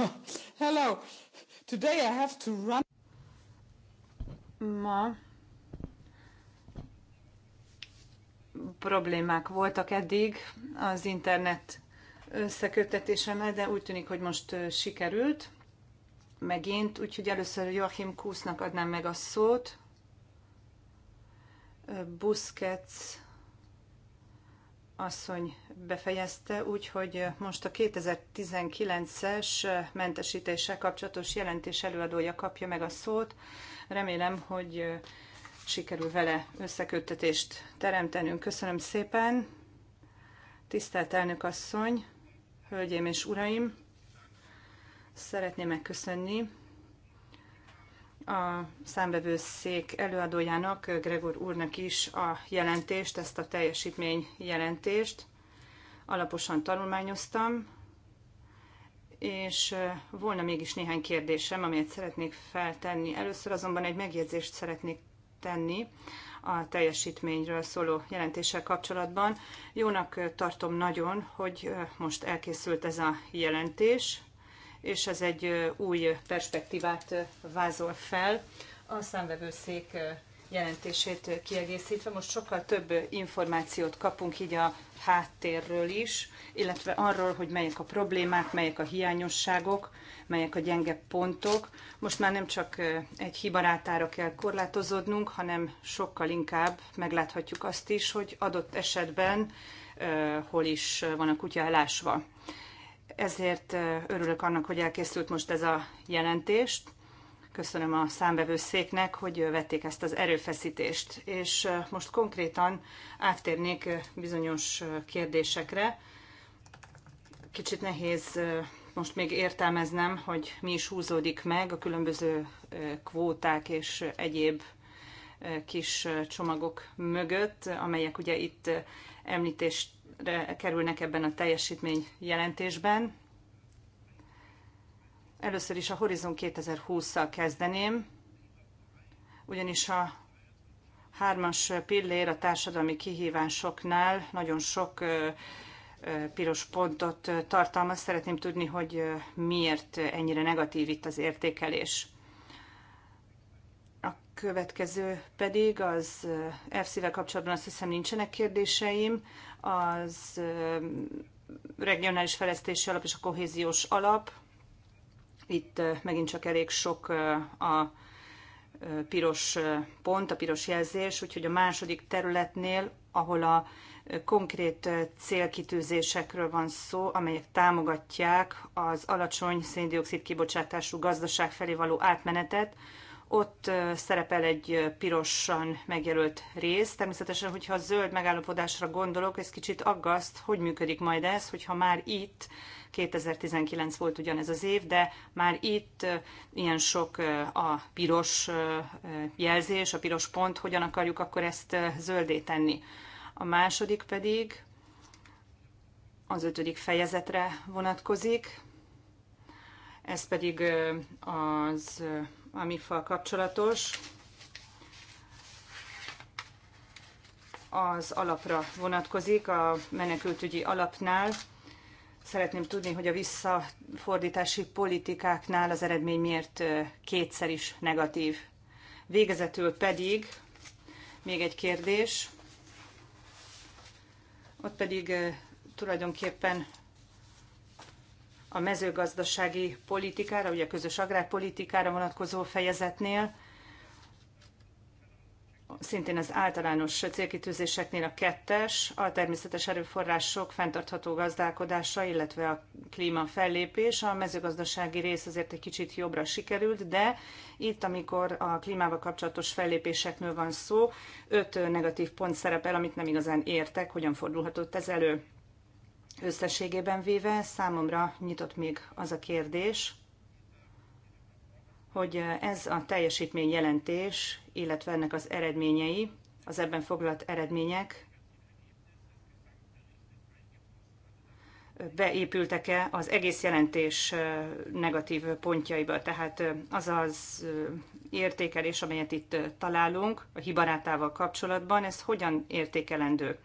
Hello. Today I have to run. Ma problémák voltak eddig az internet összeköttetésemmel, de úgy tűnik, hogy most sikerült megint, úgyhogy először Joachim Kusznak adnám meg a szót. Busquets asszony befejezte, úgyhogy most a 2019-es mentesítéssel kapcsolatos jelentés előadója kapja meg a szót. Remélem, hogy sikerül vele összeköttetést teremtenünk. Köszönöm szépen. Tisztelt elnök asszony, hölgyeim és uraim, szeretném megköszönni a számvevőszék előadójának, Gregor úrnak is a jelentést, ezt a teljesítmény jelentést alaposan tanulmányoztam, és volna mégis néhány kérdésem, amelyet szeretnék feltenni. Először azonban egy megjegyzést szeretnék tenni a teljesítményről szóló jelentéssel kapcsolatban. Jónak tartom nagyon, hogy most elkészült ez a jelentés, és ez egy új perspektívát vázol fel. A számvevőszék jelentését kiegészítve. Most sokkal több információt kapunk így a háttérről is, illetve arról, hogy melyek a problémák, melyek a hiányosságok, melyek a gyenge pontok. Most már nem csak egy hibarátára kell korlátozódnunk, hanem sokkal inkább megláthatjuk azt is, hogy adott esetben hol is van a kutya elásva ezért örülök annak, hogy elkészült most ez a jelentést Köszönöm a számbevőszéknek, hogy vették ezt az erőfeszítést. És most konkrétan áttérnék bizonyos kérdésekre. Kicsit nehéz most még értelmeznem, hogy mi is húzódik meg a különböző kvóták és egyéb kis csomagok mögött, amelyek ugye itt említést kerülnek ebben a teljesítmény jelentésben. Először is a Horizon 2020-szal kezdeném, ugyanis a hármas pillér a társadalmi kihívásoknál nagyon sok piros pontot tartalmaz. Szeretném tudni, hogy miért ennyire negatív itt az értékelés. A következő pedig az EFSZ-vel kapcsolatban azt hiszem nincsenek kérdéseim az regionális fejlesztési alap és a kohéziós alap. Itt megint csak elég sok a piros pont, a piros jelzés, úgyhogy a második területnél, ahol a konkrét célkitűzésekről van szó, amelyek támogatják az alacsony széndiokszid kibocsátású gazdaság felé való átmenetet, ott szerepel egy pirosan megjelölt rész. Természetesen, hogyha a zöld megállapodásra gondolok, ez kicsit aggaszt, hogy működik majd ez, hogyha már itt, 2019 volt ugyanez az év, de már itt ilyen sok a piros jelzés, a piros pont, hogyan akarjuk akkor ezt zöldé tenni. A második pedig az ötödik fejezetre vonatkozik, ez pedig az a fal kapcsolatos, az alapra vonatkozik, a menekültügyi alapnál. Szeretném tudni, hogy a visszafordítási politikáknál az eredmény miért kétszer is negatív. Végezetül pedig még egy kérdés. Ott pedig tulajdonképpen a mezőgazdasági politikára, ugye a közös agrárpolitikára vonatkozó fejezetnél, szintén az általános célkitűzéseknél a kettes, a természetes erőforrások fenntartható gazdálkodása, illetve a klíma fellépés. A mezőgazdasági rész azért egy kicsit jobbra sikerült, de itt, amikor a klímával kapcsolatos fellépésekről van szó, öt negatív pont szerepel, amit nem igazán értek, hogyan fordulhatott ez elő. Összességében véve számomra nyitott még az a kérdés, hogy ez a teljesítmény jelentés illetve ennek az eredményei, az ebben foglalt eredmények beépültek-e az egész jelentés negatív pontjaiba. Tehát az az értékelés, amelyet itt találunk a hibarátával kapcsolatban, ez hogyan értékelendő?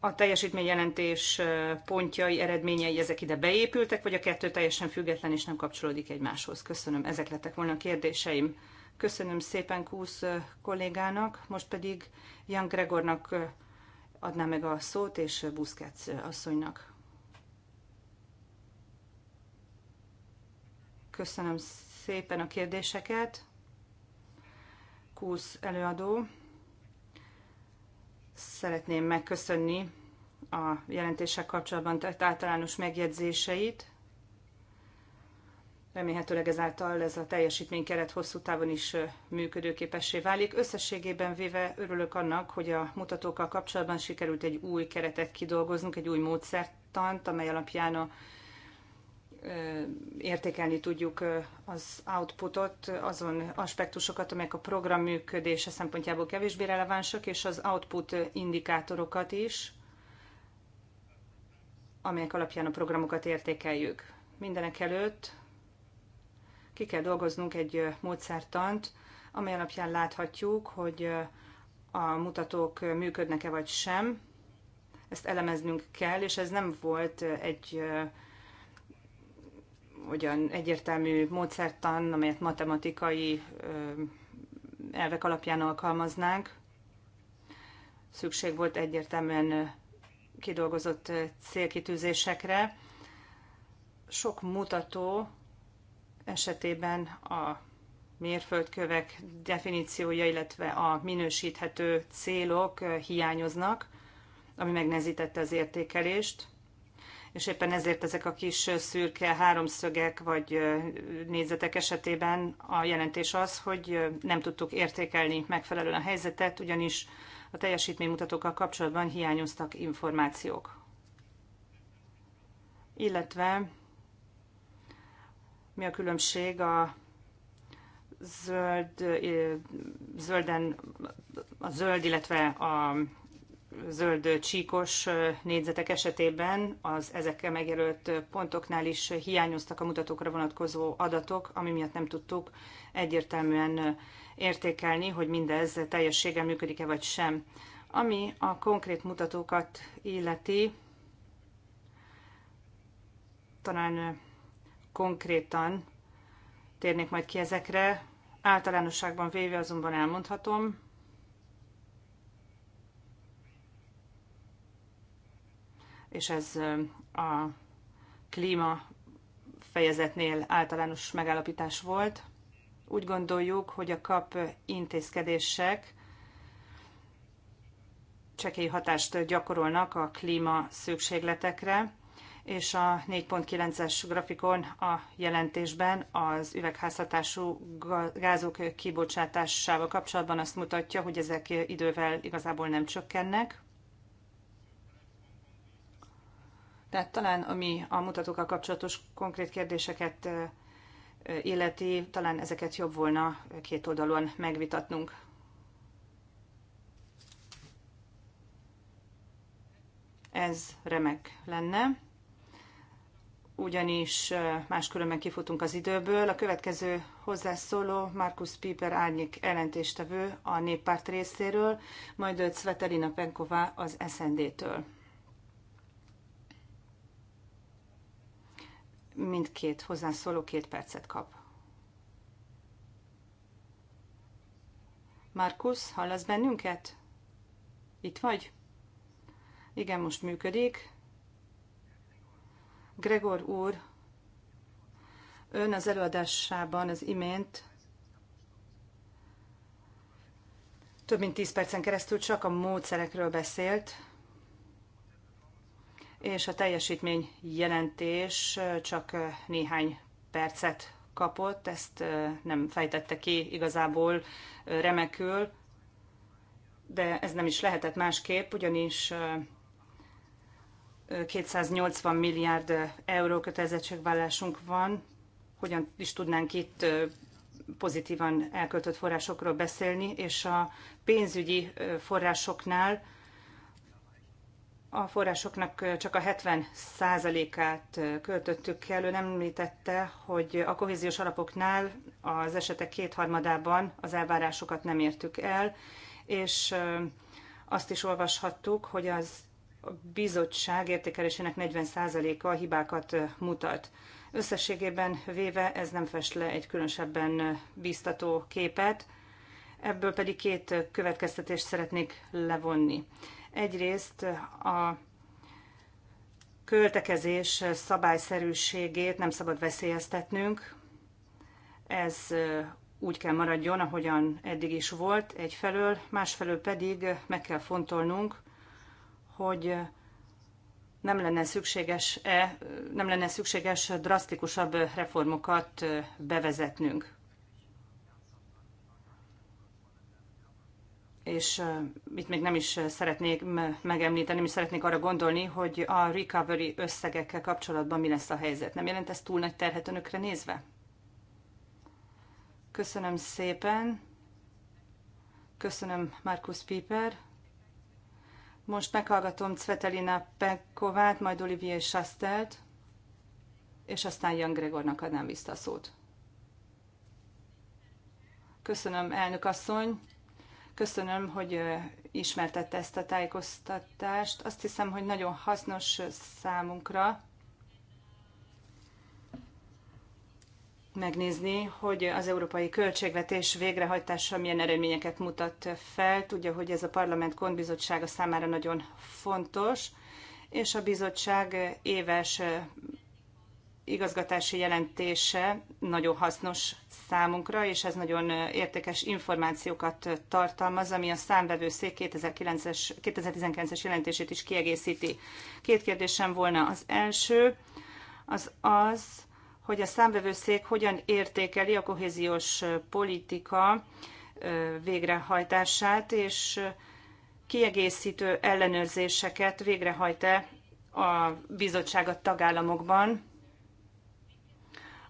a teljesítményjelentés pontjai, eredményei, ezek ide beépültek, vagy a kettő teljesen független és nem kapcsolódik egymáshoz? Köszönöm, ezek lettek volna a kérdéseim. Köszönöm szépen Kúsz kollégának, most pedig Jan Gregornak adná meg a szót, és Buszkec asszonynak. Köszönöm szépen a kérdéseket. Kúsz előadó. Szeretném megköszönni a jelentéssel kapcsolatban tett általános megjegyzéseit. Remélhetőleg ezáltal ez a teljesítménykeret hosszú távon is működőképessé válik. Összességében véve örülök annak, hogy a mutatókkal kapcsolatban sikerült egy új keretet kidolgoznunk, egy új módszertant, amely alapján a értékelni tudjuk az outputot, azon aspektusokat, amelyek a program működése szempontjából kevésbé relevánsak, és az output indikátorokat is, amelyek alapján a programokat értékeljük. Mindenek előtt ki kell dolgoznunk egy módszertant, amely alapján láthatjuk, hogy a mutatók működnek-e vagy sem. Ezt elemeznünk kell, és ez nem volt egy olyan egyértelmű módszertan, amelyet matematikai elvek alapján alkalmaznánk. Szükség volt egyértelműen kidolgozott célkitűzésekre. Sok mutató esetében a mérföldkövek definíciója, illetve a minősíthető célok hiányoznak, ami megnehezítette az értékelést és éppen ezért ezek a kis szürke háromszögek vagy nézetek esetében a jelentés az, hogy nem tudtuk értékelni megfelelően a helyzetet, ugyanis a teljesítménymutatókkal kapcsolatban hiányoztak információk. Illetve mi a különbség a zöld, zölden, a zöld, illetve a zöld csíkos négyzetek esetében az ezekkel megjelölt pontoknál is hiányoztak a mutatókra vonatkozó adatok, ami miatt nem tudtuk egyértelműen értékelni, hogy mindez teljességgel működik-e vagy sem. Ami a konkrét mutatókat illeti, talán konkrétan térnék majd ki ezekre, általánosságban véve azonban elmondhatom, és ez a klíma fejezetnél általános megállapítás volt. Úgy gondoljuk, hogy a kap intézkedések csekély hatást gyakorolnak a klíma szükségletekre, és a 4.9-es grafikon a jelentésben az üvegházhatású gázok kibocsátásával kapcsolatban azt mutatja, hogy ezek idővel igazából nem csökkennek. Tehát talán ami a mutatókkal kapcsolatos konkrét kérdéseket illeti, talán ezeket jobb volna két oldalon megvitatnunk. Ez remek lenne, ugyanis máskülönben kifutunk az időből. A következő hozzászóló Markus Piper árnyék ellentéstevő a néppárt részéről, majd őt Svetelina Penkova az SND-től. mindkét hozzászóló két percet kap. Markus, hallasz bennünket? Itt vagy? Igen, most működik. Gregor úr, ön az előadásában az imént több mint 10 percen keresztül csak a módszerekről beszélt, és a teljesítmény jelentés csak néhány percet kapott, ezt nem fejtette ki igazából remekül, de ez nem is lehetett másképp, ugyanis 280 milliárd euró kötelezettségvállásunk van, hogyan is tudnánk itt pozitívan elköltött forrásokról beszélni, és a pénzügyi forrásoknál a forrásoknak csak a 70%-át költöttük elő nem említette, hogy a kohéziós alapoknál az esetek kétharmadában az elvárásokat nem értük el, és azt is olvashattuk, hogy az a bizottság értékelésének 40%-a hibákat mutat. Összességében véve ez nem fest le egy különösebben bíztató képet, ebből pedig két következtetést szeretnék levonni. Egyrészt a költekezés szabályszerűségét nem szabad veszélyeztetnünk. Ez úgy kell maradjon, ahogyan eddig is volt egyfelől, másfelől pedig meg kell fontolnunk, hogy nem lenne szükséges -e, nem lenne szükséges drasztikusabb reformokat bevezetnünk. és itt még nem is szeretnék megemlíteni, nem is szeretnék arra gondolni, hogy a recovery összegekkel kapcsolatban mi lesz a helyzet. Nem jelent ez túl nagy terhet önökre nézve? Köszönöm szépen. Köszönöm Markus Piper. Most meghallgatom Cvetelina Pekovát, majd Olivier Sastelt, és aztán Jan Gregornak adnám vissza a szót. Köszönöm, elnök asszony. Köszönöm, hogy ismertette ezt a tájékoztatást. Azt hiszem, hogy nagyon hasznos számunkra megnézni, hogy az európai költségvetés végrehajtása milyen eredményeket mutat fel. Tudja, hogy ez a parlament kontbizottsága számára nagyon fontos, és a bizottság éves igazgatási jelentése nagyon hasznos számunkra, és ez nagyon értékes információkat tartalmaz, ami a számvevőszék 2009-es, 2019-es jelentését is kiegészíti. Két kérdésem volna. Az első az az, hogy a számvevőszék hogyan értékeli a kohéziós politika végrehajtását, és kiegészítő ellenőrzéseket végrehajt-e a bizottság a tagállamokban,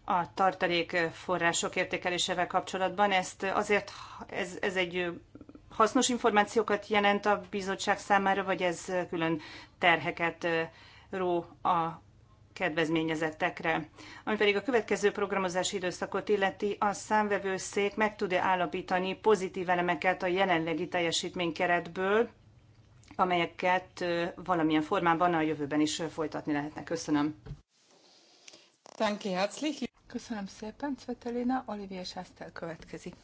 a tartalék források értékelésevel kapcsolatban. Ezt azért ez, ez egy hasznos információkat jelent a bizottság számára, vagy ez külön terheket ró a kedvezményezettekre. Ami pedig a következő programozási időszakot illeti, a számvevőszék meg tud-e állapítani pozitív elemeket a jelenlegi teljesítménykeretből, amelyeket valamilyen formában a jövőben is folytatni lehetne. Köszönöm. Danke herzlich. Köszönöm szépen, Cvetelina. Olivier Sásztel következik.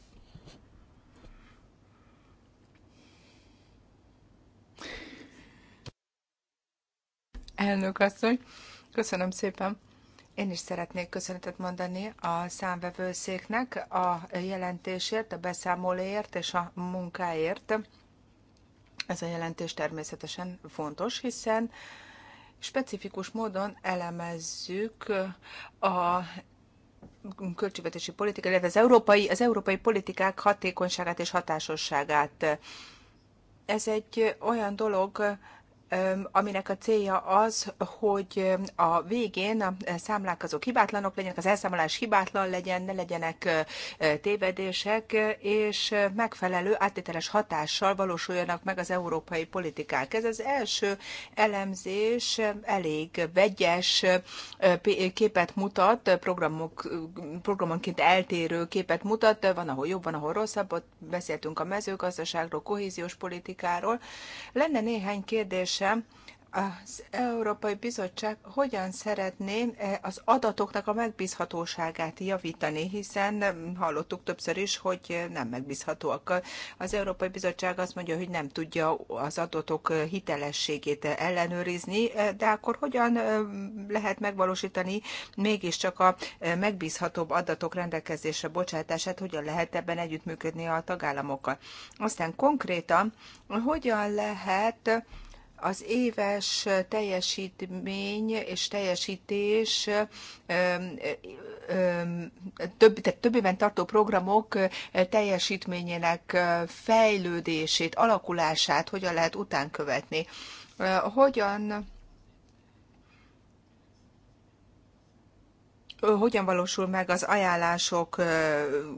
Elnök asszony, köszönöm szépen. Én is szeretnék köszönetet mondani a számvevőszéknek a jelentésért, a beszámolóért és a munkáért. Ez a jelentés természetesen fontos, hiszen specifikus módon elemezzük a költségvetési politika, illetve az európai, az európai politikák hatékonyságát és hatásosságát. Ez egy olyan dolog, aminek a célja az, hogy a végén a számlák azok hibátlanok legyenek, az elszámolás hibátlan legyen, ne legyenek tévedések, és megfelelő áttételes hatással valósuljanak meg az európai politikák. Ez az első elemzés elég vegyes képet mutat, programok, programonként eltérő képet mutat, van, ahol jobb, van, ahol rosszabb, ott beszéltünk a mezőgazdaságról, kohéziós politikáról. Lenne néhány kérdés kérdésem, az Európai Bizottság hogyan szeretné eh, az adatoknak a megbízhatóságát javítani, hiszen eh, hallottuk többször is, hogy eh, nem megbízhatóak. Az Európai Bizottság azt mondja, hogy nem tudja az adatok hitelességét ellenőrizni, de akkor hogyan lehet megvalósítani mégiscsak a megbízhatóbb adatok rendelkezésre bocsátását, hogyan lehet ebben együttműködni a tagállamokkal. Aztán konkrétan, hogyan lehet az éves teljesítmény és teljesítés több, tehát több éven tartó programok teljesítményének fejlődését, alakulását hogyan lehet utánkövetni. Hogyan hogyan valósul meg az ajánlások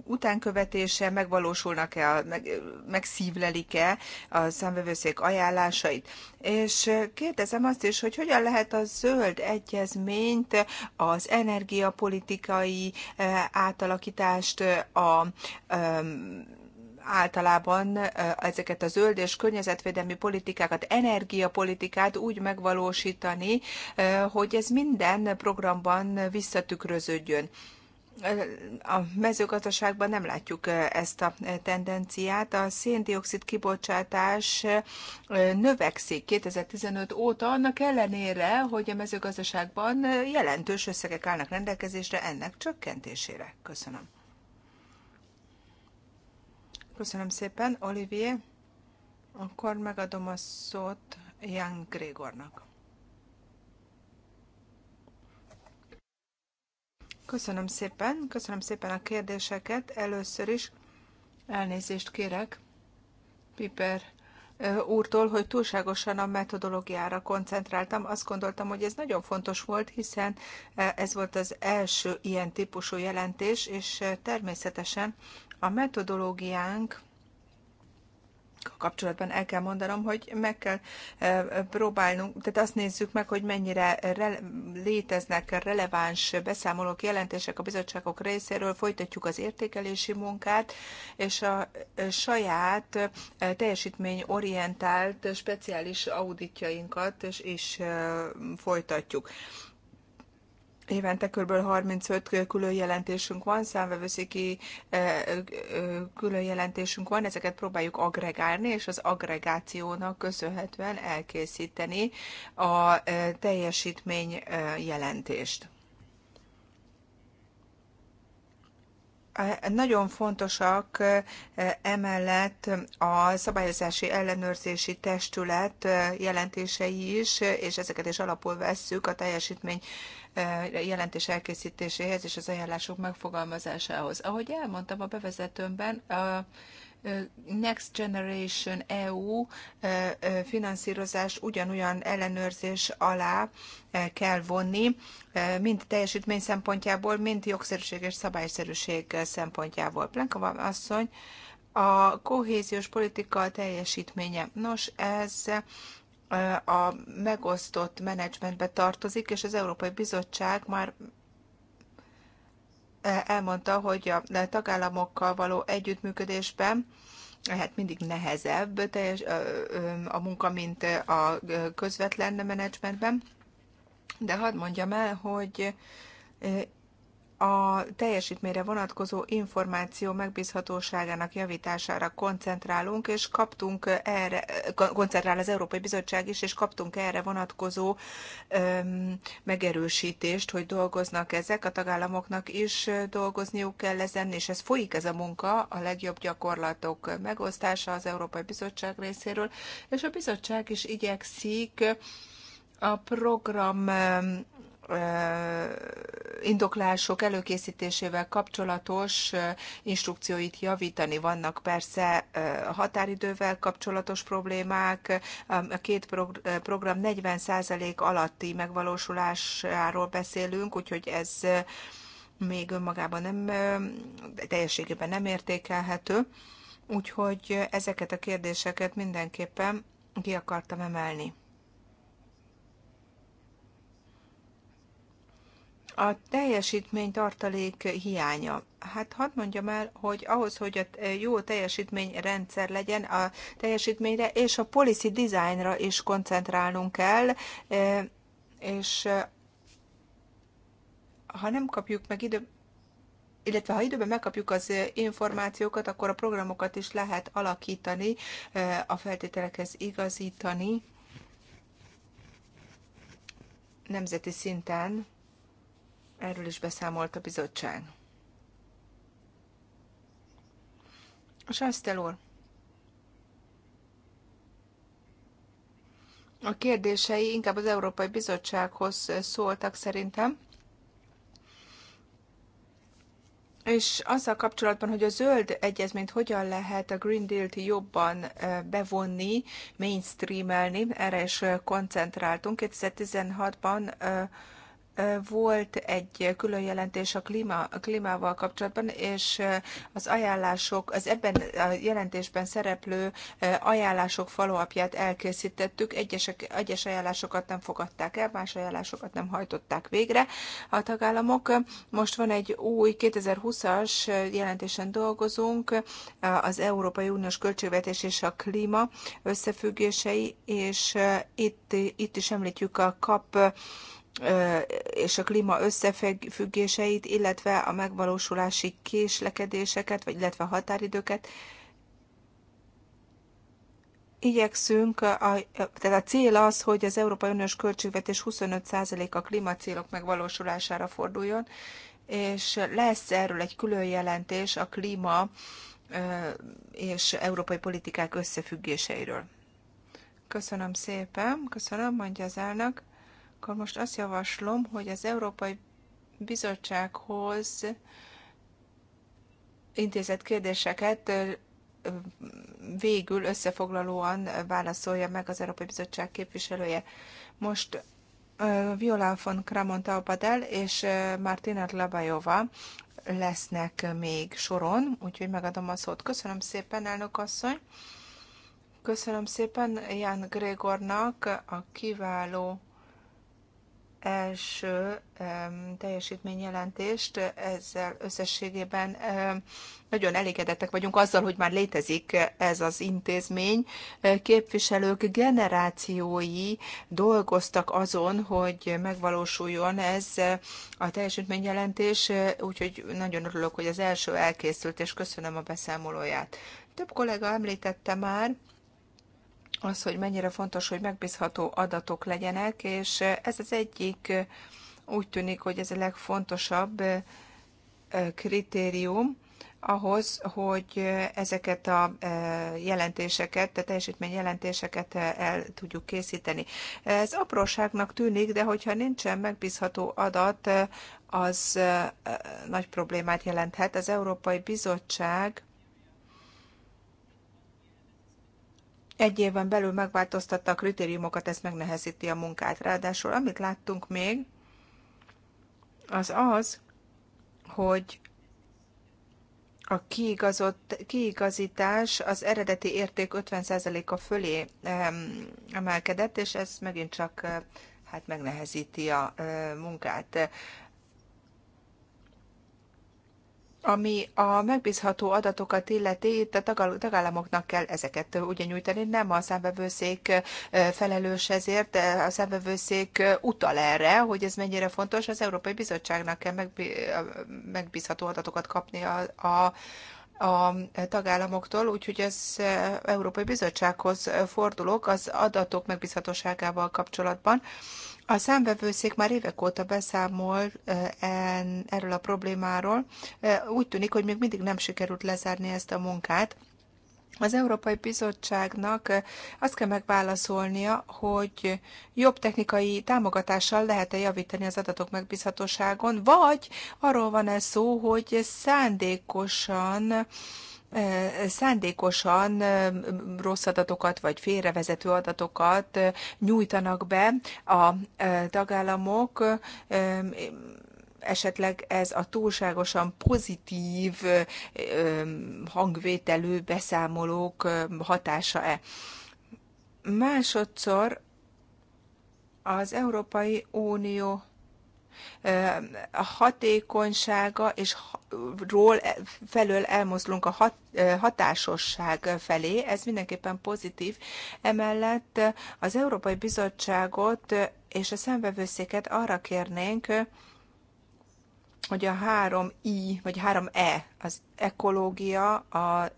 utánkövetése, megvalósulnak-e, meg, megszívlelik-e a számvevőszék ajánlásait. És kérdezem azt is, hogy hogyan lehet a zöld egyezményt, az energiapolitikai átalakítást, a, a általában ezeket a zöld és környezetvédelmi politikákat, energiapolitikát úgy megvalósítani, hogy ez minden programban visszatükröződjön a mezőgazdaságban nem látjuk ezt a tendenciát. A széndiokszid kibocsátás növekszik 2015 óta, annak ellenére, hogy a mezőgazdaságban jelentős összegek állnak rendelkezésre ennek csökkentésére. Köszönöm. Köszönöm szépen, Olivier. Akkor megadom a szót Jan Gregornak. Köszönöm szépen, köszönöm szépen a kérdéseket. Először is elnézést kérek Piper úrtól, hogy túlságosan a metodológiára koncentráltam. Azt gondoltam, hogy ez nagyon fontos volt, hiszen ez volt az első ilyen típusú jelentés, és természetesen a metodológiánk kapcsolatban el kell mondanom, hogy meg kell e, próbálnunk, tehát azt nézzük meg, hogy mennyire re- léteznek releváns beszámolók, jelentések a bizottságok részéről, folytatjuk az értékelési munkát, és a e, saját e, teljesítményorientált speciális auditjainkat is folytatjuk. Évente kb. 35 külön jelentésünk van, számvevőszéki eh, eh, külön jelentésünk van, ezeket próbáljuk agregálni, és az agregációnak köszönhetően elkészíteni a eh, teljesítmény jelentést. nagyon fontosak emellett a szabályozási ellenőrzési testület jelentései is, és ezeket is alapul vesszük a teljesítmény jelentés elkészítéséhez és az ajánlások megfogalmazásához. Ahogy elmondtam a bevezetőmben, a Next Generation EU finanszírozás ugyanolyan ellenőrzés alá kell vonni, mind teljesítmény szempontjából, mind jogszerűség és szabályszerűség szempontjából. Plankova asszony, a kohéziós politika teljesítménye. Nos, ez a megosztott menedzsmentbe tartozik, és az Európai Bizottság már eh, elmondta, hogy a tagállamokkal való együttműködésben hát mindig nehezebb teljes, a munka, mint a közvetlen menedzsmentben. De hadd mondjam el, hogy eh, a teljesítményre vonatkozó információ megbízhatóságának javítására koncentrálunk, és kaptunk erre, koncentrál az Európai Bizottság is, és kaptunk erre vonatkozó öm, megerősítést, hogy dolgoznak ezek, a tagállamoknak is dolgozniuk kell ezen, és ez folyik ez a munka, a legjobb gyakorlatok megosztása az Európai Bizottság részéről, és a bizottság is igyekszik a program indoklások előkészítésével kapcsolatos instrukcióit javítani. Vannak persze határidővel kapcsolatos problémák, a két program 40% alatti megvalósulásáról beszélünk, úgyhogy ez még önmagában nem teljességében nem értékelhető. Úgyhogy ezeket a kérdéseket mindenképpen ki akartam emelni. A teljesítmény tartalék hiánya. Hát hadd mondjam el, hogy ahhoz, hogy a jó teljesítményrendszer legyen a teljesítményre, és a policy designra is koncentrálnunk kell, e, és e, ha nem kapjuk meg idő, illetve ha időben megkapjuk az információkat, akkor a programokat is lehet alakítani, e, a feltételekhez igazítani nemzeti szinten Erről is beszámolt a bizottság. Sasztel úr, a kérdései inkább az Európai Bizottsághoz szóltak szerintem. És azzal kapcsolatban, hogy a zöld egyezményt hogyan lehet a Green Deal-t jobban eh, bevonni, mainstreamelni, erre is koncentráltunk. 2016-ban volt egy külön jelentés a, klíma, a klímával kapcsolatban, és az ajánlások, az ebben a jelentésben szereplő ajánlások falóapját elkészítettük. Egyesek, egyes ajánlásokat nem fogadták el, más ajánlásokat nem hajtották végre a tagállamok. Most van egy új 2020-as jelentésen dolgozunk, az Európai Uniós Költségvetés és a klíma összefüggései, és itt, itt is említjük a kap és a klíma összefüggéseit, illetve a megvalósulási késlekedéseket, vagy illetve határidőket. Igyekszünk, a, tehát a cél az, hogy az Európai Uniós költségvetés 25% a klímacélok megvalósulására forduljon, és lesz erről egy külön jelentés a klíma és európai politikák összefüggéseiről. Köszönöm szépen, köszönöm, mondja az elnök akkor most azt javaslom, hogy az Európai Bizottsághoz intézett kérdéseket végül összefoglalóan válaszolja meg az Európai Bizottság képviselője. Most Viola von Kramon Taupadel és Martina Labajova lesznek még soron, úgyhogy megadom a szót. Köszönöm szépen, elnök asszony! Köszönöm szépen Ján Gregornak a kiváló első teljesítményjelentést, ezzel összességében nagyon elégedettek vagyunk azzal, hogy már létezik ez az intézmény. Képviselők generációi dolgoztak azon, hogy megvalósuljon ez a teljesítményjelentés, úgyhogy nagyon örülök, hogy az első elkészült, és köszönöm a beszámolóját. Több kollega említette már, az, hogy mennyire fontos, hogy megbízható adatok legyenek, és ez az egyik, úgy tűnik, hogy ez a legfontosabb kritérium ahhoz, hogy ezeket a jelentéseket, a jelentéseket el tudjuk készíteni. Ez apróságnak tűnik, de hogyha nincsen megbízható adat, az nagy problémát jelenthet. Az Európai Bizottság egy éven belül megváltoztatta a kritériumokat, ez megnehezíti a munkát. Ráadásul amit láttunk még, az az, hogy a kiigazott, kiigazítás az eredeti érték 50%-a fölé emelkedett, és ez megint csak eh, hát megnehezíti a eh, munkát. Ami a megbízható adatokat illeti, itt a tagállamoknak kell ezeket ugye nyújtani, nem a számbevőszék felelős ezért, a számbevőszék utal erre, hogy ez mennyire fontos, az Európai Bizottságnak kell megbízható adatokat kapni a, a a tagállamoktól, úgyhogy az Európai Bizottsághoz fordulok az adatok megbízhatóságával kapcsolatban. A számvevőszék már évek óta beszámol erről a problémáról. Úgy tűnik, hogy még mindig nem sikerült lezárni ezt a munkát. Az Európai Bizottságnak azt kell megválaszolnia, hogy jobb technikai támogatással lehet-e javítani az adatok megbízhatóságon, vagy arról van-e szó, hogy szándékosan szándékosan rossz adatokat vagy félrevezető adatokat nyújtanak be a tagállamok, esetleg ez a túlságosan pozitív hangvételű beszámolók hatása-e. Másodszor az Európai Unió a hatékonysága és ról e, felől elmozdulunk a hat, hatásosság felé, ez mindenképpen pozitív. Emellett az Európai Bizottságot és a szembevőszéket arra kérnénk, hogy a három I, vagy három E, az ekológia,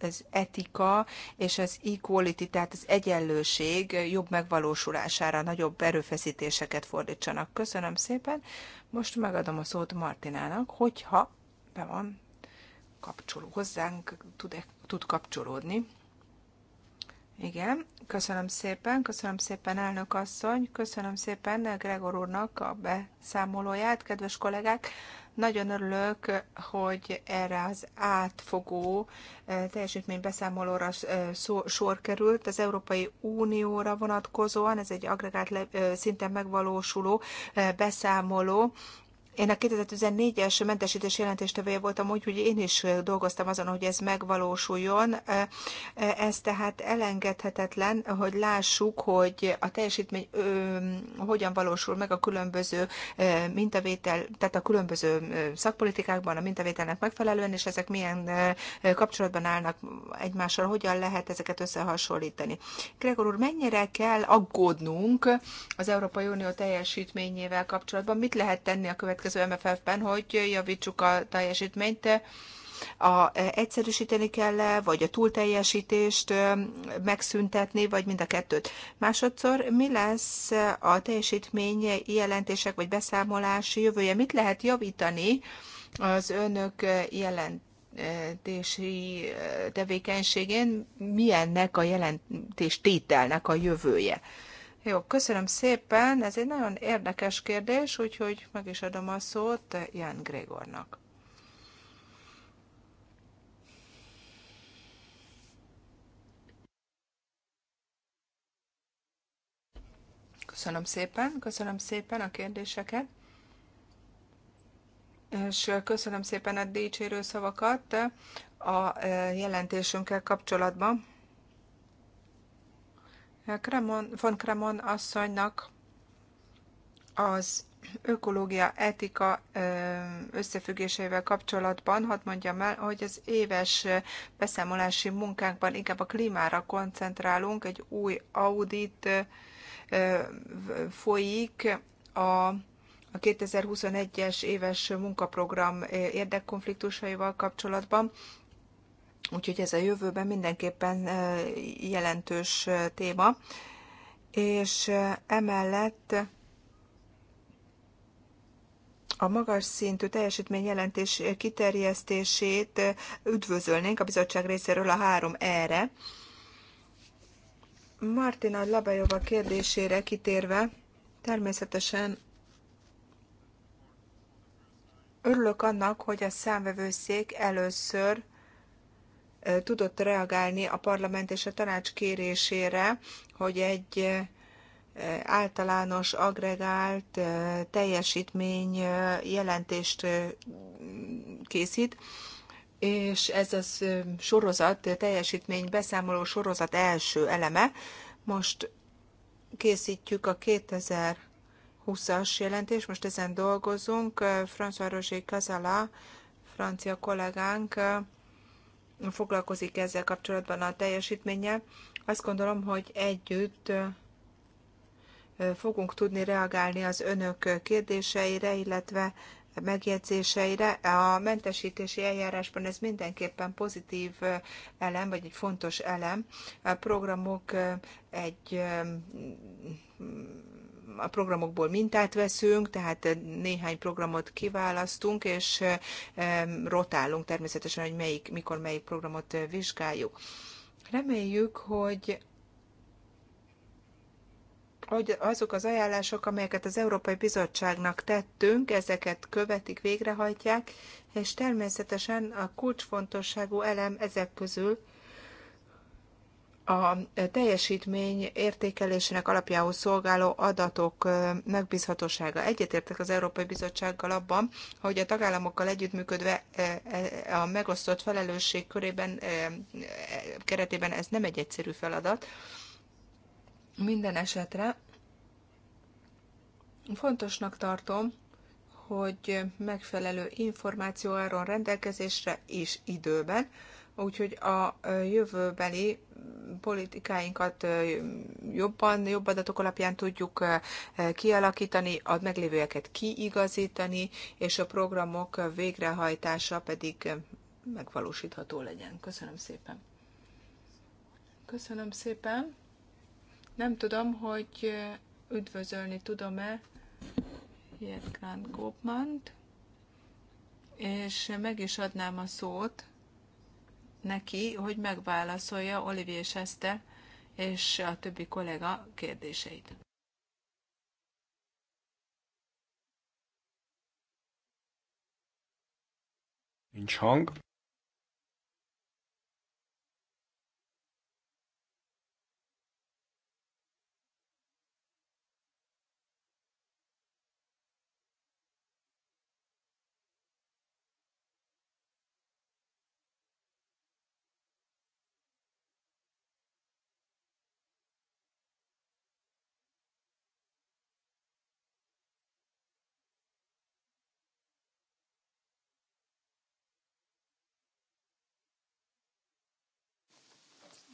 az etika és az equality, tehát az egyenlőség jobb megvalósulására nagyobb erőfeszítéseket fordítsanak. Köszönöm szépen. Most megadom a szót Martinának, hogyha be van kapcsoló hozzánk, tud, -e, tud kapcsolódni. Igen, köszönöm szépen, köszönöm szépen elnök asszony, köszönöm szépen Gregor úrnak a beszámolóját, kedves kollégák. Nagyon örülök, hogy erre az átfogó eh, teljesítménybeszámolóra eh, sor került az Európai Unióra vonatkozóan. Ez egy agregált eh, szinten megvalósuló beszámoló én a 2014-es mentesítés jelentéstevője voltam, hogy én is dolgoztam azon, hogy ez megvalósuljon. Ez tehát elengedhetetlen, hogy lássuk, hogy a teljesítmény ö, hogyan valósul meg a különböző mintavétel, tehát a különböző szakpolitikákban a mintavételnek megfelelően, és ezek milyen kapcsolatban állnak egymással, hogyan lehet ezeket összehasonlítani. Gregor úr, mennyire kell aggódnunk az Európai Unió teljesítményével kapcsolatban? Mit lehet tenni a következő következő MFF-ben, hogy javítsuk a teljesítményt, a, e, egyszerűsíteni kell -e, vagy a túlteljesítést megszüntetni, vagy mind a kettőt. Másodszor, mi lesz a teljesítmény jelentések vagy beszámolás jövője? Mit lehet javítani az önök jelentési tevékenységén? Milyennek a jelentés tételnek a jövője? Jó, köszönöm szépen. Ez egy nagyon érdekes kérdés, úgyhogy meg is adom a szót Jan Gregornak. Köszönöm szépen, köszönöm szépen a kérdéseket, és köszönöm szépen a dicsérő szavakat a jelentésünkkel kapcsolatban. Kremon, von Kremon asszonynak az ökológia etika összefüggéseivel kapcsolatban hadd mondjam el, hogy az éves beszámolási munkánkban inkább a klímára koncentrálunk, egy új audit folyik a a 2021-es éves munkaprogram érdekkonfliktusaival kapcsolatban, Úgyhogy ez a jövőben mindenképpen jelentős téma. És emellett a magas szintű teljesítmény jelentés kiterjesztését üdvözölnénk a bizottság részéről a 3-re. Martina Labajova kérdésére kitérve, természetesen örülök annak, hogy a számvevőszék először tudott reagálni a parlament és a tanács kérésére, hogy egy általános agregált teljesítmény jelentést készít, és ez az sorozat, teljesítmény beszámoló sorozat első eleme. Most készítjük a 2020-as jelentést, most ezen dolgozunk. François Roger Casala, francia kollégánk, foglalkozik ezzel kapcsolatban a teljesítménnyel. Azt gondolom, hogy együtt fogunk tudni reagálni az önök kérdéseire, illetve megjegyzéseire. A mentesítési eljárásban ez mindenképpen pozitív elem, vagy egy fontos elem. A programok egy a programokból mintát veszünk, tehát néhány programot kiválasztunk, és rotálunk természetesen, hogy melyik, mikor melyik programot eh, vizsgáljuk. Reméljük, hogy hogy azok az ajánlások, amelyeket az Európai Bizottságnak tettünk, ezeket követik, végrehajtják, és természetesen a kulcsfontosságú elem ezek közül a teljesítmény értékelésének alapjául szolgáló adatok megbízhatósága. Egyetértek az Európai Bizottsággal abban, hogy a tagállamokkal együttműködve e, a megosztott felelősség körében, e, keretében ez nem egy egyszerű feladat. Minden esetre fontosnak tartom, hogy megfelelő információ áron rendelkezésre és időben, úgyhogy a jövőbeli politikáinkat jobban, jobb adatok alapján tudjuk kialakítani, a meglévőeket kiigazítani, és a programok végrehajtása pedig megvalósítható legyen. Köszönöm szépen. Köszönöm szépen. Nem tudom, hogy üdvözölni tudom-e Jett Grant és meg is adnám a szót neki, hogy megválaszolja Olivier Sester és a többi kollega kérdéseit. Nincs hang.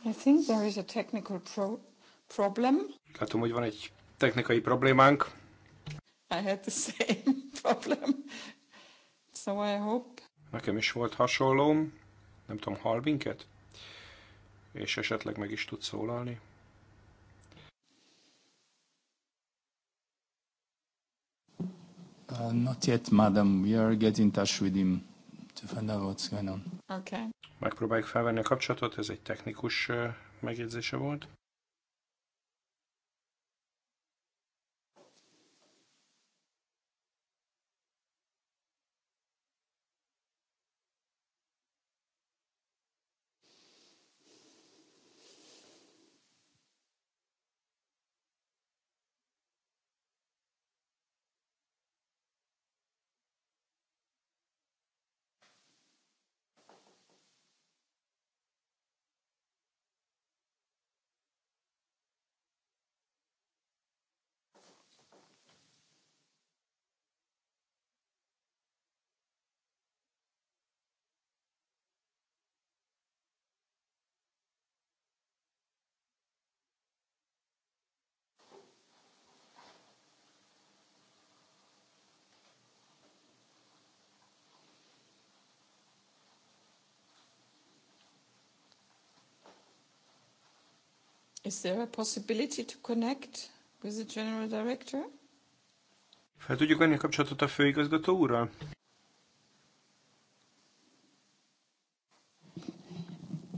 I think there is a technical pro problem. Látom, hogy van egy technikai problémánk. I had the same problem. So I hope. Nekem is volt hasonló. Nem tudom, hall minket? És esetleg meg is tud szólalni. Uh, not yet, madam. We are getting in touch with him to find out what's going on. Okay. Megpróbáljuk felvenni a kapcsolatot, ez egy technikus megjegyzése volt. Is there a possibility to connect with the general director? Fel tudjuk venni a kapcsolatot a főigazgató úrral?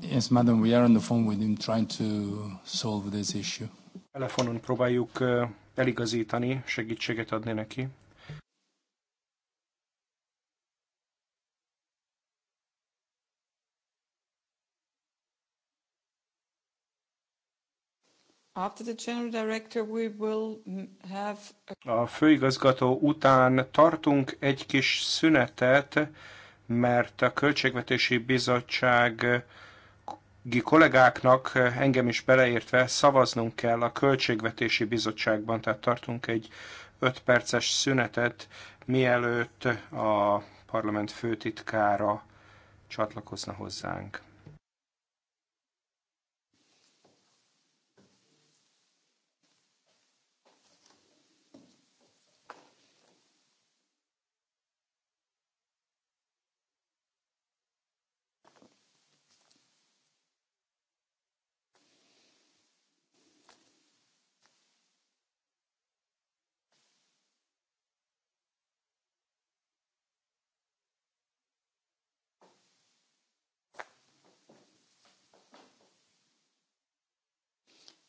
Yes, madam, we are on the phone with him trying to solve this issue. Telefonon próbáljuk eh, eligazítani, segítséget adni neki. After the general director, we will have a... a főigazgató után tartunk egy kis szünetet, mert a Költségvetési Bizottság kollégáknak, engem is beleértve, szavaznunk kell a Költségvetési Bizottságban, tehát tartunk egy 5 perces szünetet, mielőtt a parlament főtitkára csatlakozna hozzánk.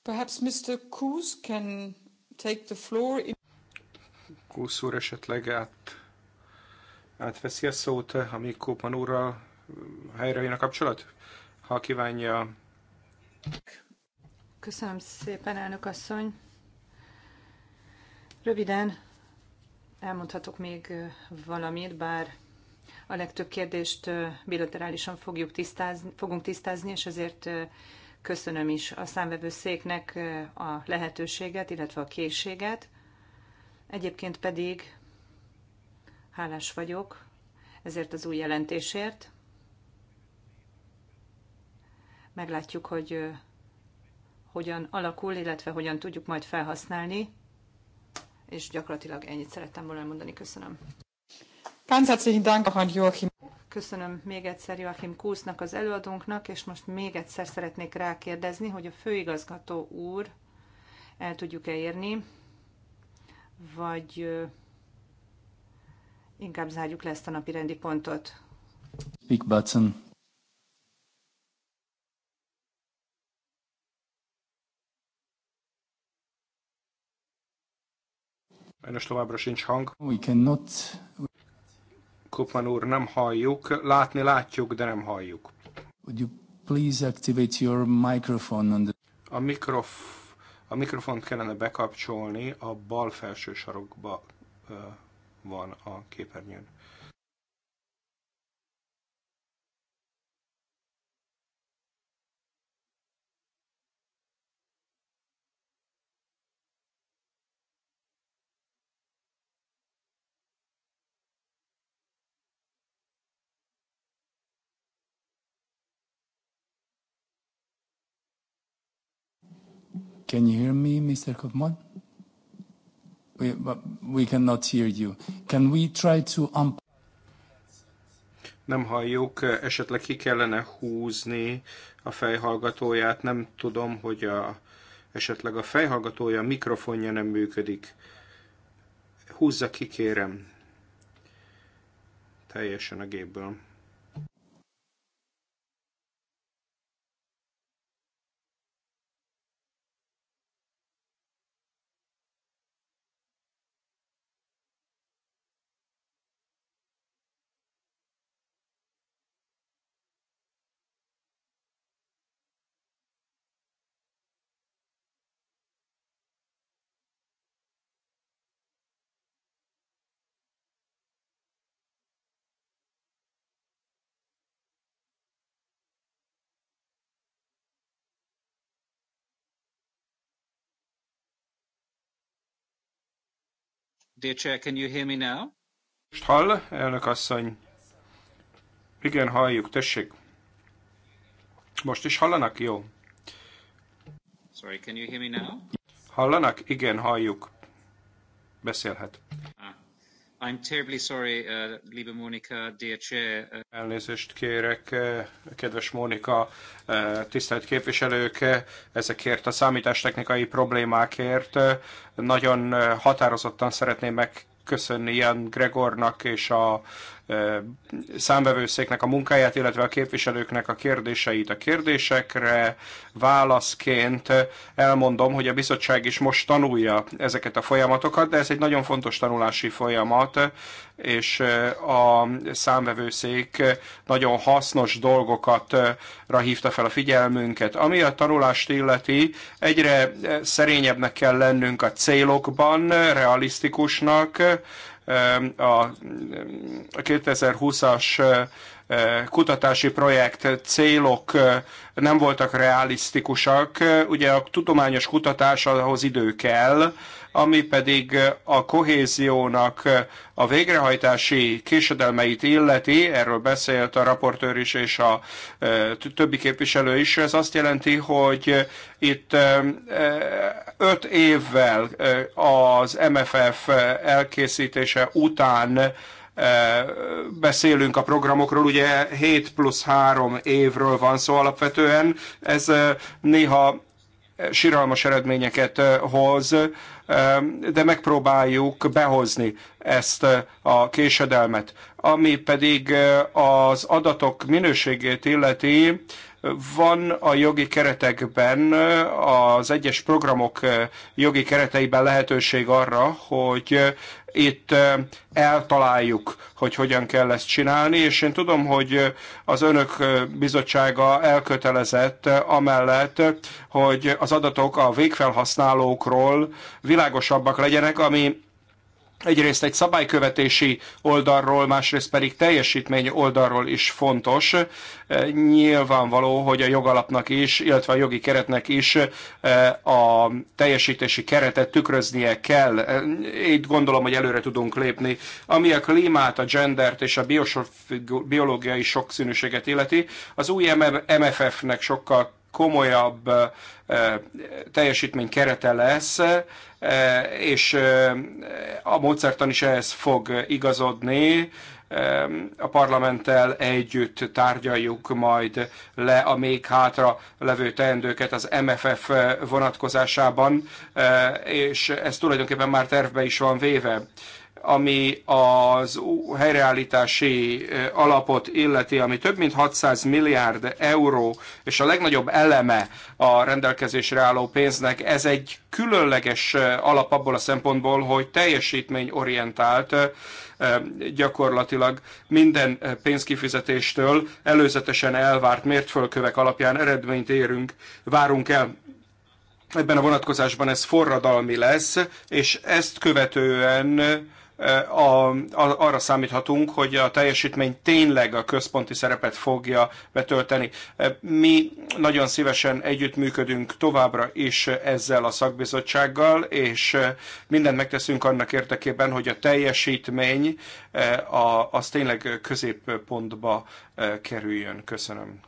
Perhaps Mr. Kuz can take the floor. In... úr esetleg át, átveszi a szót, eh, amíg Kópan úrral eh, helyre jön a kapcsolat, ha kívánja. Köszönöm szépen, elnök asszony. Röviden elmondhatok még eh, valamit, bár a legtöbb kérdést bilaterálisan fogjuk tisztázni, fogunk tisztázni, és ezért Köszönöm is a számvevőszéknek a lehetőséget, illetve a készséget. Egyébként pedig hálás vagyok ezért az új jelentésért. Meglátjuk, hogy hogyan alakul, illetve hogyan tudjuk majd felhasználni. És gyakorlatilag ennyit szerettem volna elmondani. Köszönöm. Ganz herzlichen Dank auch an Joachim. Köszönöm még egyszer Joachim Kúsznak, az előadónknak, és most még egyszer szeretnék rákérdezni, hogy a főigazgató úr el tudjuk-e érni, vagy inkább zárjuk le ezt a napi rendi pontot. Speak button. Sajnos továbbra sincs hang. We cannot... Kopman úr, nem halljuk. Látni látjuk, de nem halljuk. Would you please activate your microphone on the... A, mikrof... a mikrofont kellene bekapcsolni, a bal felső sarokba uh, van a képernyőn. Can you hear me, Mr. Kaufman? We, we cannot hear you. Can we try to un- um-, nem halljuk, esetleg ki kellene húzni a fejhallgatóját, nem tudom, hogy a, esetleg a fejhallgatója, a mikrofonja nem működik. Húzza ki, kérem. Teljesen a gépből. Dear Chair, can you hear me now? Most hall, elnök asszony? Igen, halljuk, tessék. Most is hallanak? Jó. Sorry, can you hear me now? Hallanak? Igen, halljuk. Beszélhet. Ah, I'm terribly sorry, uh, liebe Monika, dear chair. Elnézést kérek, uh, kedves Mónika, uh, tisztelt képviselők, uh, ezekért a számítástechnikai problémákért. Nagyon határozottan szeretném megköszönni Jan Gregornak és a számvevőszéknek a munkáját, illetve a képviselőknek a kérdéseit. A kérdésekre válaszként elmondom, hogy a bizottság is most tanulja ezeket a folyamatokat, de ez egy nagyon fontos tanulási folyamat, és a számvevőszék nagyon hasznos dolgokat hívta fel a figyelmünket. Ami a tanulást illeti, egyre szerényebbnek kell lennünk a célokban, realisztikusnak, a 2020-as kutatási projekt célok nem voltak realisztikusak. Ugye a tudományos kutatás ahhoz idő kell, ami pedig a kohéziónak a végrehajtási késedelmeit illeti, erről beszélt a raportőr is és a többi képviselő is, ez azt jelenti, hogy itt öt évvel az MFF elkészítése után Eh, beszélünk a programokról, ugye 7 plusz 3 évről van szó alapvetően, ez eh, néha eh, siralmas eredményeket hoz, de megpróbáljuk behozni ezt a késedelmet. Ami pedig az adatok minőségét illeti, van a jogi keretekben, az egyes programok jogi kereteiben lehetőség arra, hogy itt eltaláljuk, hogy hogyan kell ezt csinálni, és én tudom, hogy az önök bizottsága elkötelezett amellett, hogy az adatok a végfelhasználókról világosabbak legyenek, ami egyrészt egy szabálykövetési oldalról, másrészt pedig teljesítmény oldalról is fontos. E, nyilvánvaló, hogy a jogalapnak is, illetve a jogi keretnek is e, a teljesítési keretet tükröznie kell. Így e, gondolom, hogy előre tudunk lépni. Ami a klímát, a gendert és a biológiai sokszínűséget illeti, az új MFF-nek sokkal komolyabb teljesítmény kerete lesz, és a módszertan is ehhez fog igazodni. A parlamenttel együtt tárgyaljuk majd le a még hátra levő teendőket az MFF vonatkozásában, és ez tulajdonképpen már tervbe is van véve ami az helyreállítási alapot illeti, ami több mint 600 milliárd euró, és a legnagyobb eleme a rendelkezésre álló pénznek, ez egy különleges alap abból a szempontból, hogy teljesítményorientált, gyakorlatilag minden pénzkifizetéstől előzetesen elvárt mértfölkövek alapján eredményt érünk, várunk el ebben a vonatkozásban ez forradalmi lesz, és ezt követően a, a, arra számíthatunk, hogy a teljesítmény tényleg a központi szerepet fogja betölteni. Mi nagyon szívesen együttműködünk továbbra is ezzel a szakbizottsággal, és mindent megteszünk annak érdekében, hogy a teljesítmény eh, a, az tényleg középpontba eh, kerüljön. Köszönöm.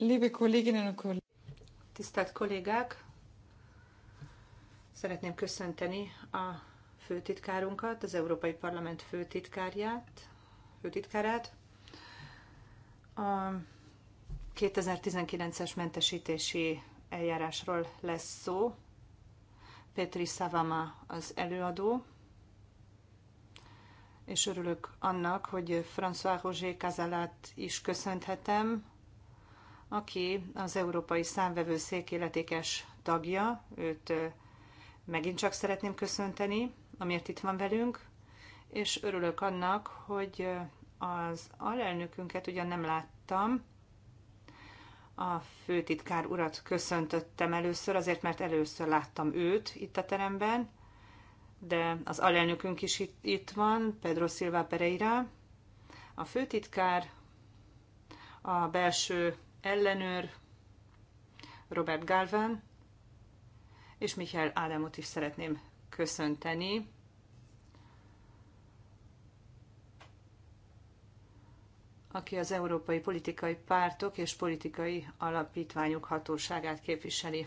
Liebe Kolleginnen und Kollegen. Tisztelt kollégák, szeretném köszönteni a főtitkárunkat, az Európai Parlament főtitkárját, főtitkárát. A 2019-es mentesítési eljárásról lesz szó. Petri Szavama az előadó, és örülök annak, hogy François Roger Casalát is köszönhetem, aki az Európai Számvevőszék életékes tagja, őt megint csak szeretném köszönteni, amiért itt van velünk, és örülök annak, hogy az alelnökünket ugyan nem láttam, a főtitkár urat köszöntöttem először, azért mert először láttam őt itt a teremben, de az alelnökünk is itt, itt van, Pedro Silva Pereira. A főtitkár, a belső ellenőr, Robert Galván, és Michael Ádámot is szeretném köszönteni. aki az Európai Politikai Pártok és Politikai Alapítványok Hatóságát képviseli.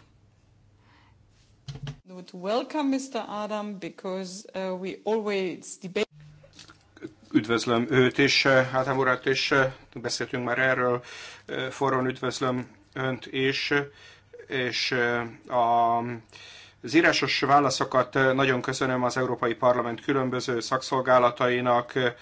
Would welcome Mr. Adam because uh, we always debate üdvözlöm őt is, Ádám urat is, beszéltünk már erről, forron üdvözlöm önt is, és eh, a, az írásos válaszokat nagyon köszönöm az Európai Parlament különböző szakszolgálatainak, eh,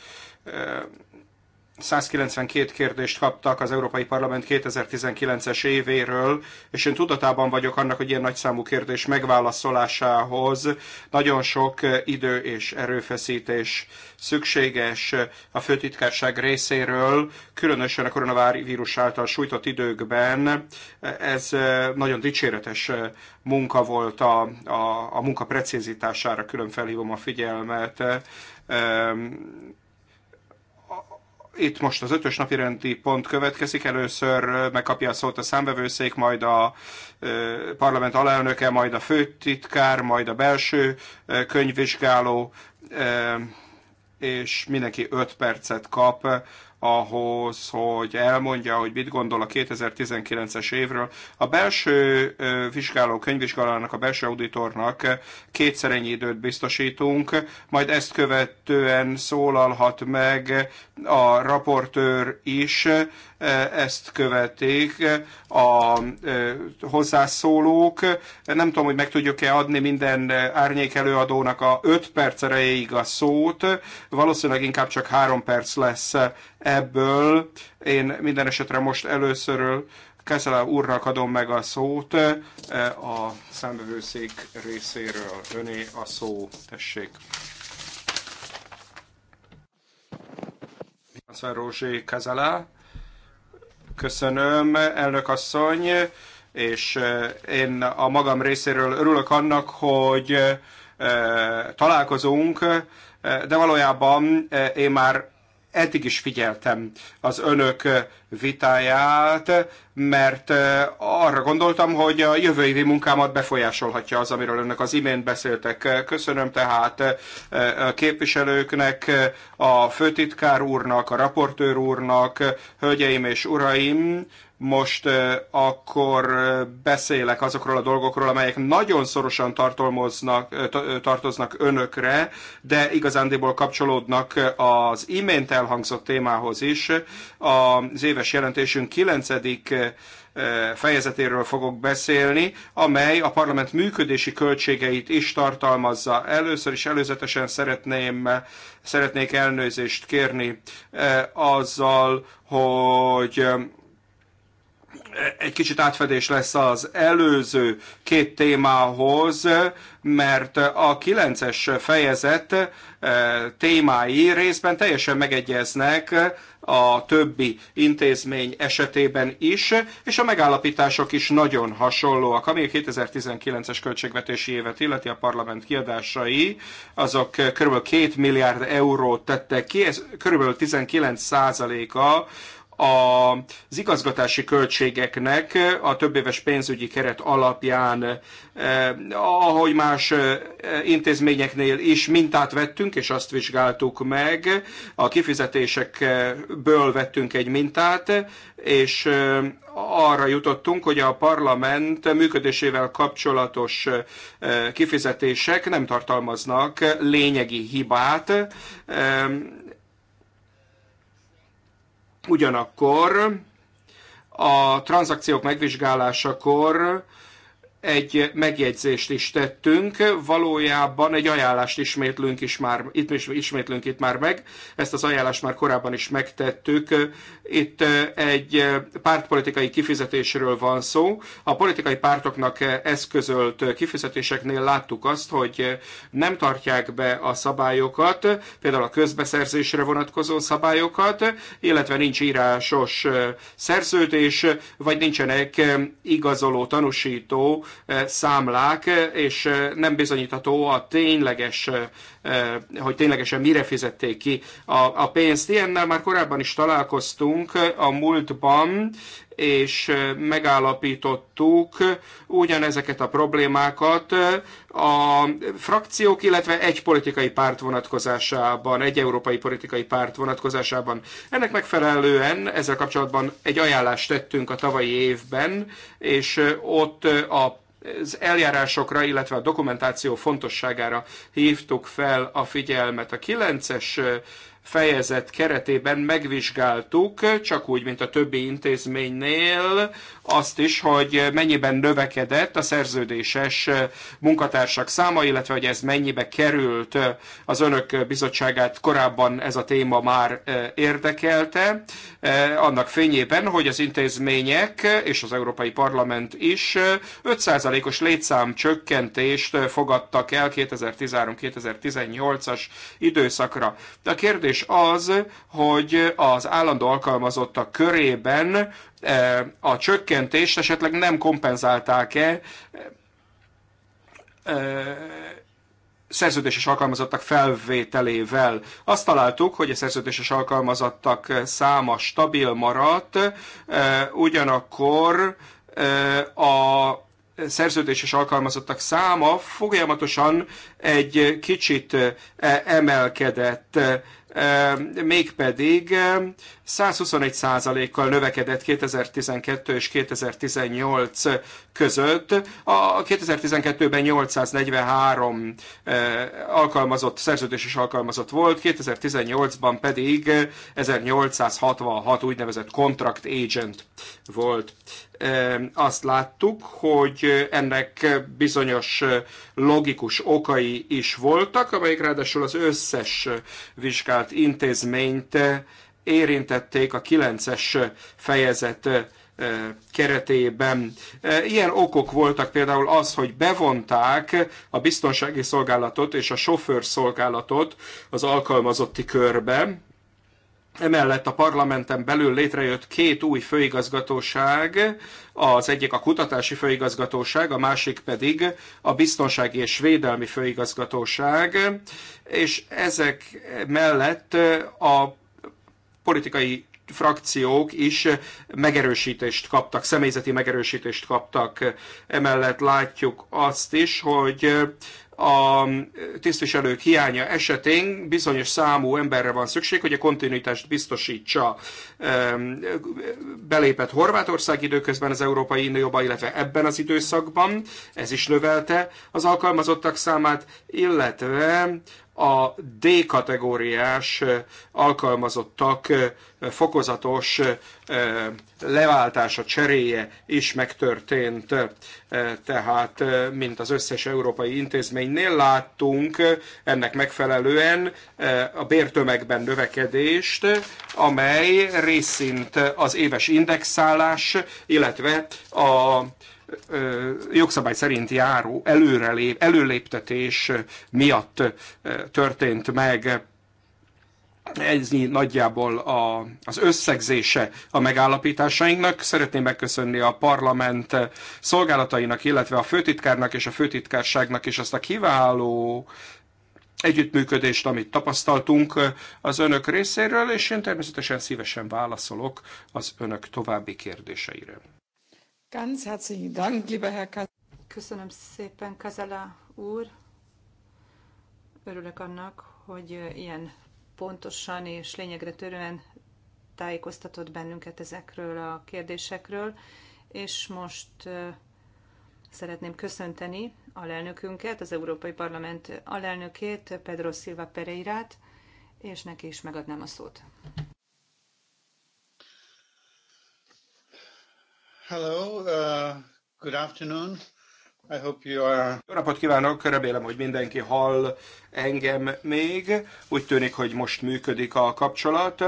192 kérdést kaptak az Európai Parlament 2019-es évéről, és én tudatában vagyok annak, hogy ilyen nagyszámú kérdés megválaszolásához nagyon sok idő és erőfeszítés szükséges a főtitkárság részéről, különösen a koronavírus által sújtott időkben. Ez eh, nagyon dicséretes eh, munka volt a, a, a munka precizitására, külön felhívom a figyelmet itt most az ötös napi rendi pont következik. Először megkapja a szót a számvevőszék, majd a parlament alelnöke, majd a főtitkár, majd a belső könyvvizsgáló, és mindenki öt percet kap ahhoz, hogy elmondja, hogy mit gondol a 2019-es évről. A belső vizsgáló, könyvvizsgálónak, a belső auditornak kétszer ennyi időt biztosítunk, majd ezt követően szólalhat meg a raportőr is, Eh, ezt követik eh, a eh, hozzászólók. Nem tudom, hogy meg tudjuk-e adni minden árnyék előadónak a 5 perc erejéig a szót. Valószínűleg inkább csak 3 perc lesz ebből. Én minden esetre most először Kezelá úrnak adom meg a szót a számbevőszék részéről. Öné a szó, tessék. Kászár Rózsé Kazala. Köszönöm, elnök asszony, és eh, én a magam részéről örülök annak, hogy eh, találkozunk, eh, de valójában én már eddig is figyeltem az önök eh, vitáját, mert eh, arra gondoltam, hogy a jövő évi munkámat befolyásolhatja az, amiről önök az imént beszéltek. Köszönöm tehát eh, a képviselőknek, a főtitkár úrnak, a raportőr úrnak, hölgyeim és uraim, most akkor beszélek azokról a dolgokról, amelyek nagyon szorosan tartalmaznak, tartoznak önökre, de igazándiból kapcsolódnak az imént elhangzott témához is. Az éves jelentésünk 9 fejezetéről fogok beszélni, amely a parlament működési költségeit is tartalmazza. Először is előzetesen szeretném, szeretnék elnőzést kérni azzal, hogy egy kicsit átfedés lesz az előző két témához, mert a kilences fejezet eh, témái részben teljesen megegyeznek a többi intézmény esetében is, és a megállapítások is nagyon hasonlóak. Ami a 2019-es költségvetési évet illeti a parlament kiadásai, azok kb. 2 milliárd eurót tettek ki, ez kb. 19 százaléka az igazgatási költségeknek a többéves pénzügyi keret alapján, eh, ahogy más eh, intézményeknél is mintát vettünk, és azt vizsgáltuk meg, a kifizetésekből vettünk egy mintát, és eh, arra jutottunk, hogy a parlament működésével kapcsolatos kifizetések nem tartalmaznak lényegi hibát, Ugyanakkor a tranzakciók megvizsgálásakor egy megjegyzést is tettünk, valójában egy ajánlást ismétlünk is már, itt is, ismétlünk itt már meg, ezt az ajánlást már korábban is megtettük. Itt egy pártpolitikai kifizetésről van szó. A politikai pártoknak eszközölt kifizetéseknél láttuk azt, hogy nem tartják be a szabályokat, például a közbeszerzésre vonatkozó szabályokat, illetve nincs írásos szerződés, vagy nincsenek igazoló, tanúsító Eh, számlák, eh, és eh, nem bizonyítható a tényleges, hogy ténylegesen mire fizették ki a, a pénzt. Ilyennel már korábban is találkoztunk a múltban, és megállapítottuk ugyanezeket a problémákat a frakciók, illetve egy politikai párt vonatkozásában, egy európai politikai párt vonatkozásában. Ennek megfelelően ezzel kapcsolatban egy ajánlást tettünk a tavalyi évben, és ott a az eljárásokra, illetve a dokumentáció fontosságára hívtuk fel a figyelmet. A 9-es fejezet keretében megvizsgáltuk, csak úgy, mint a többi intézménynél, azt is, hogy mennyiben növekedett a szerződéses munkatársak száma, illetve hogy ez mennyibe került az önök bizottságát korábban ez a téma már e, érdekelte, e, annak fényében, hogy az intézmények és az Európai Parlament is 5%-os létszám csökkentést fogadtak el 2013-2018-as időszakra. De a kérdés és az, hogy az állandó alkalmazottak körében e, a csökkentést esetleg nem kompenzálták-e e, szerződéses alkalmazottak felvételével. Azt találtuk, hogy a szerződéses alkalmazottak száma stabil maradt, e, ugyanakkor a szerződéses alkalmazottak száma folyamatosan egy kicsit emelkedett mégpedig 121 kal növekedett 2012 és 2018 között. A 2012-ben 843 alkalmazott, szerződéses alkalmazott volt, 2018-ban pedig 1866 úgynevezett contract agent volt. Azt láttuk, hogy ennek bizonyos logikus okai is voltak, amelyek ráadásul az összes vizsgálat specializált intézményt eh, érintették a 9-es fejezet eh, keretében. Eh, ilyen okok voltak például az, hogy bevonták a biztonsági szolgálatot és a sofőrszolgálatot az alkalmazotti körbe, Emellett a parlamenten belül létrejött két új főigazgatóság, az egyik a kutatási főigazgatóság, a másik pedig a biztonsági és védelmi főigazgatóság, és ezek mellett a politikai frakciók is megerősítést kaptak, személyzeti megerősítést kaptak. Emellett látjuk azt is, hogy a tisztviselők hiánya esetén bizonyos számú emberre van szükség, hogy a kontinuitást biztosítsa. Belépett Horvátország időközben az Európai Unióba, illetve ebben az időszakban, ez is növelte az alkalmazottak számát, illetve a D kategóriás alkalmazottak fokozatos leváltása, cseréje is megtörtént, tehát mint az összes európai intézménynél láttunk ennek megfelelően a bértömegben növekedést, amely részint az éves indexálás, illetve a jogszabály szerint járó előrelép, előléptetés miatt történt meg ez nagyjából a, az összegzése a megállapításainknak. Szeretném megköszönni a parlament szolgálatainak, illetve a főtitkárnak és a főtitkárságnak is azt a kiváló együttműködést, amit tapasztaltunk az önök részéről, és én természetesen szívesen válaszolok az önök további kérdéseire. Ganz herzlichen Dank, lieber Herr Köszönöm szépen, Kazala úr. Örülök annak, hogy ilyen pontosan és lényegre törően tájékoztatott bennünket ezekről a kérdésekről, és most szeretném köszönteni alelnökünket, az Európai Parlament alelnökét, Pedro Silva Pereirát, és neki is megadnám a szót. Hello, uh, good afternoon. I hope you are... Jó napot kívánok, remélem, hogy mindenki hall engem még. Úgy tűnik, hogy most működik a kapcsolat.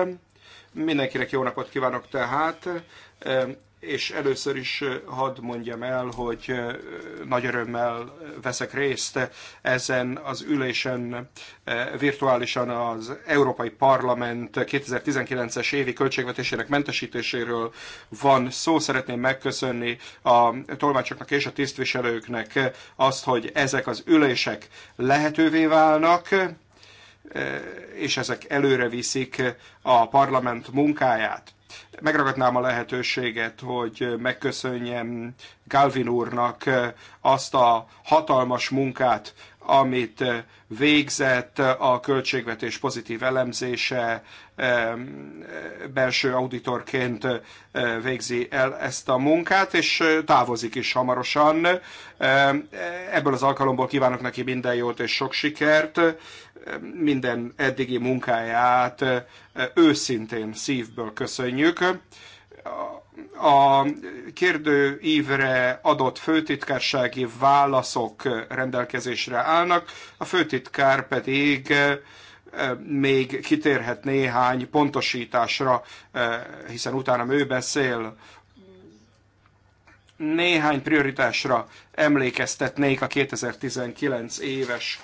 Mindenkinek jó napot kívánok tehát és először is hadd mondjam el, hogy nagy örömmel veszek részt ezen az ülésen virtuálisan az Európai Parlament 2019-es évi költségvetésének mentesítéséről van szó. Szeretném megköszönni a tolmácsoknak és a tisztviselőknek azt, hogy ezek az ülések lehetővé válnak, és ezek előre viszik a parlament munkáját megragadnám a lehetőséget, hogy megköszönjem Galvin úrnak azt a hatalmas munkát, amit végzett a költségvetés pozitív elemzése, belső auditorként végzi el ezt a munkát, és távozik is hamarosan. Ebből az alkalomból kívánok neki minden jót és sok sikert, minden eddigi munkáját Őszintén szívből köszönjük. A ívre adott főtitkársági válaszok rendelkezésre állnak, a főtitkár pedig eh, még kitérhet néhány pontosításra, eh, hiszen utána ő beszél néhány prioritásra emlékeztetnék a 2019 éves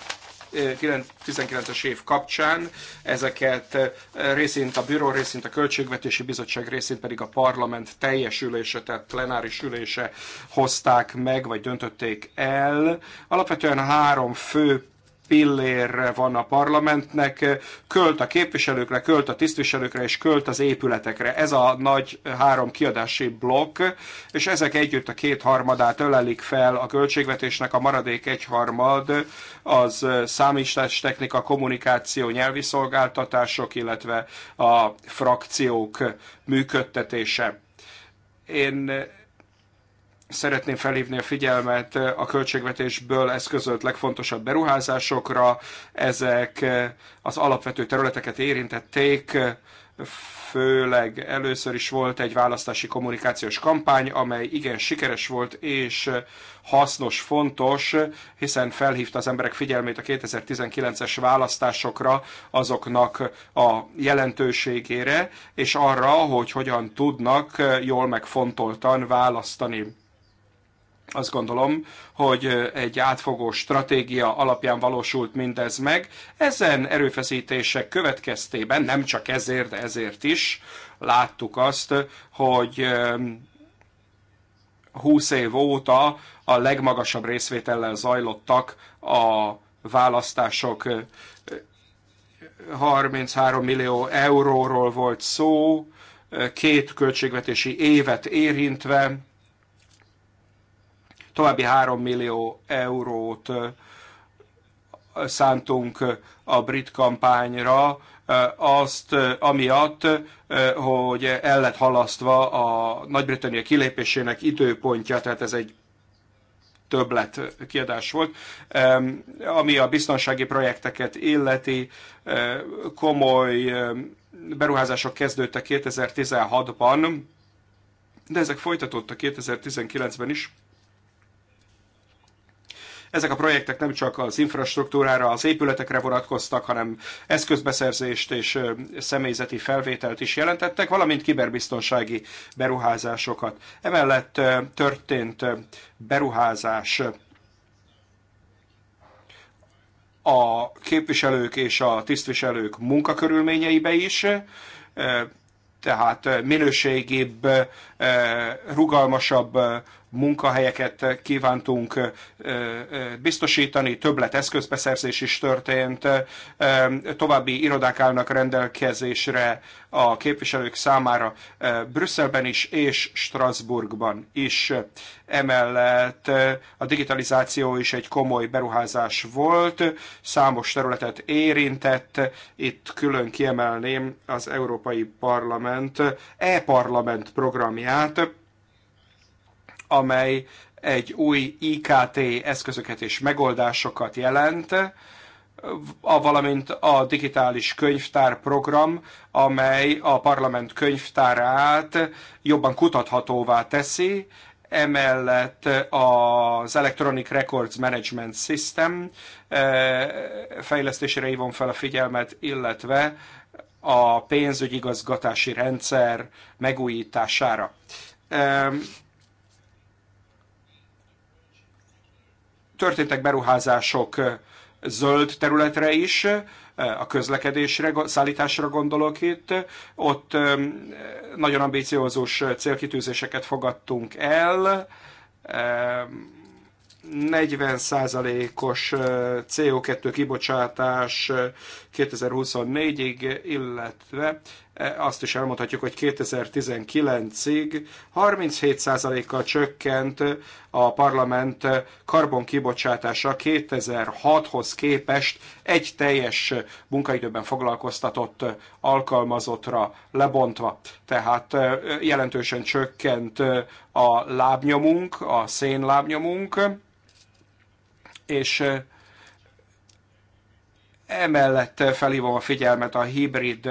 19-es év kapcsán. Ezeket eh, részint a büró, részint a Költségvetési Bizottság, részint pedig a parlament teljes ülése, tehát plenáris ülése hozták meg, vagy döntötték el. Alapvetően három fő pillér van a parlamentnek, költ a képviselőkre, költ a tisztviselőkre és költ az épületekre. Ez a nagy három kiadási blokk, és ezek együtt a kétharmadát ölelik fel a költségvetésnek, a maradék egyharmad az technika kommunikáció, nyelvi szolgáltatások, illetve a frakciók működtetése. Én szeretném felhívni a figyelmet a költségvetésből eszközölt legfontosabb beruházásokra. Ezek az alapvető területeket érintették, főleg először is volt egy választási kommunikációs kampány, amely igen sikeres volt és hasznos, fontos, hiszen felhívta az emberek figyelmét a 2019-es választásokra, azoknak a jelentőségére, és arra, hogy hogyan tudnak jól megfontoltan választani azt gondolom, hogy egy átfogó stratégia alapján valósult mindez meg. Ezen erőfeszítések következtében, nem csak ezért, de ezért is láttuk azt, hogy 20 év óta a legmagasabb részvétellel zajlottak a választások. 33 millió euróról volt szó, két költségvetési évet érintve, további 3 millió eurót szántunk a brit kampányra, azt amiatt, hogy el lett halasztva a Nagy-Britannia kilépésének időpontja, tehát ez egy többlet kiadás volt, ami a biztonsági projekteket illeti, komoly beruházások kezdődtek 2016-ban, de ezek folytatódtak 2019-ben is. Ezek a projektek nem csak az infrastruktúrára, az épületekre vonatkoztak, hanem eszközbeszerzést és személyzeti felvételt is jelentettek, valamint kiberbiztonsági beruházásokat. Emellett történt beruházás a képviselők és a tisztviselők munkakörülményeibe is, tehát minőségibb, rugalmasabb munkahelyeket kívántunk biztosítani, többlet eszközbeszerzés is történt, további irodák állnak rendelkezésre a képviselők számára Brüsszelben is és Strasbourgban is. Emellett a digitalizáció is egy komoly beruházás volt, számos területet érintett, itt külön kiemelném az Európai Parlament e-parlament programját, amely egy új IKT eszközöket és megoldásokat jelent, a, valamint a digitális könyvtár program, amely a parlament könyvtárát jobban kutathatóvá teszi, emellett az Electronic Records Management System eh, fejlesztésére hívom fel a figyelmet, illetve a pénzügyigazgatási rendszer megújítására. Történtek beruházások zöld területre is, a közlekedésre, szállításra gondolok itt. Ott nagyon ambiciózus célkitűzéseket fogadtunk el, 40%-os CO2 kibocsátás 2024-ig, illetve e, azt is elmondhatjuk, hogy 2019-ig 37%-kal csökkent a parlament karbonkibocsátása 2006-hoz képest egy teljes munkaidőben foglalkoztatott alkalmazottra lebontva. Tehát e, jelentősen csökkent a lábnyomunk, a szénlábnyomunk, és e, Emellett felhívom a figyelmet a hibrid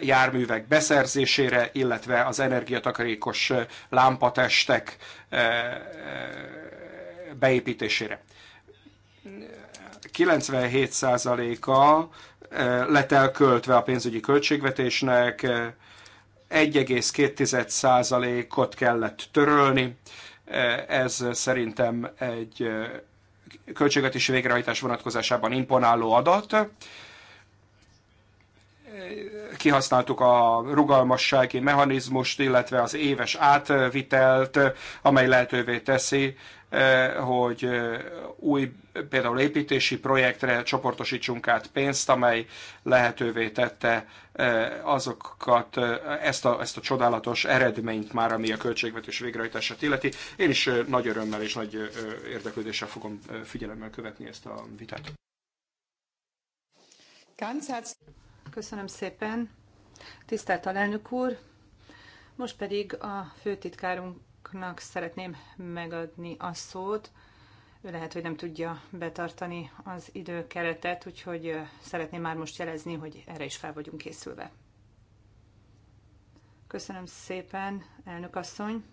járművek beszerzésére, illetve az energiatakarékos lámpatestek beépítésére. 97%-a lett elköltve a pénzügyi költségvetésnek, 1,2%-ot kellett törölni. Ez szerintem egy költségvetési végrehajtás vonatkozásában imponáló adat kihasználtuk a rugalmassági mechanizmust, illetve az éves átvitelt, amely lehetővé teszi, eh, hogy eh, új például építési projektre csoportosítsunk át pénzt, amely lehetővé tette eh, azokat, ezt a, ezt a csodálatos eredményt már, ami a költségvetés végrehajtását illeti. Én is nagy örömmel és nagy érdeklődéssel fogom figyelemmel követni ezt a vitát. Köszönöm szépen. Tisztelt alelnök úr, most pedig a főtitkárunknak szeretném megadni a szót. Ő lehet, hogy nem tudja betartani az időkeretet, úgyhogy szeretném már most jelezni, hogy erre is fel vagyunk készülve. Köszönöm szépen, elnök asszony.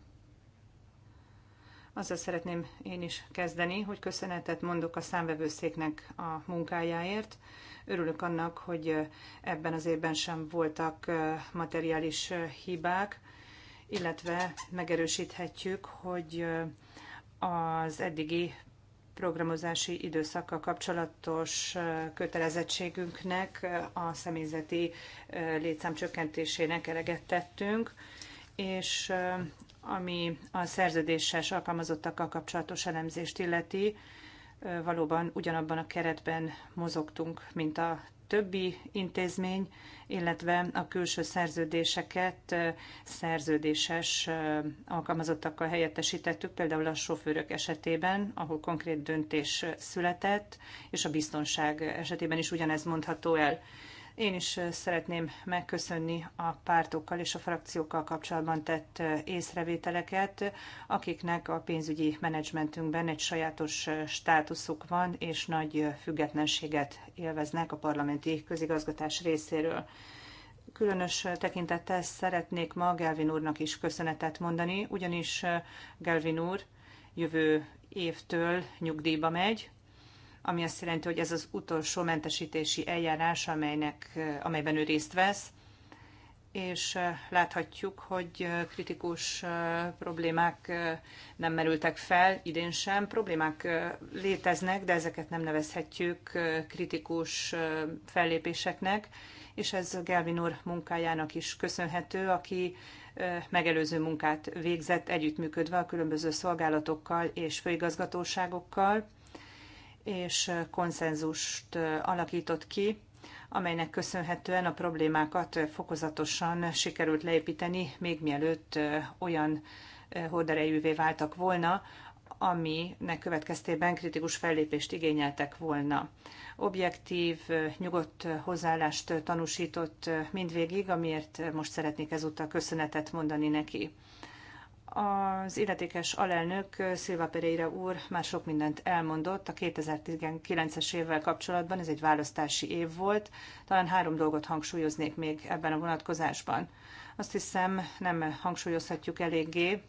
Azzal szeretném én is kezdeni, hogy köszönetet mondok a számvevőszéknek a munkájáért. Örülök annak, hogy ebben az évben sem voltak materiális hibák, illetve megerősíthetjük, hogy az eddigi programozási időszakkal kapcsolatos kötelezettségünknek, a személyzeti létszám csökkentésének eleget tettünk, és ami a szerződéses alkalmazottakkal kapcsolatos elemzést illeti, valóban ugyanabban a keretben mozogtunk, mint a többi intézmény, illetve a külső szerződéseket szerződéses alkalmazottakkal helyettesítettük, például a sofőrök esetében, ahol konkrét döntés született, és a biztonság esetében is ugyanez mondható el. Én is szeretném megköszönni a pártokkal és a frakciókkal kapcsolatban tett észrevételeket, akiknek a pénzügyi menedzsmentünkben egy sajátos státuszuk van, és nagy függetlenséget élveznek a parlamenti közigazgatás részéről. Különös tekintettel szeretnék ma Gelvin úrnak is köszönetet mondani, ugyanis Gelvin úr jövő évtől nyugdíjba megy, ami azt jelenti, hogy ez az utolsó mentesítési eljárás, amelynek, amelyben ő részt vesz, és láthatjuk, hogy kritikus problémák nem merültek fel, idén sem. Problémák léteznek, de ezeket nem nevezhetjük kritikus fellépéseknek, és ez Gelvin úr munkájának is köszönhető, aki megelőző munkát végzett együttműködve a különböző szolgálatokkal és főigazgatóságokkal és konszenzust alakított ki, amelynek köszönhetően a problémákat fokozatosan sikerült leépíteni, még mielőtt olyan horderejűvé váltak volna, aminek következtében kritikus fellépést igényeltek volna. Objektív, nyugodt hozzáállást tanúsított mindvégig, amiért most szeretnék ezúttal köszönetet mondani neki. Az illetékes alelnök Szilva Pereira úr már sok mindent elmondott a 2019-es évvel kapcsolatban, ez egy választási év volt. Talán három dolgot hangsúlyoznék még ebben a vonatkozásban. Azt hiszem, nem hangsúlyozhatjuk eléggé,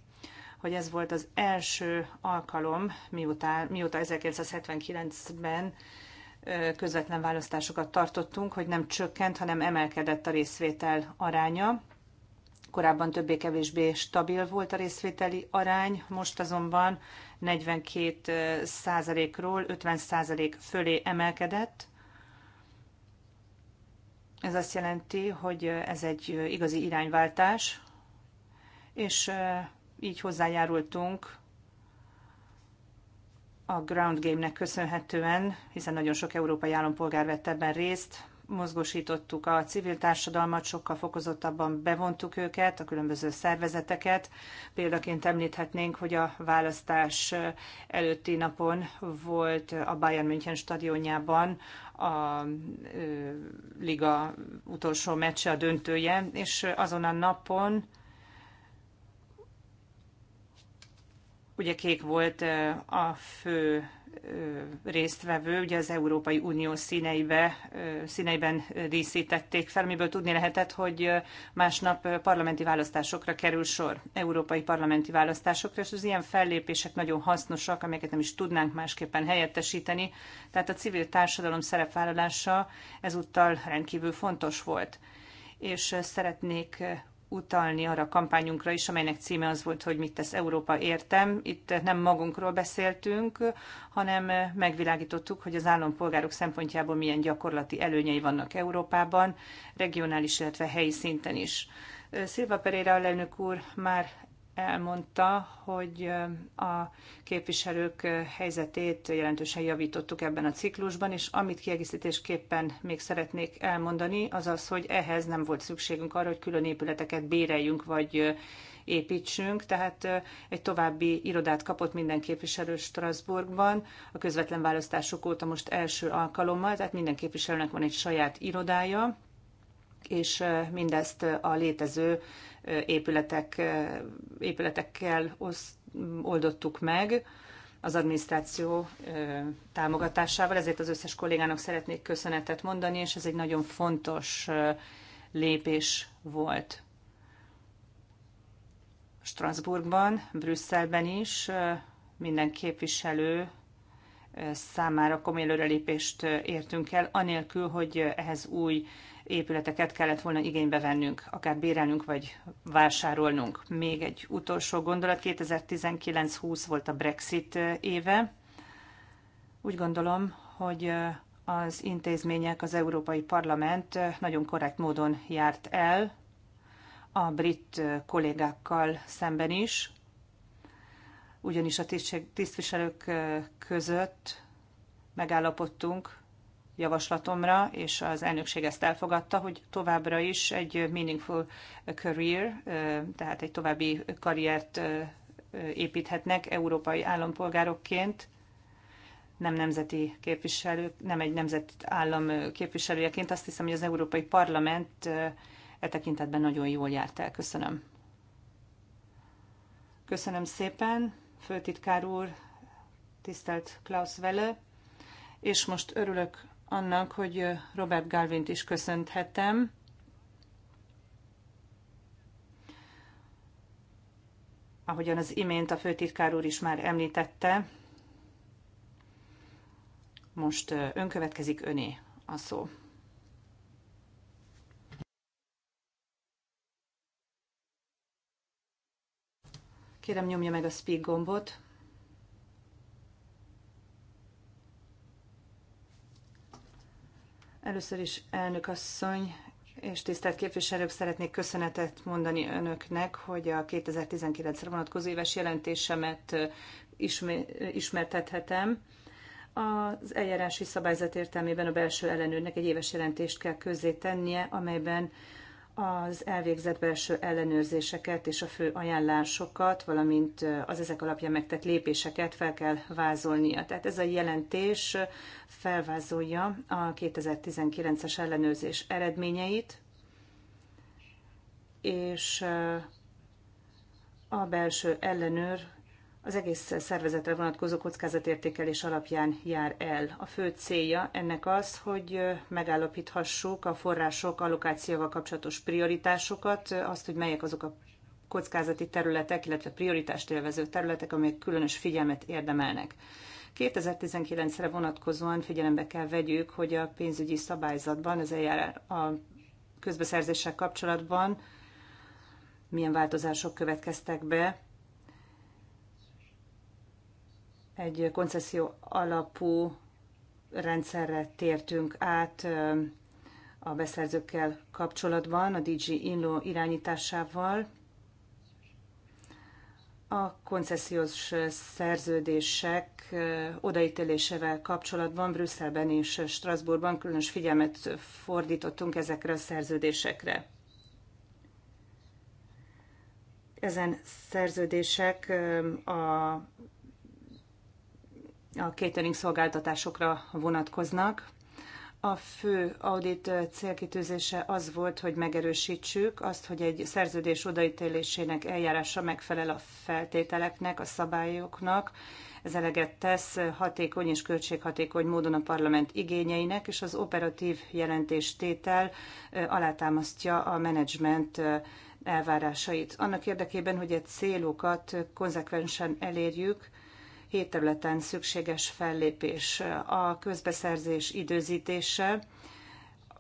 hogy ez volt az első alkalom, miután, mióta 1979-ben közvetlen választásokat tartottunk, hogy nem csökkent, hanem emelkedett a részvétel aránya. Korábban többé-kevésbé stabil volt a részvételi arány, most azonban 42 ról 50 százalék fölé emelkedett. Ez azt jelenti, hogy eh, ez egy eh, igazi irányváltás, és eh, így hozzájárultunk a Ground Game-nek köszönhetően, hiszen nagyon sok európai állampolgár vett ebben részt, mozgosítottuk a civil társadalmat, sokkal fokozottabban bevontuk őket, a különböző szervezeteket. Példaként említhetnénk, hogy a választás előtti napon volt a Bayern München stadionjában a liga utolsó meccse, a döntője, és azon a napon ugye kék volt a fő résztvevő, ugye az Európai Unió színeibe, színeiben díszítették fel, miből tudni lehetett, hogy másnap parlamenti választásokra kerül sor, európai parlamenti választásokra, és az ilyen fellépések nagyon hasznosak, amelyeket nem is tudnánk másképpen helyettesíteni, tehát a civil társadalom szerepvállalása ezúttal rendkívül fontos volt és szeretnék utalni arra a kampányunkra is, amelynek címe az volt, hogy mit tesz Európa értem. Itt nem magunkról beszéltünk, hanem megvilágítottuk, hogy az állampolgárok szempontjából milyen gyakorlati előnyei vannak Európában, regionális, illetve helyi szinten is. Szilva Pereira alelnök úr már elmondta, hogy a képviselők helyzetét jelentősen javítottuk ebben a ciklusban, és amit kiegészítésképpen még szeretnék elmondani, az az, hogy ehhez nem volt szükségünk arra, hogy külön épületeket béreljünk, vagy építsünk, tehát egy további irodát kapott minden képviselő Strasbourgban, a közvetlen választások óta most első alkalommal, tehát minden képviselőnek van egy saját irodája, és mindezt a létező épületek, épületekkel oldottuk meg az adminisztráció támogatásával, ezért az összes kollégának szeretnék köszönetet mondani, és ez egy nagyon fontos lépés volt. Strasbourgban, Brüsszelben is minden képviselő számára komoly előrelépést értünk el, anélkül, hogy ehhez új épületeket kellett volna igénybe vennünk, akár bérelnünk vagy vásárolnunk. Még egy utolsó gondolat, 2019-20 volt a Brexit eh, éve. Úgy gondolom, hogy eh, az intézmények, az Európai Parlament eh, nagyon korrekt módon járt el a brit kollégákkal szemben is, ugyanis a tisztviselők között megállapodtunk javaslatomra, és az elnökség ezt elfogadta, hogy továbbra is egy meaningful career, tehát egy további karriert építhetnek európai állampolgárokként, nem nemzeti képviselők, nem egy nemzeti állam képviselőjeként. Azt hiszem, hogy az Európai Parlament e tekintetben nagyon jól járt el. Köszönöm. Köszönöm szépen, főtitkár úr, tisztelt Klaus Welle, és most örülök annak, hogy Robert Galvint is köszönthetem. Ahogyan az imént a főtitkár úr is már említette, most önkövetkezik öné a szó. Kérem nyomja meg a speak gombot. Először is elnök asszony és tisztelt képviselők, szeretnék köszönetet mondani önöknek, hogy a 2019-re vonatkozó éves jelentésemet ismertethetem. Az eljárási szabályzat értelmében a belső ellenőrnek egy éves jelentést kell közzétennie, amelyben az elvégzett belső ellenőrzéseket és a fő ajánlásokat, valamint az ezek alapján megtett lépéseket fel kell vázolnia. Tehát ez a jelentés felvázolja a 2019-es ellenőrzés eredményeit, és a belső ellenőr az egész szervezetre vonatkozó kockázatértékelés alapján jár el. A fő célja ennek az, hogy megállapíthassuk a források allokációval kapcsolatos prioritásokat, azt, hogy melyek azok a kockázati területek, illetve prioritást élvező területek, amelyek különös figyelmet érdemelnek. 2019-re vonatkozóan figyelembe kell vegyük, hogy a pénzügyi szabályzatban, az eljár a közbeszerzéssel kapcsolatban milyen változások következtek be, egy koncesszió alapú rendszerre tértünk át a beszerzőkkel kapcsolatban, a DG Inlo irányításával. A koncesziós szerződések odaítélésével kapcsolatban Brüsszelben és Strasbourgban különös figyelmet fordítottunk ezekre a szerződésekre. Ezen szerződések a a catering szolgáltatásokra vonatkoznak. A fő audit célkitűzése az volt, hogy megerősítsük azt, hogy egy szerződés odaítélésének eljárása megfelel a feltételeknek, a szabályoknak, ez eleget tesz hatékony és költséghatékony módon a parlament igényeinek, és az operatív jelentéstétel alátámasztja a menedzsment elvárásait. Annak érdekében, hogy a célokat konzekvensen elérjük, hét területen szükséges fellépés. A közbeszerzés időzítése,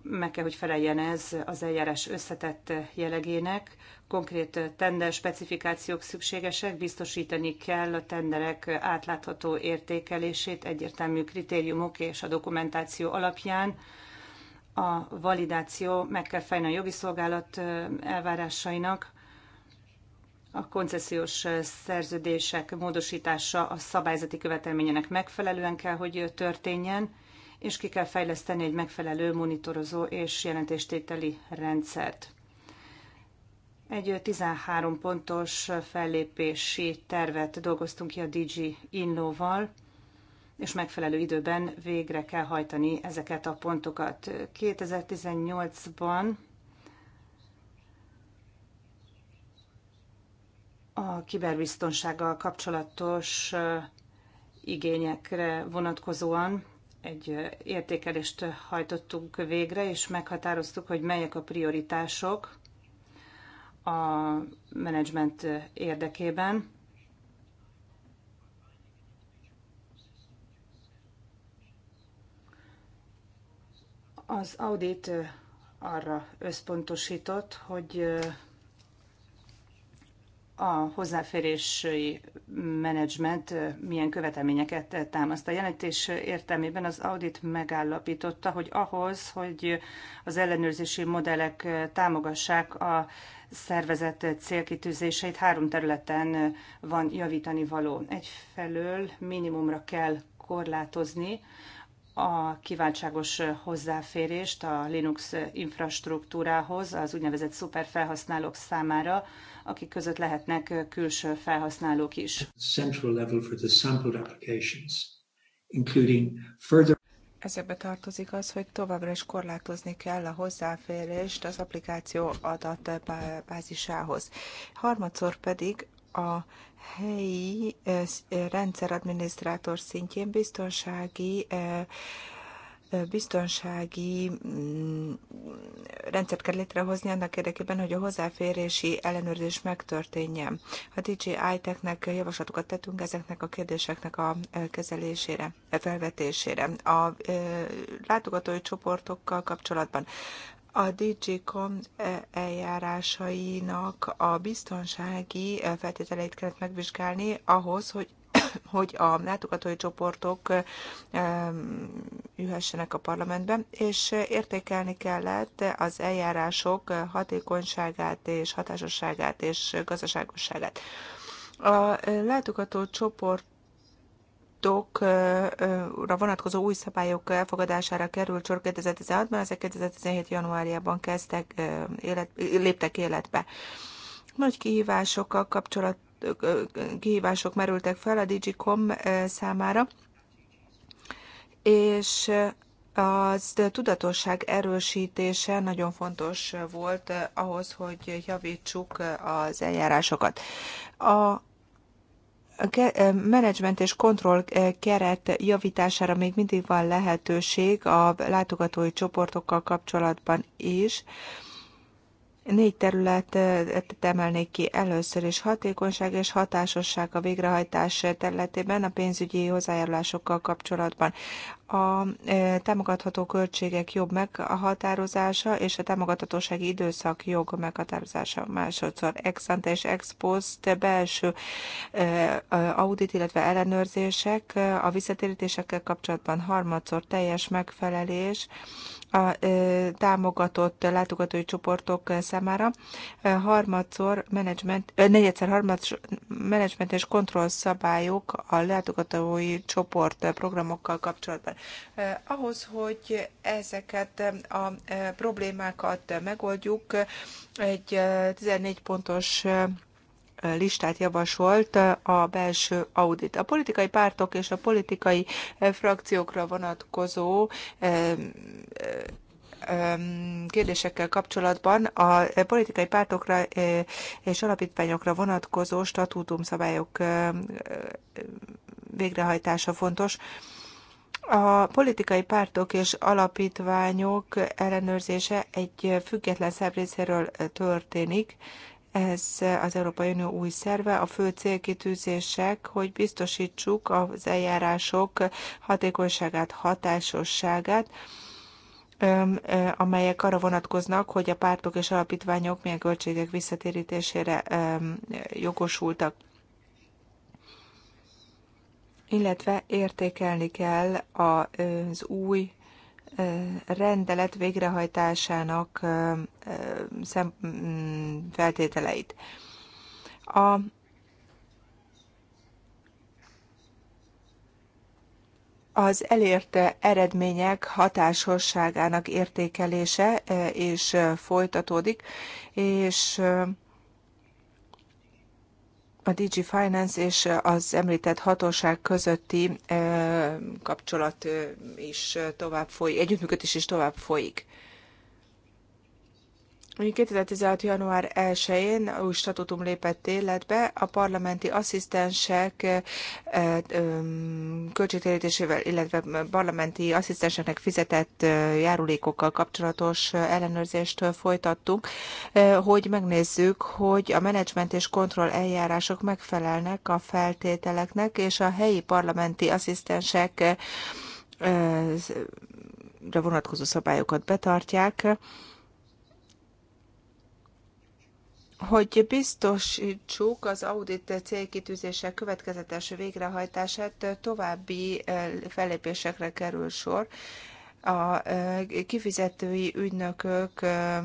meg kell, hogy feleljen ez az eljárás összetett jellegének. Konkrét tender specifikációk szükségesek, biztosítani kell a tenderek átlátható értékelését egyértelmű kritériumok és a dokumentáció alapján. A validáció meg kell fejlni a jogi szolgálat eh, elvárásainak, a koncesziós szerződések módosítása a szabályzati követelményének megfelelően kell, hogy történjen, és ki kell fejleszteni egy megfelelő monitorozó és jelentéstételi rendszert. Egy 13 pontos fellépési tervet dolgoztunk ki a DG Innoval, és megfelelő időben végre kell hajtani ezeket a pontokat. 2018-ban a kiberbiztonsággal kapcsolatos igényekre vonatkozóan egy értékelést hajtottunk végre, és meghatároztuk, hogy melyek a prioritások a menedzsment érdekében. Az audit arra összpontosított, hogy a hozzáférési menedzsment milyen követelményeket támaszt. A jelentés értelmében az audit megállapította, hogy ahhoz, hogy az ellenőrzési modellek támogassák a szervezet célkitűzéseit három területen van javítani való. Egyfelől minimumra kell korlátozni a kiváltságos hozzáférést a Linux infrastruktúrához az úgynevezett szuperfelhasználók számára, akik között lehetnek külső felhasználók is. Ezekbe tartozik az, hogy továbbra is korlátozni kell a hozzáférést az applikáció adatbázisához. Harmadszor pedig a helyi rendszeradminisztrátor szintjén biztonsági biztonsági mm, rendszert kell létrehozni annak érdekében, hogy a hozzáférési ellenőrzés megtörténjen. A DJI Technek javaslatokat tettünk ezeknek a kérdéseknek a e, kezelésére, e, felvetésére. A e, látogatói csoportokkal kapcsolatban a DigiCom eljárásainak a biztonsági feltételeit kellett megvizsgálni ahhoz, hogy hogy a látogatói csoportok jöhessenek a parlamentbe, és értékelni kellett az eljárások hatékonyságát és hatásosságát és gazdaságosságát. A látogató csoport a vonatkozó új szabályok elfogadására került sor 2016-ban, ezek 2017. januárjában kezdtek, élet, léptek életbe. Nagy kihívásokkal kapcsolatban kihívások merültek fel a Digicom számára, és az tudatosság erősítése nagyon fontos volt ahhoz, hogy javítsuk az eljárásokat. A menedzsment és kontroll keret javítására még mindig van lehetőség a látogatói csoportokkal kapcsolatban is. Négy területet emelnék ki először is hatékonyság és hatásosság a végrehajtás területében a pénzügyi hozzájárulásokkal kapcsolatban. A e, támogatható költségek jobb meghatározása és a támogatatósági időszak jog meghatározása másodszor ex ante és ex post belső e, audit, illetve ellenőrzések a visszatérítésekkel kapcsolatban harmadszor teljes megfelelés a támogatott látogatói csoportok számára. Harmadszor menedzsment, negyedszer harmad menedzsment és kontroll szabályok a látogatói csoport programokkal kapcsolatban. Ahhoz, hogy ezeket a problémákat megoldjuk, egy 14 pontos listát javasolt a belső audit. A politikai pártok és a politikai eh, frakciókra vonatkozó eh, eh, kérdésekkel kapcsolatban a politikai pártokra és alapítványokra vonatkozó statútumszabályok végrehajtása fontos. A politikai pártok és alapítványok ellenőrzése egy független szerv részéről történik, ez az Európai Unió új szerve, a fő célkitűzések, hogy biztosítsuk az eljárások hatékonyságát, hatásosságát, amelyek arra vonatkoznak, hogy a pártok és alapítványok milyen költségek visszatérítésére jogosultak illetve értékelni kell az új rendelet végrehajtásának mm, feltételeit. A az elérte eredmények hatásosságának értékelése és folytatódik, és a DG Finance és az említett hatóság közötti kapcsolat is tovább folyik, együttműködés is tovább folyik. 2016. január 1-én új statutum lépett életbe, a parlamenti asszisztensek költségtérítésével, illetve parlamenti asszisztenseknek fizetett járulékokkal kapcsolatos ellenőrzést folytattunk, hogy megnézzük, hogy a menedzsment és kontroll eljárások megfelelnek a feltételeknek, és a helyi parlamenti asszisztensek vonatkozó szabályokat betartják. hogy biztosítsuk az audit célkitűzése következetes végrehajtását, további eh, fellépésekre kerül sor. A eh, kifizetői ügynökökre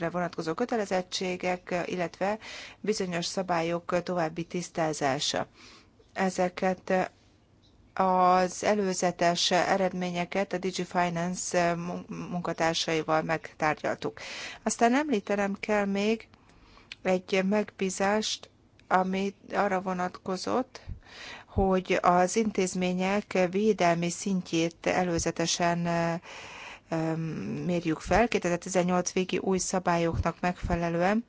eh, vonatkozó kötelezettségek, illetve bizonyos szabályok további tisztázása. Ezeket az előzetes eredményeket a DigiFinance eh, munkatársaival megtárgyaltuk. Aztán említenem kell még egy megbízást, ami arra vonatkozott, hogy az intézmények védelmi szintjét előzetesen eh, mérjük fel 2018 végi új szabályoknak megfelelően.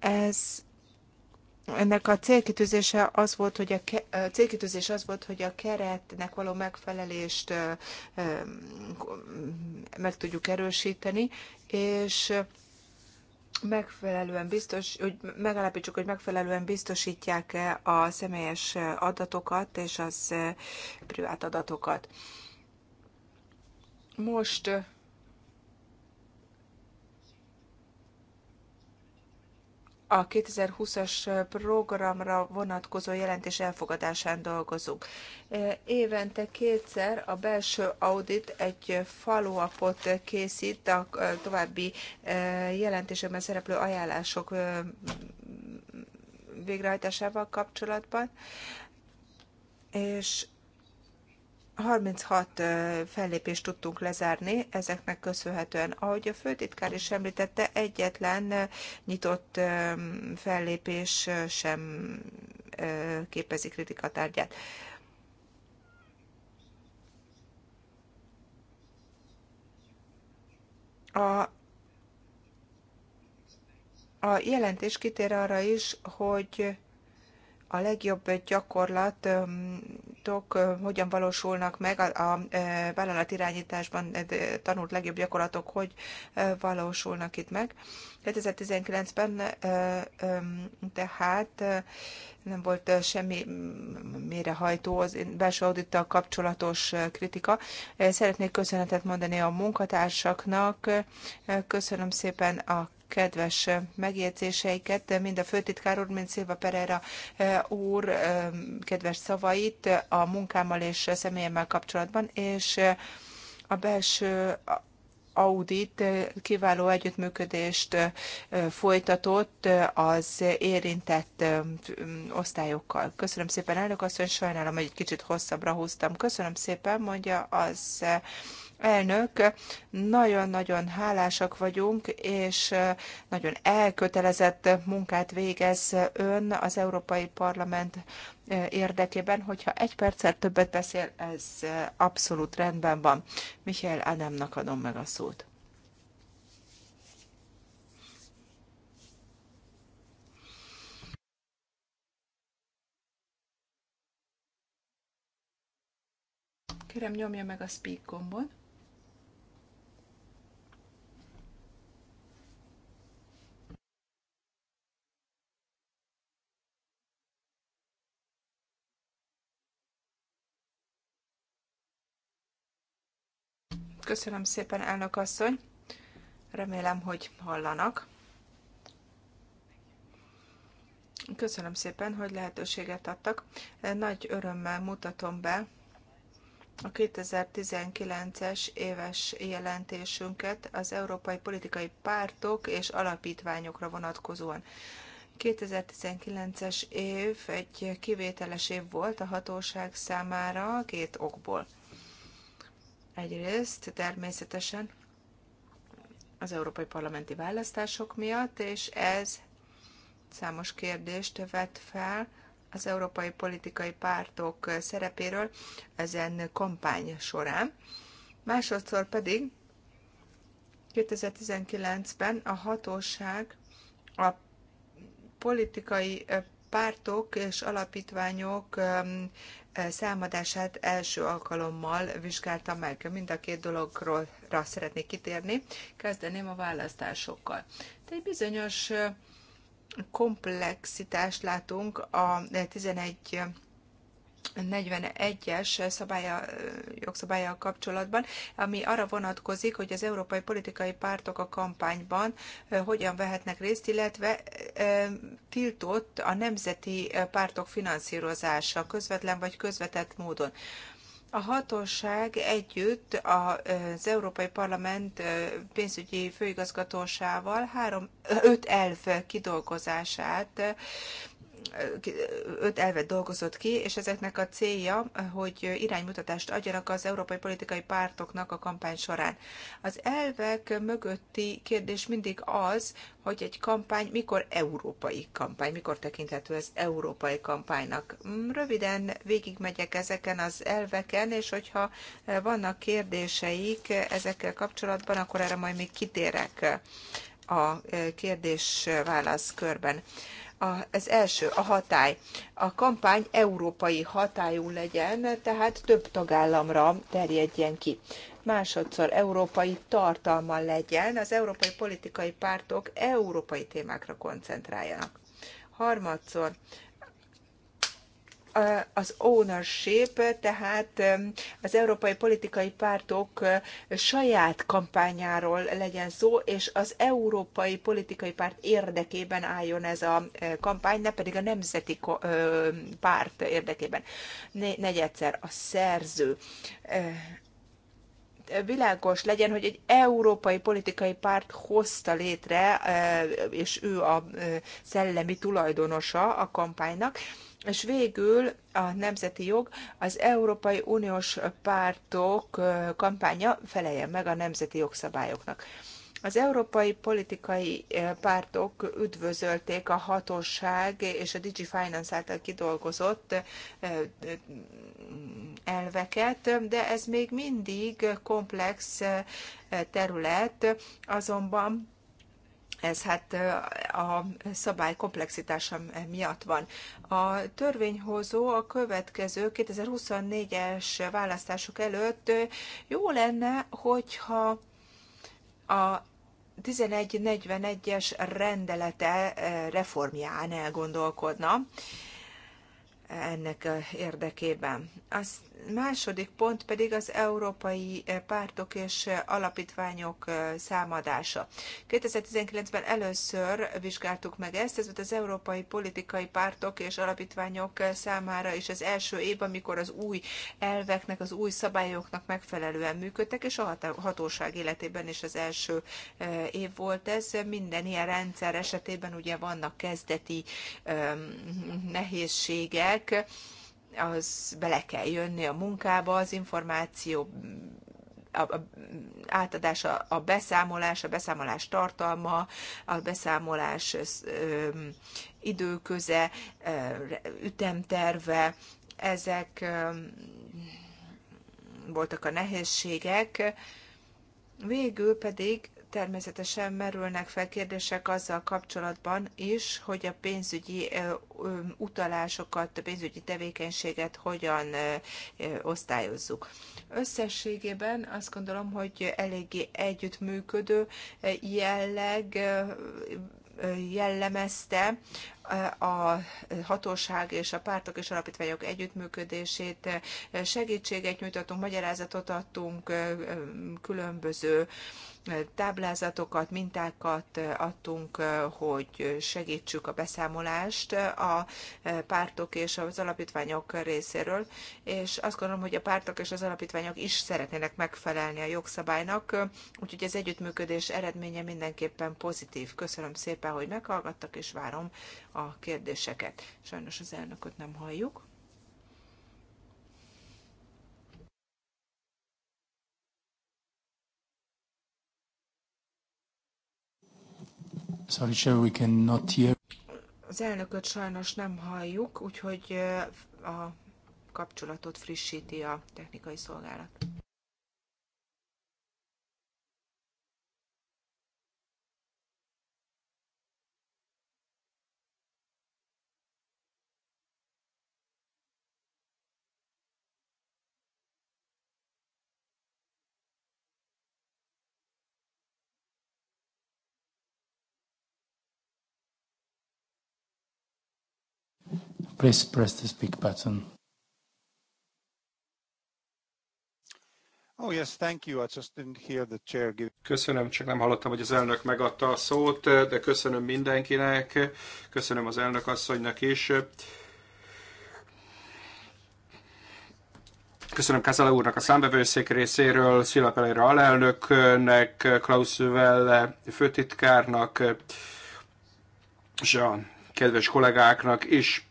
Ez ennek a célkitűzése az volt, hogy a, ke- a célkitűzés az volt, hogy a keretnek való megfelelést meg tudjuk erősíteni, és megfelelően biztos, hogy megállapítsuk, hogy megfelelően biztosítják-e a személyes adatokat és az privát adatokat. Most a 2020-as programra vonatkozó jelentés elfogadásán dolgozunk. E, évente kétszer a belső audit egy follow készít a e, további e, jelentésekben szereplő ajánlások végrehajtásával kapcsolatban, és 36 fellépést tudtunk lezárni, ezeknek köszönhetően. Ahogy a főtitkár is említette, egyetlen nyitott fellépés sem képezi kritikatárgyát. A a jelentés kitér arra is, hogy a legjobb gyakorlat tanultok, hogyan valósulnak meg, a vállalatirányításban tanult legjobb gyakorlatok hogy valósulnak itt meg. 2019-ben tehát nem volt semmi mérehajtó az belső audittal kapcsolatos kritika. Szeretnék köszönetet mondani a munkatársaknak, köszönöm szépen a kedves megjegyzéseiket, mind a főtitkár úr, mind Szilva Pereira eh, úr eh, kedves szavait a munkámmal és személyemmel kapcsolatban, és eh, a belső audit kiváló együttműködést folytatott az érintett osztályokkal. Köszönöm szépen, elnök asszony, sajnálom, hogy egy kicsit hosszabbra húztam. Köszönöm szépen, mondja az elnök, nagyon-nagyon hálásak vagyunk, és nagyon elkötelezett munkát végez ön az Európai Parlament érdekében, hogyha egy perccel többet beszél, ez abszolút rendben van. Michael Adamnak adom meg a szót. Kérem, nyomja meg a speak gombot. Köszönöm szépen, elnök asszony. Remélem, hogy hallanak. Köszönöm szépen, hogy lehetőséget adtak. Nagy örömmel mutatom be a 2019-es éves jelentésünket az európai politikai pártok és alapítványokra vonatkozóan. 2019-es év egy kivételes év volt a hatóság számára két okból. Egyrészt természetesen az európai parlamenti választások miatt, és ez számos kérdést vet fel az európai politikai pártok szerepéről ezen kampány során. Másodszor pedig 2019-ben a hatóság a politikai pártok és alapítványok számadását első alkalommal vizsgálta meg. Mind a két dologról rá szeretnék kitérni. Kezdeném a választásokkal. De egy bizonyos komplexitást látunk a 11 41-es szabálya, kapcsolatban, ami arra vonatkozik, hogy az európai politikai pártok a kampányban hogyan vehetnek részt, illetve tiltott a nemzeti pártok finanszírozása közvetlen vagy közvetett módon. A hatóság együtt az Európai Parlament pénzügyi főigazgatósával három, öt elv kidolgozását öt elvet dolgozott ki, és ezeknek a célja, hogy iránymutatást adjanak az európai politikai pártoknak a kampány során. Az elvek mögötti kérdés mindig az, hogy egy kampány mikor európai kampány, mikor tekinthető ez európai kampánynak. Röviden végigmegyek ezeken az elveken, és hogyha vannak kérdéseik ezekkel kapcsolatban, akkor erre majd még kitérek a kérdés-válasz körben az első, a hatály. A kampány európai hatályú legyen, tehát több tagállamra terjedjen ki. Másodszor európai tartalma legyen, az európai politikai pártok európai témákra koncentráljanak. Harmadszor az ownership, tehát um, az európai politikai pártok uh, saját kampányáról legyen szó, és az európai politikai párt érdekében álljon ez a uh, kampány, ne pedig a nemzeti uh, párt érdekében. Negyedszer a szerző világos legyen, hogy egy európai politikai párt hozta létre, és ő a szellemi tulajdonosa a kampánynak, és végül a nemzeti jog, az Európai Uniós pártok kampánya feleljen meg a nemzeti jogszabályoknak. Az európai politikai pártok üdvözölték a hatóság és a Digi Finance által kidolgozott elveket, de ez még mindig komplex terület, azonban ez hát a szabály komplexitása miatt van. A törvényhozó a következő 2024-es választások előtt jó lenne, hogyha a 1141-es rendelete reformján elgondolkodna ennek érdekében. Azt második pont pedig az európai eh, pártok és eh, alapítványok eh, számadása. 2019-ben először vizsgáltuk meg ezt, ez volt az európai politikai pártok és alapítványok számára is az első év, amikor az új elveknek, az új szabályoknak megfelelően működtek, és a hatóság életében is az első év volt ez. Minden ilyen rendszer esetében ugye vannak kezdeti nehézségek, az bele kell jönni a munkába, az információ a, a, átadása, a beszámolás, a beszámolás tartalma, a beszámolás ö, időköze, ö, ütemterve, ezek ö, voltak a nehézségek. Végül pedig természetesen merülnek fel kérdések azzal kapcsolatban is, hogy a pénzügyi utalásokat, a pénzügyi tevékenységet hogyan osztályozzuk. Összességében azt gondolom, hogy eléggé együttműködő jelleg jellemezte a hatóság és a pártok és alapítványok együttműködését, segítséget nyújtottunk, magyarázatot adtunk, különböző táblázatokat, mintákat adtunk, hogy segítsük a beszámolást a pártok és az alapítványok részéről, és azt gondolom, hogy a pártok és az alapítványok is szeretnének megfelelni a jogszabálynak, úgyhogy az együttműködés eredménye mindenképpen pozitív. Köszönöm szépen, hogy meghallgattak, és várom a kérdéseket. Sajnos az elnököt nem halljuk. Sorry, sir, we cannot hear. Az elnököt sajnos nem halljuk, úgyhogy a kapcsolatot frissíti a technikai szolgálat. Please press the speak button. Oh, yes, thank you. I just didn't hear the chair give... Köszönöm, csak nem hallottam, hogy az elnök megadta a szót, de köszönöm mindenkinek, köszönöm az elnök asszonynak is. Köszönöm Kazala úrnak a számbevőszék részéről, Szila Pelére alelnöknek, Klaus Welle főtitkárnak, és a kedves kollégáknak is.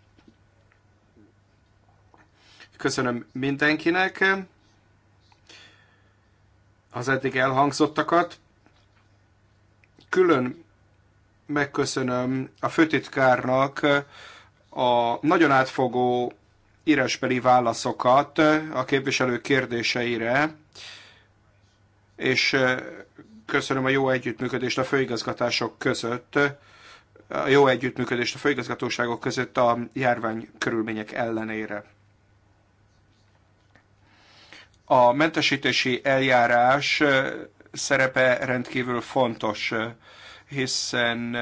Köszönöm mindenkinek az eddig elhangzottakat. Külön megköszönöm a főtitkárnak a nagyon átfogó írásbeli válaszokat a képviselő kérdéseire, és köszönöm a jó együttműködést a főigazgatások között, a jó együttműködést a főigazgatóságok között a járvány körülmények ellenére. A mentesítési eljárás szerepe rendkívül fontos, hiszen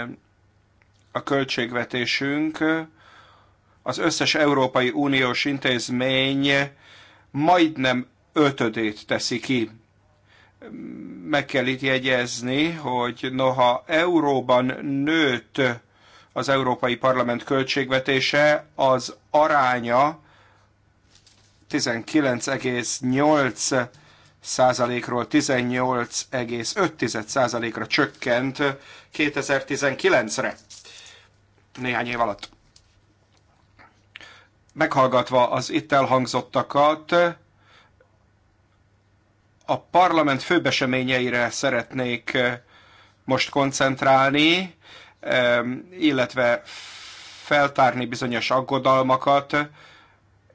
a költségvetésünk az összes Európai Uniós intézmény majdnem ötödét teszi ki. Meg kell itt jegyezni, hogy noha euróban nőtt az Európai Parlament költségvetése, az aránya 19,8 százalékról 18,5 ra csökkent 2019-re, néhány év alatt. Meghallgatva az itt elhangzottakat, a parlament főbeseményeire szeretnék eh, most koncentrálni, eh, illetve feltárni bizonyos aggodalmakat,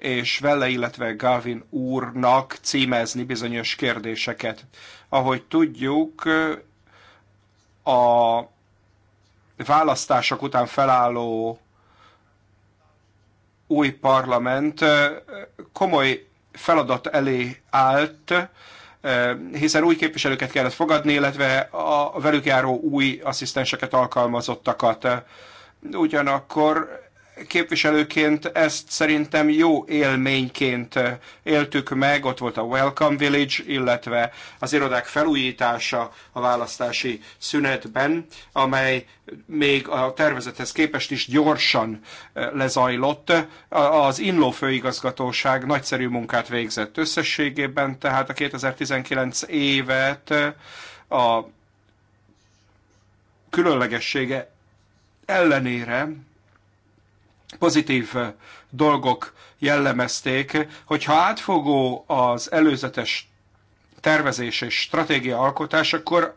és vele, illetve Gavin úrnak címezni bizonyos kérdéseket. Ahogy tudjuk, a választások után felálló új parlament komoly feladat elé állt, hiszen új képviselőket kellett fogadni, illetve a velük járó új asszisztenseket, alkalmazottakat. Ugyanakkor képviselőként ezt szerintem jó élményként eh, éltük meg, ott volt a Welcome Village, illetve az irodák felújítása a választási szünetben, amely még a tervezethez képest is gyorsan eh, lezajlott. Az Inló főigazgatóság nagyszerű munkát végzett összességében, tehát a 2019 évet eh, a különlegessége ellenére pozitív eh, dolgok jellemezték, hogyha átfogó az előzetes tervezés és stratégia alkotás, akkor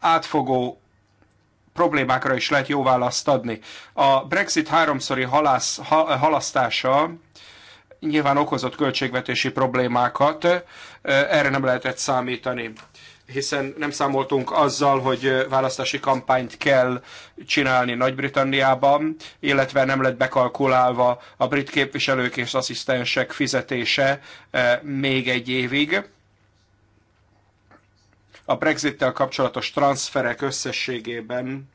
átfogó problémákra is lehet jó választ adni. A Brexit háromszori halász, ha, halasztása nyilván okozott költségvetési problémákat, eh, erre nem lehetett számítani hiszen nem számoltunk azzal, hogy választási kampányt kell csinálni Nagy-Britanniában, illetve nem lett bekalkulálva a brit képviselők és asszisztensek fizetése még egy évig. A Brexittel kapcsolatos transferek összességében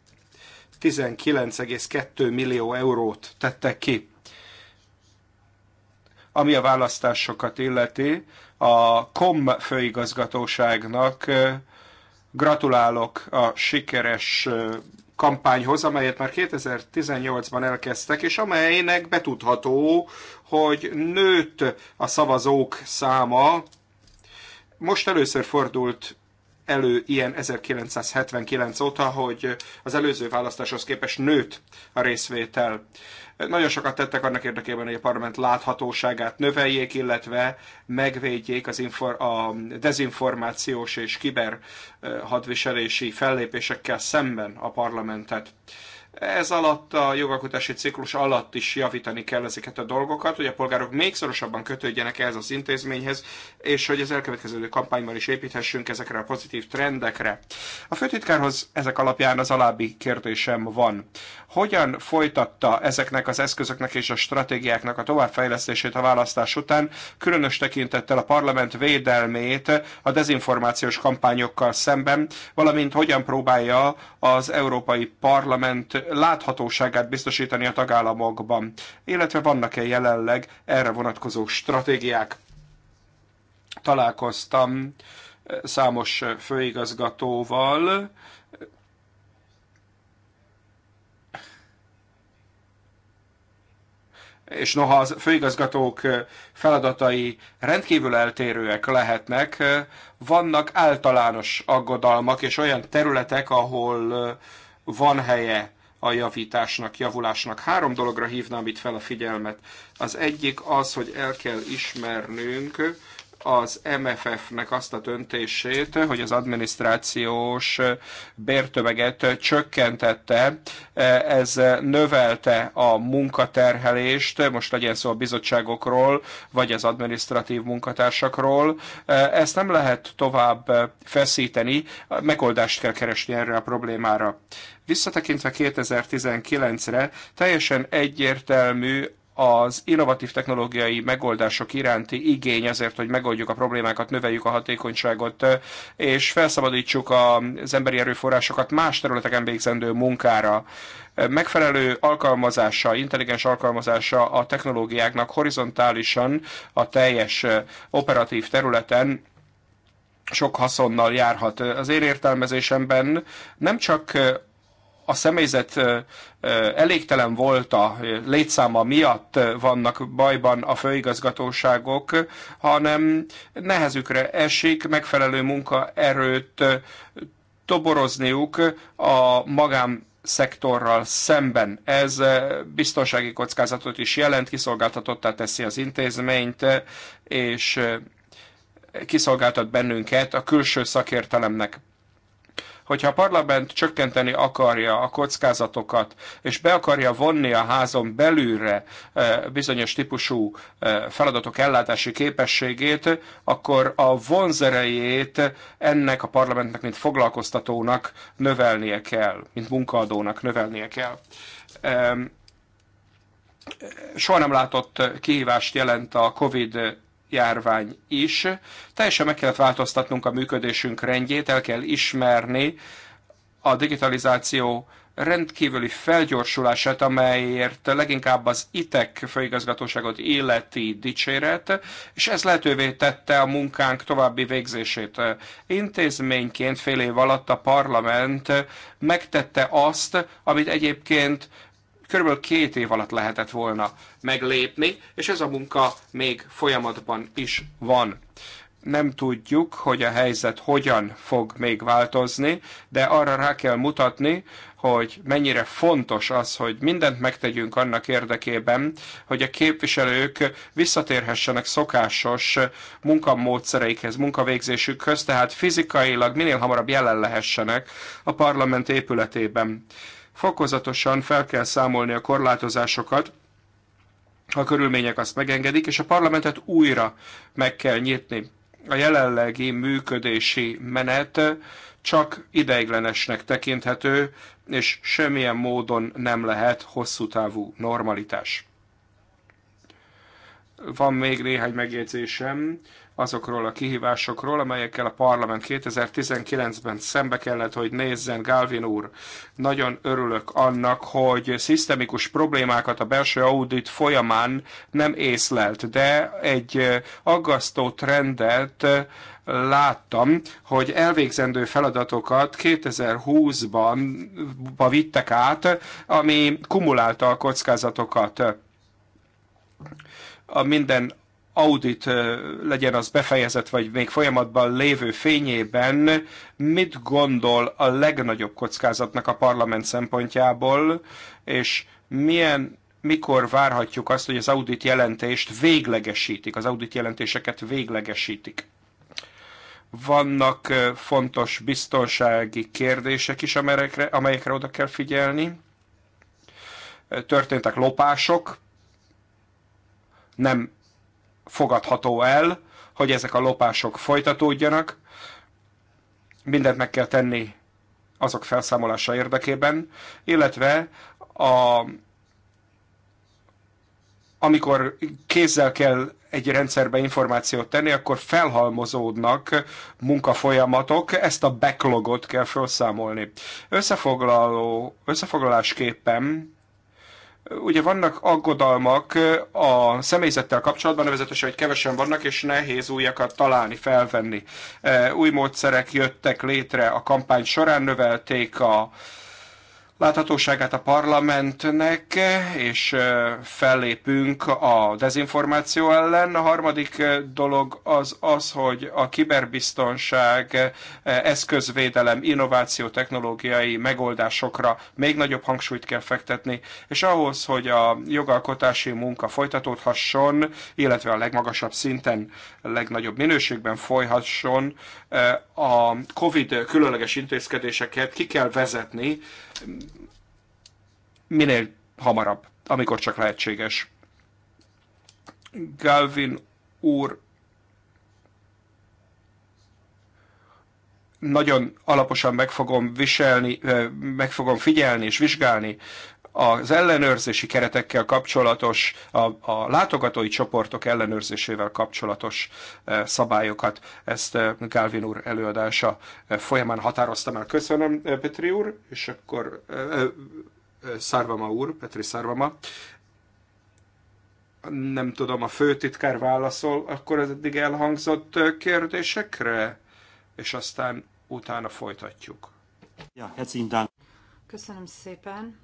19,2 millió eurót tettek ki. Ami a választásokat illeti, a KOM főigazgatóságnak gratulálok a sikeres kampányhoz, amelyet már 2018-ban elkezdtek, és amelynek betudható, hogy nőtt a szavazók száma. Most először fordult elő ilyen 1979 óta, hogy az előző választáshoz képest nőtt a részvétel. Nagyon sokat tettek annak érdekében, hogy a parlament láthatóságát növeljék, illetve megvédjék az infor- a dezinformációs és kiber eh, hadviselési fellépésekkel szemben a parlamentet. Ez alatt a jogalkotási ciklus alatt is javítani kell ezeket a dolgokat, hogy a polgárok még szorosabban kötődjenek ehhez az intézményhez, és hogy az elkövetkező kampányban is építhessünk ezekre a pozitív trendekre. A főtitkárhoz ezek alapján az alábbi kérdésem van. Hogyan folytatta ezeknek az eszközöknek és a stratégiáknak a továbbfejlesztését a választás után, különös tekintettel a parlament védelmét a dezinformációs kampányokkal szemben, valamint hogyan próbálja az Európai Parlament láthatóságát biztosítani a tagállamokban, illetve vannak-e jelenleg erre vonatkozó stratégiák. Találkoztam eh, számos főigazgatóval, és noha a főigazgatók eh, feladatai rendkívül eltérőek lehetnek, eh, vannak általános aggodalmak és olyan területek, ahol van helye a javításnak, javulásnak. Három dologra hívnám itt fel a figyelmet. Az egyik az, hogy el kell ismernünk az MFF-nek azt a döntését, hogy az adminisztrációs bértömeget csökkentette, ez növelte a munkaterhelést, most legyen szó a bizottságokról, vagy az adminisztratív munkatársakról. Ezt nem lehet tovább feszíteni, megoldást kell keresni erre a problémára. Visszatekintve 2019-re teljesen egyértelmű az innovatív technológiai megoldások iránti igény azért, hogy megoldjuk a problémákat, növeljük a hatékonyságot, és felszabadítsuk az emberi erőforrásokat más területeken végzendő munkára. Megfelelő alkalmazása, intelligens alkalmazása a technológiáknak horizontálisan a teljes operatív területen sok haszonnal járhat. Az én értelmezésemben nem csak a személyzet elégtelen volt a létszáma miatt vannak bajban a főigazgatóságok, hanem nehezükre esik megfelelő munkaerőt toborozniuk a magán szektorral szemben. Ez biztonsági kockázatot is jelent, kiszolgáltatottá teszi az intézményt, és kiszolgáltat bennünket a külső szakértelemnek hogyha a parlament csökkenteni akarja a kockázatokat, és be akarja vonni a házon belülre e, bizonyos típusú e, feladatok ellátási képességét, akkor a vonzerejét ennek a parlamentnek, mint foglalkoztatónak növelnie kell, mint munkaadónak növelnie kell e, soha nem látott kihívást jelent a Covid járvány is. Teljesen meg kellett változtatnunk a működésünk rendjét, el kell ismerni a digitalizáció rendkívüli felgyorsulását, amelyért leginkább az ITEK főigazgatóságot illeti dicséret, és ez lehetővé tette a munkánk további végzését. Intézményként fél év alatt a parlament megtette azt, amit egyébként körülbelül két év alatt lehetett volna meglépni, és ez a munka még folyamatban is van. Nem tudjuk, hogy a helyzet hogyan fog még változni, de arra rá kell mutatni, hogy mennyire fontos az, hogy mindent megtegyünk annak érdekében, hogy a képviselők visszatérhessenek szokásos munkamódszereikhez, munkavégzésükhöz, tehát fizikailag minél hamarabb jelen lehessenek a parlament épületében. Fokozatosan fel kell számolni a korlátozásokat, ha körülmények azt megengedik, és a parlamentet újra meg kell nyitni. A jelenlegi működési menet csak ideiglenesnek tekinthető, és semmilyen módon nem lehet hosszú távú normalitás. Van még néhány megjegyzésem azokról a kihívásokról, amelyekkel a parlament 2019-ben szembe kellett, hogy nézzen Galvin úr. Nagyon örülök annak, hogy szisztemikus problémákat a belső audit folyamán nem észlelt, de egy aggasztó trendet láttam, hogy elvégzendő feladatokat 2020-ban vittek át, ami kumulálta a kockázatokat a minden audit legyen az befejezett, vagy még folyamatban lévő fényében, mit gondol a legnagyobb kockázatnak a parlament szempontjából, és milyen, mikor várhatjuk azt, hogy az audit jelentést véglegesítik, az audit jelentéseket véglegesítik? Vannak fontos biztonsági kérdések is, amelyekre, amelyekre oda kell figyelni. Történtek lopások, nem fogadható el, hogy ezek a lopások folytatódjanak. Mindent meg kell tenni azok felszámolása érdekében, illetve a, amikor kézzel kell egy rendszerbe információt tenni, akkor felhalmozódnak munkafolyamatok, ezt a backlogot kell felszámolni. Összefoglaló, összefoglalásképpen Ugye vannak aggodalmak a személyzettel kapcsolatban, nevezetesen, hogy kevesen vannak, és nehéz újakat találni, felvenni. Új módszerek jöttek létre a kampány során, növelték a láthatóságát a parlamentnek, és fellépünk a dezinformáció ellen. A harmadik dolog az az, hogy a kiberbiztonság, eszközvédelem, innováció technológiai megoldásokra még nagyobb hangsúlyt kell fektetni, és ahhoz, hogy a jogalkotási munka folytatódhasson, illetve a legmagasabb szinten, legnagyobb minőségben folyhasson, a COVID különleges intézkedéseket ki kell vezetni, minél hamarabb, amikor csak lehetséges. Galvin úr nagyon alaposan meg fogom viselni, eh, meg fogom figyelni és vizsgálni az ellenőrzési keretekkel kapcsolatos, a, a látogatói csoportok ellenőrzésével kapcsolatos e, szabályokat. Ezt e, Galvin úr előadása e, folyamán határoztam el. Köszönöm, Petri úr, és akkor Szárvama úr, Petri Szárvama. Nem tudom, a főtitkár válaszol akkor az eddig elhangzott kérdésekre, és aztán utána folytatjuk. Ja, Köszönöm szépen.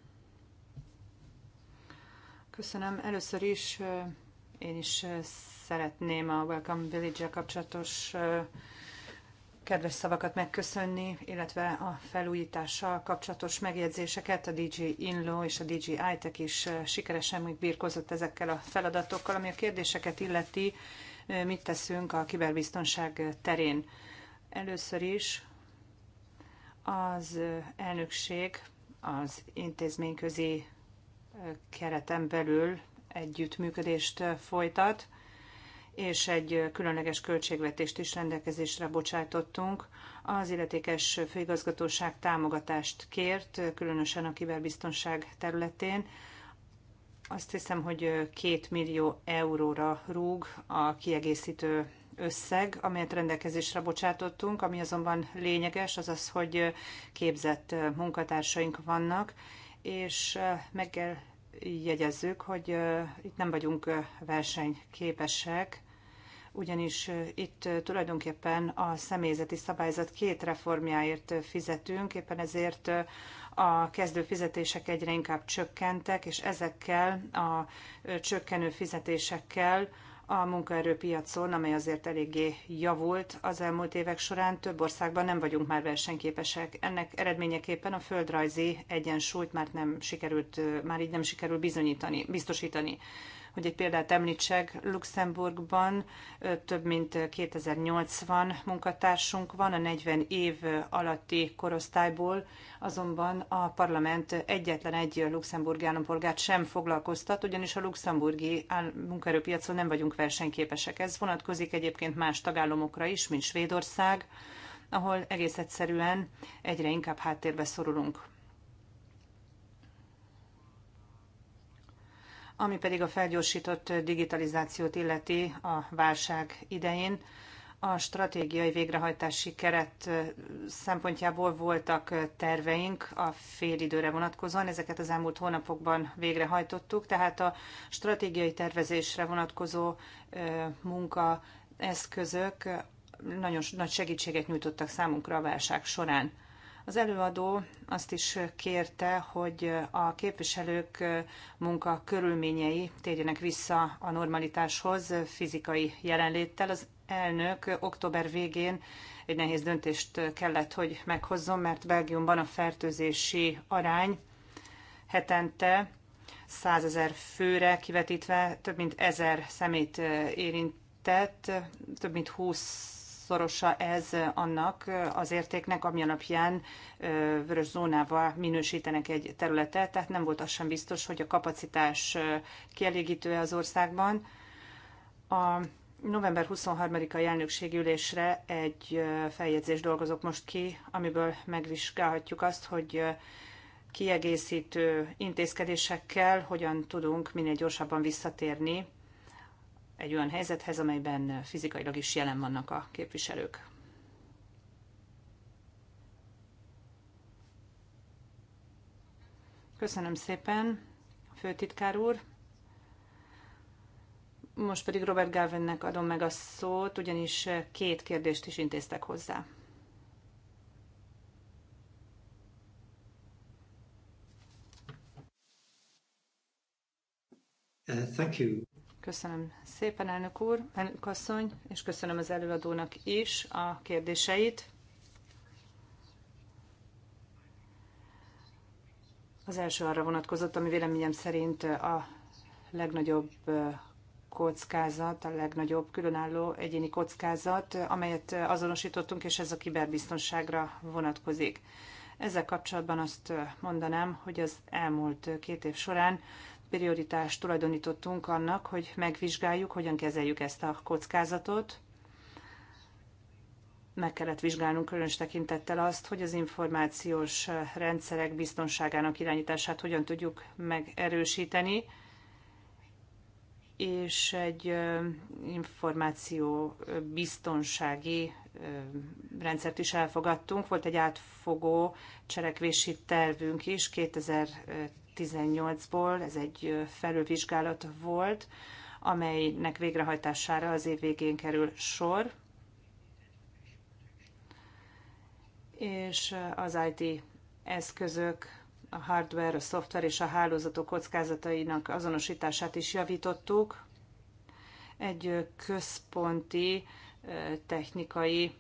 Köszönöm. Először is én is szeretném a Welcome village kapcsolatos kedves szavakat megköszönni, illetve a felújítással kapcsolatos megjegyzéseket. A DJ Inlo és a DJ ITEC is sikeresen még birkozott ezekkel a feladatokkal, ami a kérdéseket illeti, mit teszünk a kiberbiztonság terén. Először is az elnökség az intézményközi kereten belül együttműködést folytat, és egy különleges költségvetést is rendelkezésre bocsátottunk. Az illetékes főigazgatóság támogatást kért, különösen a kiberbiztonság területén. Azt hiszem, hogy két millió euróra rúg a kiegészítő összeg, amelyet rendelkezésre bocsátottunk, ami azonban lényeges, az az, hogy képzett munkatársaink vannak, és meg kell jegyezzük, hogy itt nem vagyunk versenyképesek, ugyanis itt tulajdonképpen a személyzeti szabályzat két reformjáért fizetünk, éppen ezért a kezdő fizetések egyre inkább csökkentek, és ezekkel a csökkenő fizetésekkel a munkaerőpiacon, amely azért eléggé javult az elmúlt évek során, több országban nem vagyunk már versenyképesek. Ennek eredményeképpen a földrajzi egyensúlyt már nem sikerült, már így nem sikerül bizonyítani, biztosítani. Hogy egy példát említsek, Luxemburgban több mint 2080 munkatársunk van a 40 év alatti korosztályból, azonban a parlament egyetlen egy luxemburgi állampolgárt sem foglalkoztat, ugyanis a luxemburgi munkaerőpiacon nem vagyunk versenyképesek. Ez vonatkozik egyébként más tagállamokra is, mint Svédország, ahol egész egyszerűen egyre inkább háttérbe szorulunk. Ami pedig a felgyorsított digitalizációt illeti a válság idején, a stratégiai végrehajtási keret szempontjából voltak terveink a félidőre vonatkozóan, ezeket az elmúlt hónapokban végrehajtottuk, tehát a stratégiai tervezésre vonatkozó munkaeszközök nagyon nagy segítséget nyújtottak számunkra a válság során. Az előadó azt is kérte, hogy a képviselők munka körülményei térjenek vissza a normalitáshoz fizikai jelenléttel. Az elnök október végén egy nehéz döntést kellett, hogy meghozzon, mert Belgiumban a fertőzési arány hetente 100 ezer főre kivetítve több mint ezer szemét érintett, több mint 20 szorosa ez annak az értéknek, ami alapján vörös zónával minősítenek egy területet, tehát nem volt az sem biztos, hogy a kapacitás kielégítő az országban. A november 23-ai elnökségi ülésre egy feljegyzés dolgozok most ki, amiből megvizsgálhatjuk azt, hogy kiegészítő intézkedésekkel hogyan tudunk minél gyorsabban visszatérni egy olyan helyzethez, amelyben fizikailag is jelen vannak a képviselők. Köszönöm szépen, főtitkár úr. Most pedig Robert Galvinnek adom meg a szót, ugyanis két kérdést is intéztek hozzá. Uh, thank you. Köszönöm szépen, elnök úr, elnök asszony, és köszönöm az előadónak is a kérdéseit. Az első arra vonatkozott, ami véleményem szerint a legnagyobb kockázat, a legnagyobb különálló egyéni kockázat, amelyet azonosítottunk, és ez a kiberbiztonságra vonatkozik. Ezzel kapcsolatban azt mondanám, hogy az elmúlt két év során prioritást tulajdonítottunk annak, hogy megvizsgáljuk, hogyan kezeljük ezt a kockázatot. Meg kellett vizsgálnunk különös tekintettel azt, hogy az információs rendszerek biztonságának irányítását hogyan tudjuk megerősíteni, és egy információ biztonsági rendszert is elfogadtunk. Volt egy átfogó cselekvési tervünk is 2018-ból, ez egy felülvizsgálat volt, amelynek végrehajtására az év végén kerül sor, és az IT eszközök, a hardware, a szoftver és a hálózatok kockázatainak azonosítását is javítottuk. Egy központi technikai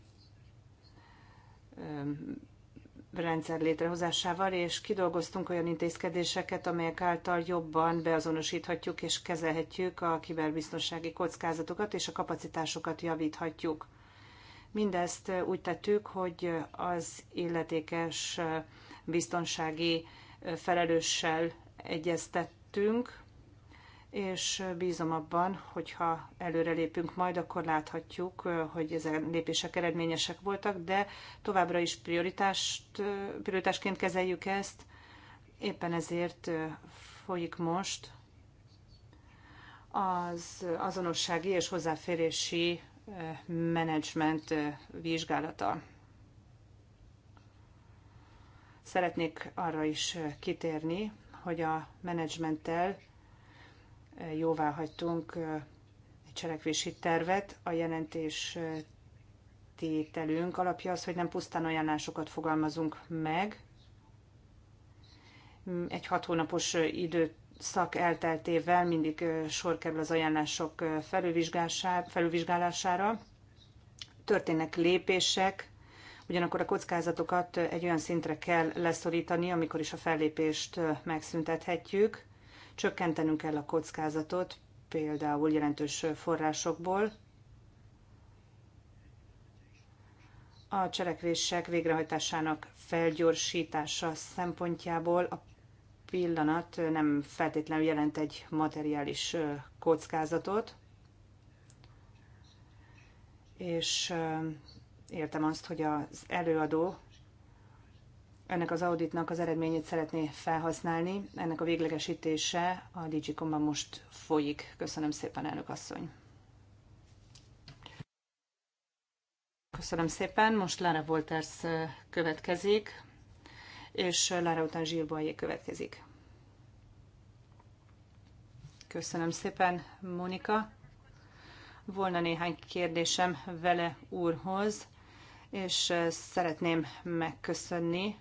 rendszer létrehozásával, és kidolgoztunk olyan intézkedéseket, amelyek által jobban beazonosíthatjuk és kezelhetjük a kiberbiztonsági kockázatokat, és a kapacitásokat javíthatjuk. Mindezt úgy tettük, hogy az illetékes biztonsági felelőssel egyeztettünk, és bízom abban, hogyha előrelépünk majd, akkor láthatjuk, hogy a lépések eredményesek voltak, de továbbra is prioritást, prioritásként kezeljük ezt. Éppen ezért folyik most az azonossági és hozzáférési menedzsment vizsgálata. Szeretnék arra is kitérni, hogy a menedzsmenttel jóvá hagytunk egy cselekvési tervet. A jelentés tételünk alapja az, hogy nem pusztán ajánlásokat fogalmazunk meg. Egy hat hónapos időszak elteltével mindig sor kerül az ajánlások felülvizsgálására. Történnek lépések, ugyanakkor a kockázatokat egy olyan szintre kell leszorítani, amikor is a fellépést megszüntethetjük. Csökkentenünk kell a kockázatot, például jelentős forrásokból. A cselekvések végrehajtásának felgyorsítása szempontjából a pillanat nem feltétlenül jelent egy materiális kockázatot, és értem azt, hogy az előadó ennek az auditnak az eredményét szeretné felhasználni. Ennek a véglegesítése a DigiComban most folyik. Köszönöm szépen, elnök asszony. Köszönöm szépen. Most Lara Wolters következik, és Lara után Zsilboyé következik. Köszönöm szépen, Monika. Volna néhány kérdésem vele úrhoz, és szeretném megköszönni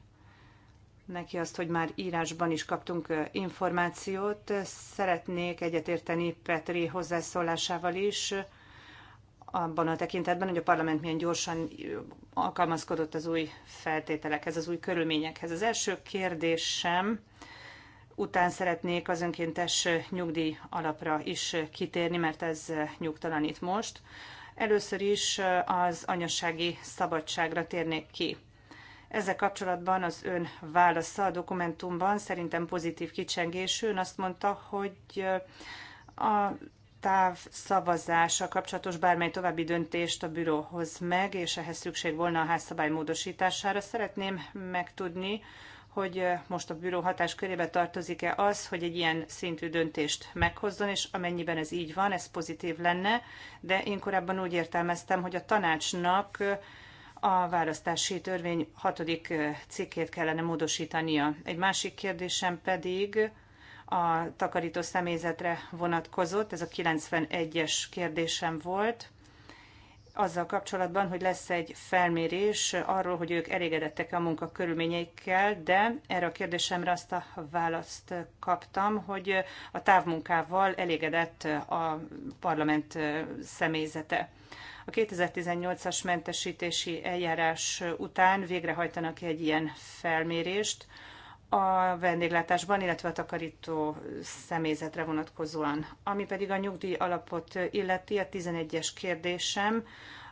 neki azt, hogy már írásban is kaptunk információt. Szeretnék egyetérteni Petri hozzászólásával is, abban a tekintetben, hogy a parlament milyen gyorsan alkalmazkodott az új feltételekhez, az új körülményekhez. Az első kérdésem után szeretnék az önkéntes nyugdíj alapra is kitérni, mert ez nyugtalanít most. Először is az anyassági szabadságra térnék ki. Ezzel kapcsolatban az ön válasza a dokumentumban szerintem pozitív kicsengés. Ön azt mondta, hogy a távszavazása kapcsolatos bármely további döntést a bürohoz meg, és ehhez szükség volna a házszabály módosítására. Szeretném megtudni, hogy most a büró hatáskörébe tartozik-e az, hogy egy ilyen szintű döntést meghozzon, és amennyiben ez így van, ez pozitív lenne, de én korábban úgy értelmeztem, hogy a tanácsnak a választási törvény hatodik cikkét kellene módosítania. Egy másik kérdésem pedig a takarító személyzetre vonatkozott, ez a 91-es kérdésem volt, azzal kapcsolatban, hogy lesz egy felmérés arról, hogy ők elégedettek a munkakörülményeikkel, de erre a kérdésemre azt a választ kaptam, hogy a távmunkával elégedett a parlament személyzete a 2018-as mentesítési eljárás után végrehajtanak egy ilyen felmérést a vendéglátásban, illetve a takarító személyzetre vonatkozóan. Ami pedig a nyugdíj alapot illeti, a 11-es kérdésem,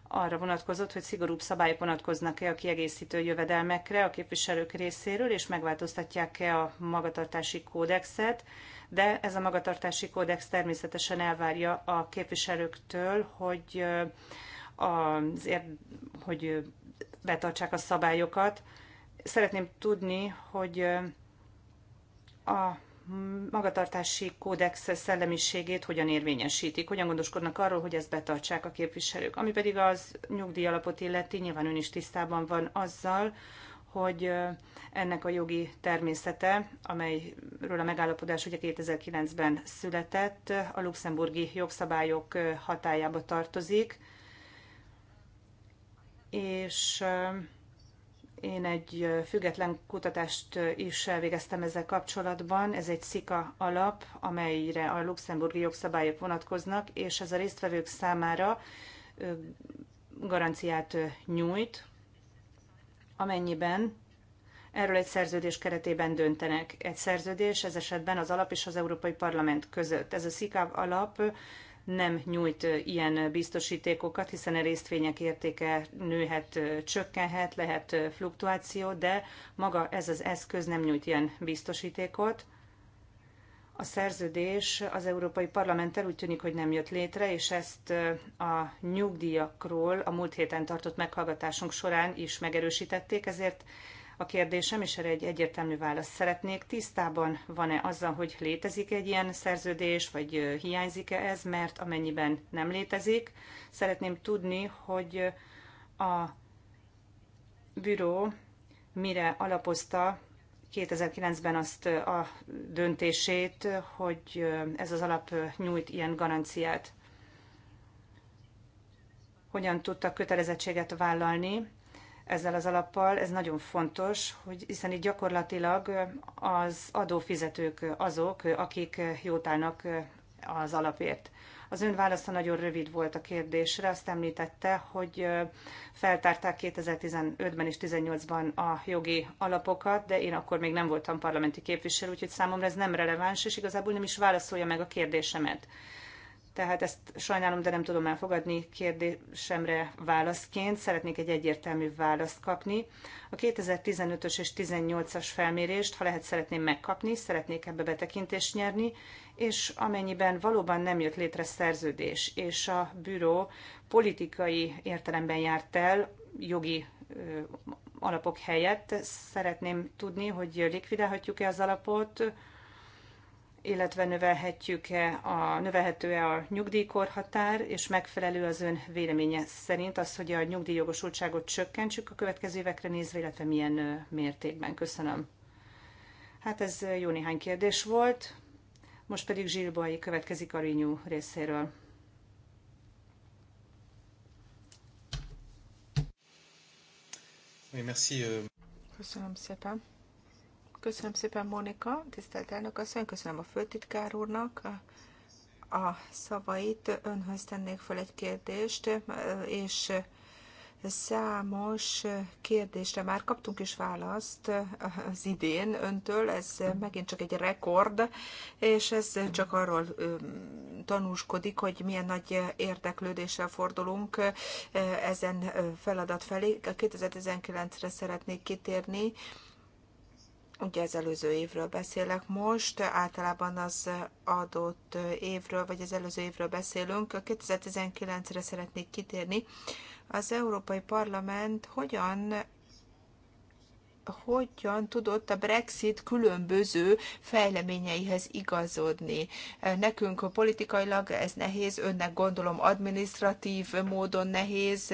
arra vonatkozott, hogy szigorúbb szabályok vonatkoznak-e a kiegészítő jövedelmekre a képviselők részéről, és megváltoztatják-e a magatartási kódexet, de ez a magatartási kódex természetesen elvárja a képviselőktől, hogy az, hogy betartsák a szabályokat. Szeretném tudni, hogy a magatartási kódex szellemiségét hogyan érvényesítik, hogyan gondoskodnak arról, hogy ezt betartsák a képviselők. Ami pedig az alapot illeti, nyilván ön is tisztában van azzal, hogy ennek a jogi természete, amelyről a megállapodás ugye 2009-ben született, a luxemburgi jogszabályok hatájába tartozik, és én egy független kutatást is végeztem ezzel kapcsolatban. Ez egy szika alap, amelyre a luxemburgi jogszabályok vonatkoznak, és ez a résztvevők számára garanciát nyújt, amennyiben erről egy szerződés keretében döntenek. Egy szerződés ez esetben az alap és az Európai Parlament között. Ez a szika alap nem nyújt ilyen biztosítékokat, hiszen a résztvények értéke nőhet, csökkenhet, lehet fluktuáció, de maga ez az eszköz nem nyújt ilyen biztosítékot. A szerződés az Európai Parlamenttel úgy tűnik, hogy nem jött létre, és ezt a nyugdíjakról a múlt héten tartott meghallgatásunk során is megerősítették, ezért a kérdésem, és erre egy egyértelmű választ szeretnék. Tisztában van-e azzal, hogy létezik egy ilyen szerződés, vagy hiányzik-e ez, mert amennyiben nem létezik, szeretném tudni, hogy a büró mire alapozta 2009-ben azt a döntését, hogy ez az alap nyújt ilyen garanciát. Hogyan tudtak kötelezettséget vállalni ezzel az alappal. Ez nagyon fontos, hogy hiszen itt gyakorlatilag az adófizetők azok, akik jót állnak az alapért. Az ön válasza nagyon rövid volt a kérdésre. Azt említette, hogy feltárták 2015-ben és 2018-ban a jogi alapokat, de én akkor még nem voltam parlamenti képviselő, úgyhogy számomra ez nem releváns, és igazából nem is válaszolja meg a kérdésemet. Tehát ezt sajnálom, de nem tudom elfogadni kérdésemre válaszként. Szeretnék egy egyértelmű választ kapni. A 2015-ös és 18 as felmérést, ha lehet, szeretném megkapni, szeretnék ebbe betekintést nyerni, és amennyiben valóban nem jött létre szerződés, és a büró politikai értelemben járt el, jogi alapok helyett, szeretném tudni, hogy likvidálhatjuk-e az alapot, illetve növelhetjük-e a, növelhető-e a nyugdíjkorhatár, és megfelelő az ön véleménye szerint az, hogy a nyugdíjjogosultságot csökkentsük a következő évekre nézve, illetve milyen mértékben. Köszönöm. Hát ez jó néhány kérdés volt. Most pedig Zsilbai következik a Rinyú részéről. Euh. Köszönöm szépen. Köszönöm szépen, Monika, tisztelt elnök asszony, köszönöm a főtitkár úrnak a szavait. Önhöz tennék fel egy kérdést, és számos kérdésre már kaptunk is választ az idén öntől, ez megint csak egy rekord, és ez csak arról tanúskodik, hogy milyen nagy érdeklődéssel fordulunk ezen feladat felé. A 2019-re szeretnék kitérni ugye az előző évről beszélek most, általában az adott évről, vagy az előző évről beszélünk. A 2019-re szeretnék kitérni. Az Európai Parlament hogyan hogyan tudott a Brexit különböző fejleményeihez igazodni. Nekünk politikailag ez nehéz, önnek gondolom administratív módon nehéz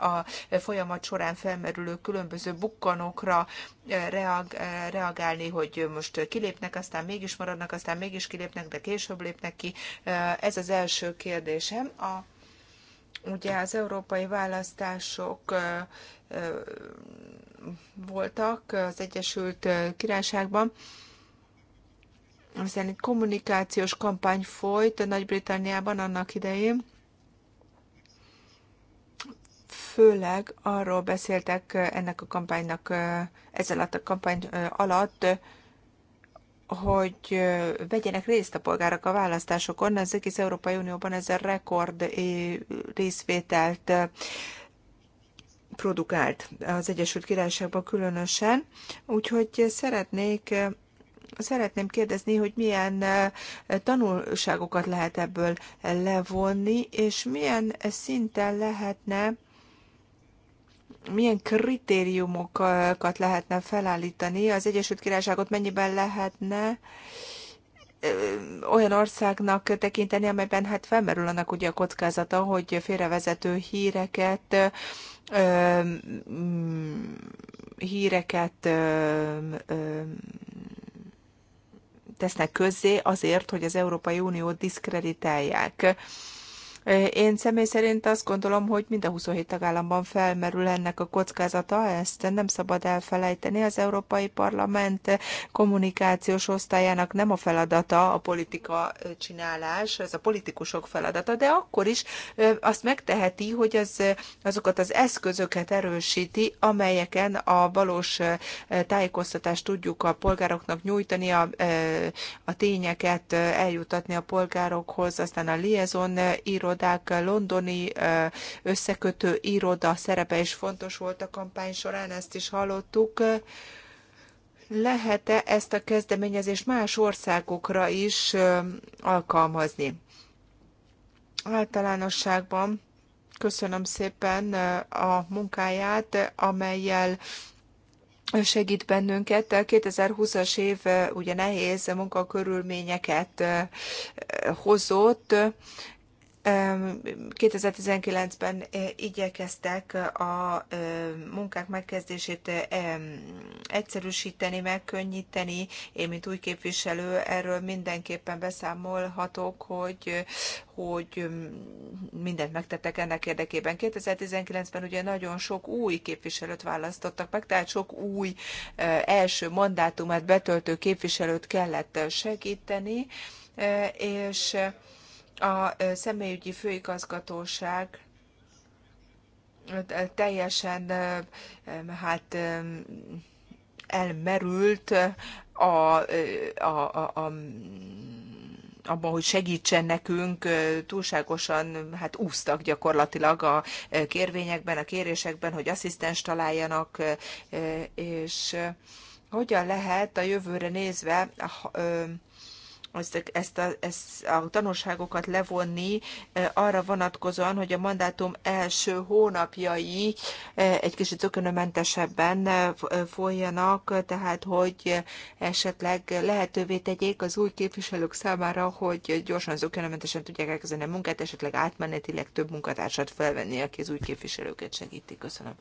a folyamat során felmerülő különböző bukkanokra eh, eh, reagálni, hogy most kilépnek, aztán mégis maradnak, aztán mégis kilépnek, de később lépnek ki. Eh, ez az első kérdésem. A ugye az európai választások voltak az Egyesült Királyságban, hiszen egy kommunikációs kampány folyt a Nagy-Britanniában annak idején, főleg arról beszéltek ennek a kampánynak, ezzel a kampány alatt, hogy vegyenek részt a polgárok a választásokon. Az egész Európai Unióban ez a rekord részvételt produkált az Egyesült Királyságban különösen. Úgyhogy szeretnék Szeretném kérdezni, hogy milyen tanulságokat lehet ebből levonni, és milyen szinten lehetne milyen kritériumokat lehetne felállítani, az Egyesült Királyságot mennyiben lehetne olyan országnak tekinteni, amelyben hát felmerül annak ugye a kockázata, hogy félrevezető híreket híreket tesznek közzé azért, hogy az Európai Uniót diszkreditálják. Én személy szerint azt gondolom, hogy mind a 27 tagállamban felmerül ennek a kockázata, ezt nem szabad elfelejteni. Az Európai Parlament kommunikációs osztályának nem a feladata a politika csinálás, ez a politikusok feladata, de akkor is azt megteheti, hogy az, azokat az eszközöket erősíti, amelyeken a valós tájékoztatást tudjuk a polgároknak nyújtani, a, a tényeket eljutatni a polgárokhoz, aztán a liaison írod, irodák, londoni összekötő iroda szerepe is fontos volt a kampány során, ezt is hallottuk. Lehet-e ezt a kezdeményezést más országokra is alkalmazni? Általánosságban köszönöm szépen a munkáját, amelyel segít bennünket. 2020-as év ugye nehéz munkakörülményeket hozott, 2019-ben eh, igyekeztek eh, a eh, munkák megkezdését egyszerűsíteni, megkönnyíteni. Én, mint új képviselő, erről mindenképpen beszámolhatok, hogy, hogy mm, mindent megtettek ennek érdekében. 2019-ben ugye nagyon sok új képviselőt választottak meg, tehát sok új első mandátumát betöltő képviselőt kellett segíteni, és a személyügyi főigazgatóság teljesen hát elmerült a, a, a, a abban, hogy segítsen nekünk, túlságosan hát úsztak gyakorlatilag a kérvényekben, a kérésekben, hogy asszisztens találjanak, és hogyan lehet a jövőre nézve ezt a, ezt a tanulságokat levonni eh, arra vonatkozóan, hogy a mandátum első hónapjai eh, egy kicsit zökönömentesebben eh, folyjanak, tehát hogy esetleg lehetővé tegyék az új képviselők számára, hogy gyorsan zökönömentesen tudják elkezdeni a munkát, esetleg átmenetileg több munkatársat felvenni, aki az új képviselőket segíti. Köszönöm.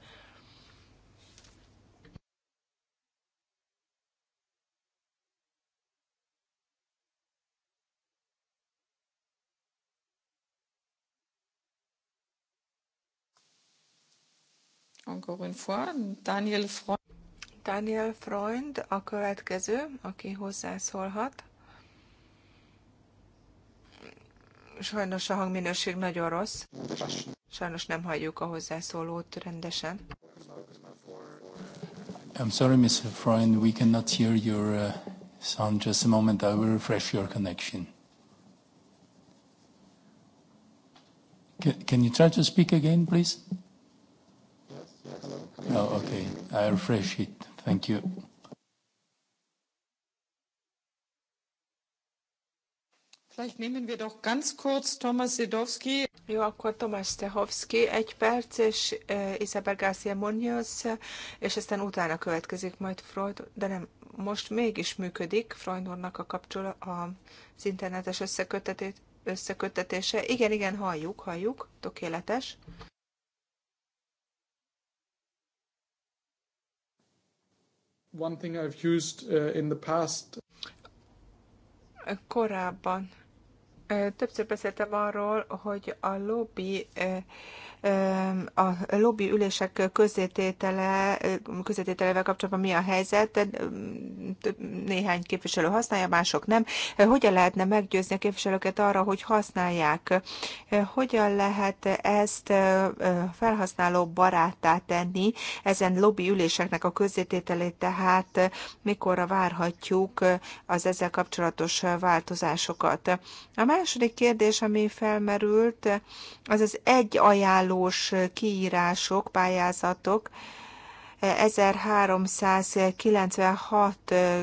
encore une Daniel Freund. Daniel Freund a következő, aki hozzászólhat. Sajnos a hangminőség nagyon rossz. Sajnos nem halljuk a hozzászólót rendesen. I'm sorry, Mr. Freund, we cannot hear your uh, sound. Just a moment, I will refresh your connection. Can, can you try to speak again, please? Oh, okay. I refresh it. Thank you. Vielleicht nehmen wir doch ganz kurz Thomas Sedowski. Jó, akkor Tomás Stehovski egy perc, és uh, Isabel Garcia Munoz, és aztán utána következik majd Freud, de nem, most mégis működik Freud úrnak a kapcsolat, az internetes összekötetése. Igen, igen, halljuk, halljuk, tökéletes. One thing I've used uh, in the past. Korábban többször beszéltem arról, hogy a lobby a lobby ülések közététele, közétételevel kapcsolatban mi a helyzet? Néhány képviselő használja, mások nem. Hogyan lehetne meggyőzni a képviselőket arra, hogy használják? Hogyan lehet ezt felhasználó baráttá tenni, ezen lobby üléseknek a közzétételét tehát mikorra várhatjuk az ezzel kapcsolatos változásokat? A második kérdés, ami felmerült, az az egy ajánló uniós kiírások, pályázatok, 1396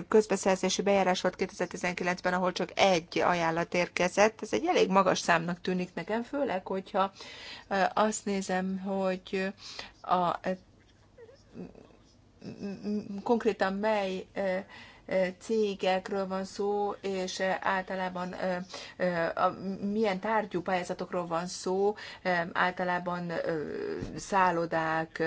közbeszerzési bejárás volt 2019-ben, ahol csak egy ajánlat érkezett. Ez egy elég magas számnak tűnik nekem, főleg, hogyha azt nézem, hogy a konkrétan mely cégekről van szó, és általában milyen tárgyú pályázatokról van szó, általában szállodák,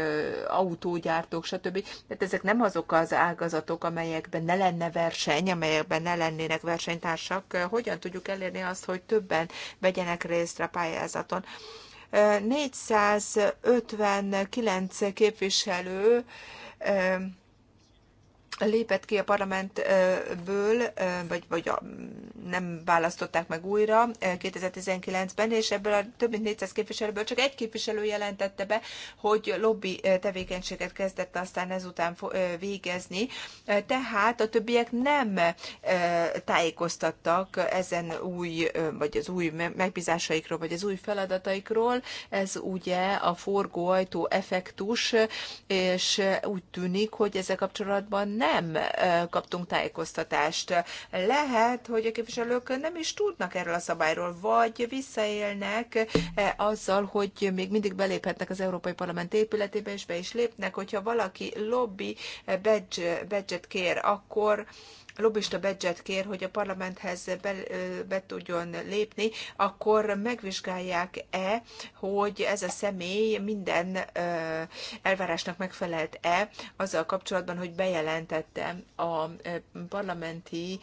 autógyártók, stb. Tehát ezek nem azok az ágazatok, amelyekben ne lenne verseny, amelyekben ne lennének versenytársak. Hogyan tudjuk elérni azt, hogy többen vegyenek részt a pályázaton? 459 képviselő lépett ki a parlamentből, vagy, vagy a, nem választották meg újra 2019-ben, és ebből a több mint 400 képviselőből csak egy képviselő jelentette be, hogy lobby tevékenységet kezdett aztán ezután végezni. Tehát a többiek nem tájékoztattak ezen új, vagy az új megbízásaikról, vagy az új feladataikról. Ez ugye a forgóajtó effektus, és úgy tűnik, hogy ezzel kapcsolatban nem nem kaptunk tájékoztatást. Lehet, hogy a képviselők nem is tudnak erről a szabályról, vagy visszaélnek azzal, hogy még mindig beléphetnek az Európai Parlament épületébe, és be is lépnek, hogyha valaki lobby badge, badge kér, akkor lobbista budget kér, hogy a parlamenthez be, be tudjon lépni, akkor megvizsgálják-e, hogy ez a személy minden elvárásnak megfelelt-e azzal kapcsolatban, hogy bejelentette a parlamenti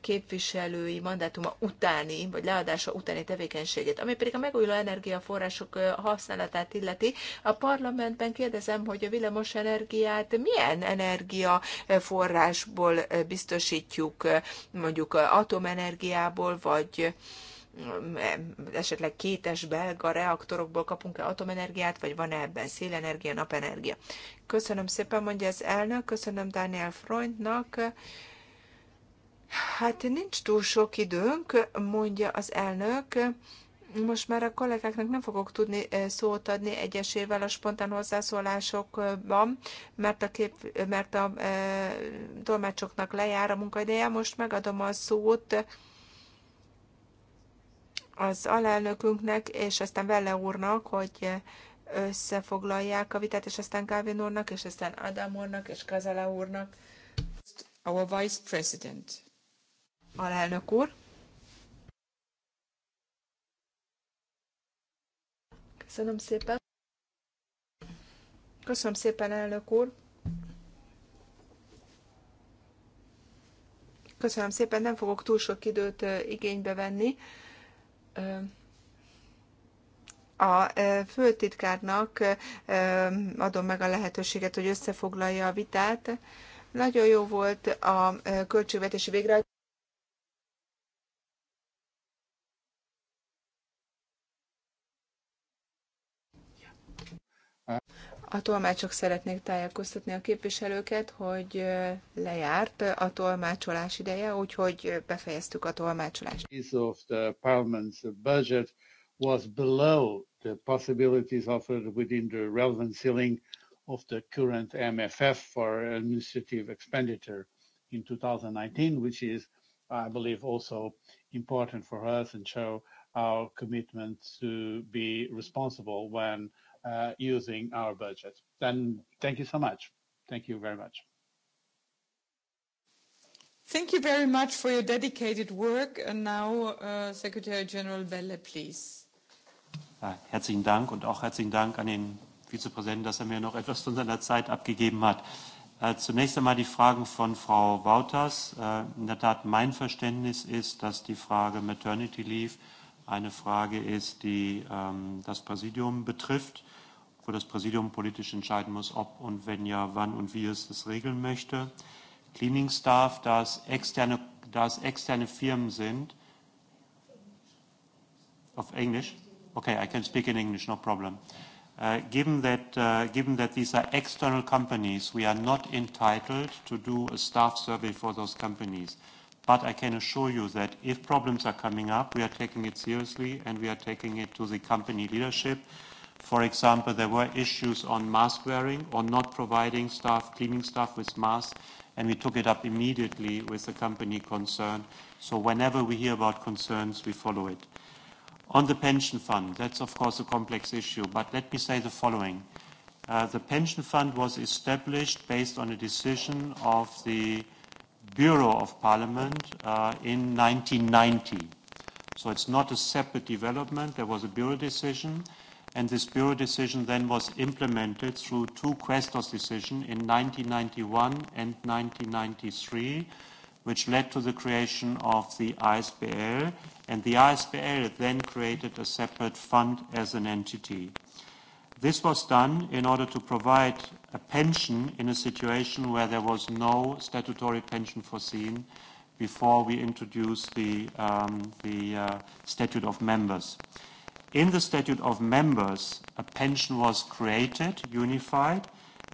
képviselői mandátuma utáni, vagy leadása utáni tevékenységét. Ami pedig a megújuló energiaforrások használatát illeti, a parlamentben kérdezem, hogy a villamos energiát milyen energiaforrásból biztosít hasznosítjuk eh, mondjuk eh, atomenergiából, vagy eh, esetleg kétes belga reaktorokból kapunk-e atomenergiát, vagy van-e ebben szélenergia, napenergia. Köszönöm szépen, mondja az elnök, köszönöm Daniel Freundnak. Hát nincs túl sok időnk, mondja az elnök most már a kollégáknak nem fogok tudni eh, szót adni egyesével a spontán hozzászólásokban, mert a, kép, mert a e, tolmácsoknak lejár a munkaideje. Most megadom a szót az alelnökünknek, és aztán Velle úrnak, hogy eh, összefoglalják a vitát, és aztán Calvin úrnak, és aztán Adam úrnak, és Kazala úrnak. Our Vice President. Alelnök úr. Köszönöm szépen. Köszönöm szépen, elnök úr. Köszönöm szépen, nem fogok túl sok időt igénybe venni. A főtitkárnak adom meg a lehetőséget, hogy összefoglalja a vitát. Nagyon jó volt a költségvetési végrehajtás. A tolmácsok szeretnék tájékoztatni a képviselőket, hogy lejárt a tolmácsolás ideje, úgyhogy befejeztük a tolmácsolást. of the parliament's budget was below the possibilities offered within the relevant ceiling of the current MFF for administrative expenditure in 2019, which is, I believe, also important for us and show our commitment to be responsible when Uh, using our budget. Then, Thank you so much. Thank you very much. Thank you very much for your dedicated work. And now, uh, Secretary General Belle, please. Ja, herzlichen Dank und auch herzlichen Dank an den Vizepräsidenten, dass er mir noch etwas von seiner Zeit abgegeben hat. Äh, zunächst einmal die Fragen von Frau Wouters. Äh, in der Tat, mein Verständnis ist, dass die Frage Maternity Leave eine Frage ist, die ähm, das Präsidium betrifft wo das Präsidium politisch entscheiden muss, ob und wenn ja, wann und wie es das regeln möchte. Cleaning Staff, da es externe, da es externe Firmen sind, auf Englisch? Okay, I can speak in English, no problem. Uh, given, that, uh, given that these are external companies, we are not entitled to do a staff survey for those companies. But I can assure you that if problems are coming up, we are taking it seriously and we are taking it to the company leadership. For example, there were issues on mask wearing or not providing staff, cleaning staff with masks, and we took it up immediately with the company concerned. So whenever we hear about concerns, we follow it. On the pension fund, that's of course a complex issue, but let me say the following. Uh, the pension fund was established based on a decision of the Bureau of Parliament uh, in 1990. So it's not a separate development. There was a Bureau decision and this Bureau decision then was implemented through two Questos decisions in 1991 and 1993, which led to the creation of the ISBL, and the ISBL then created a separate fund as an entity. This was done in order to provide a pension in a situation where there was no statutory pension foreseen before we introduced the, um, the uh, statute of members. In the statute of members, a pension was created, unified,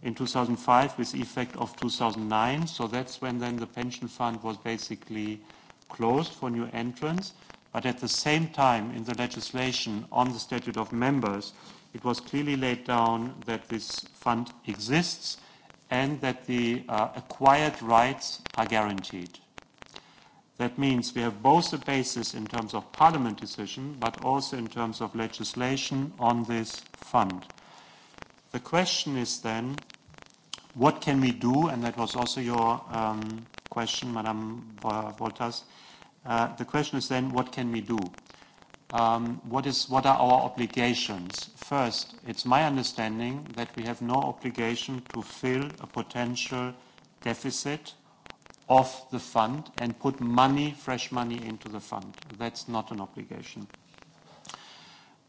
in 2005 with effect of 2009. So that's when then the pension fund was basically closed for new entrants. But at the same time, in the legislation on the statute of members, it was clearly laid down that this fund exists and that the uh, acquired rights are guaranteed. That means we have both a basis in terms of parliament decision, but also in terms of legislation on this fund. The question is then, what can we do? And that was also your um, question, Madame Voltas. Uh, the question is then, what can we do? Um, what, is, what are our obligations? First, it's my understanding that we have no obligation to fill a potential deficit of the fund and put money, fresh money, into the fund. That's not an obligation.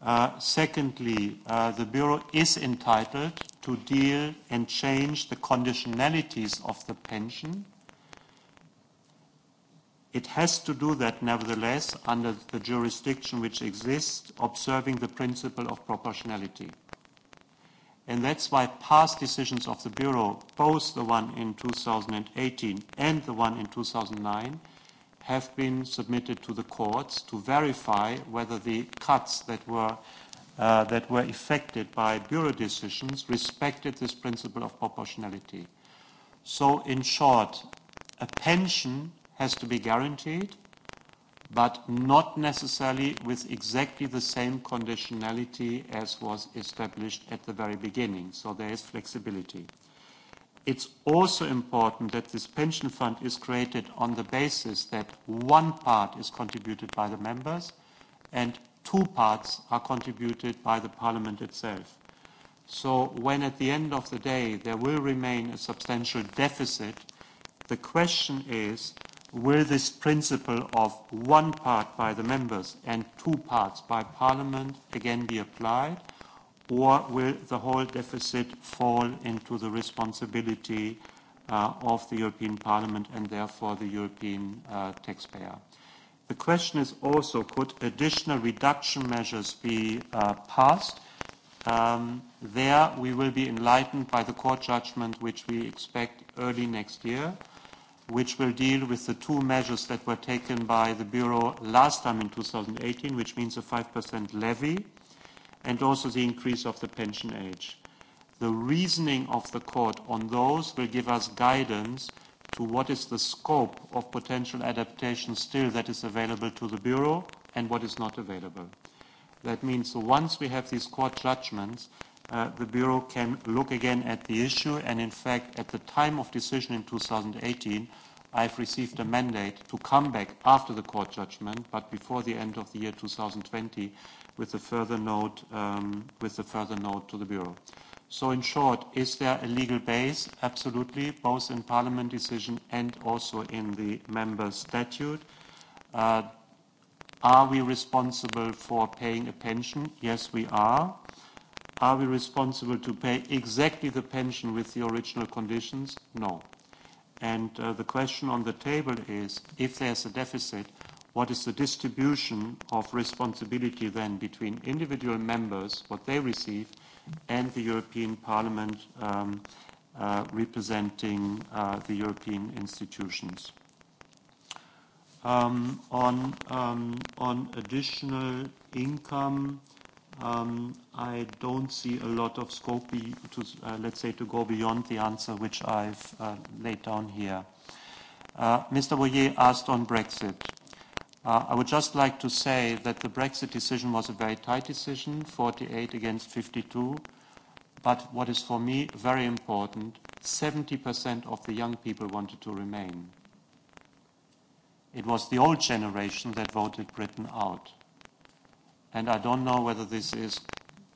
Uh, secondly, uh, the Bureau is entitled to deal and change the conditionalities of the pension. It has to do that, nevertheless, under the jurisdiction which exists, observing the principle of proportionality. And that's why past decisions of the Bureau, both the one in 2018 and the one in 2009, have been submitted to the courts to verify whether the cuts that were uh, that were effected by bureau decisions respected this principle of proportionality. So, in short, a pension has to be guaranteed but not necessarily with exactly the same conditionality as was established at the very beginning. So there is flexibility. It's also important that this pension fund is created on the basis that one part is contributed by the members and two parts are contributed by the parliament itself. So when at the end of the day there will remain a substantial deficit, the question is will this principle of one part by the members and two parts by parliament again be applied, or will the whole deficit fall into the responsibility uh, of the European Parliament and therefore the European uh, taxpayer? The question is also, could additional reduction measures be uh, passed? Um, there we will be enlightened by the court judgment which we expect early next year which will deal with the two measures that were taken by the Bureau last time in 2018, which means a 5% levy and also the increase of the pension age. The reasoning of the court on those will give us guidance to what is the scope of potential adaptation still that is available to the Bureau and what is not available. That means once we have these court judgments, Uh, the Bureau can look again at the issue. And in fact, at the time of decision in 2018, I've received a mandate to come back after the court judgment, but before the end of the year 2020, with a further note, um, with a further note to the Bureau. So in short, is there a legal base? Absolutely, both in Parliament decision and also in the member statute. Uh, are we responsible for paying a pension? Yes, we are. Are we responsible to pay exactly the pension with the original conditions? No. And uh, the question on the table is, if there's a deficit, what is the distribution of responsibility then between individual members, what they receive, and the European Parliament um, uh, representing uh, the European institutions? Um, on, um, on additional income, Um, I don't see a lot of scope, to, uh, let's say, to go beyond the answer which I've uh, laid down here. Uh, Mr. Boyer asked on Brexit. I would just like to say that the Brexit decision was a very tight decision, 48 against 52. But what is for me very important, 70% of the young people wanted to remain. It was the old generation that voted Britain out and I don't know whether this is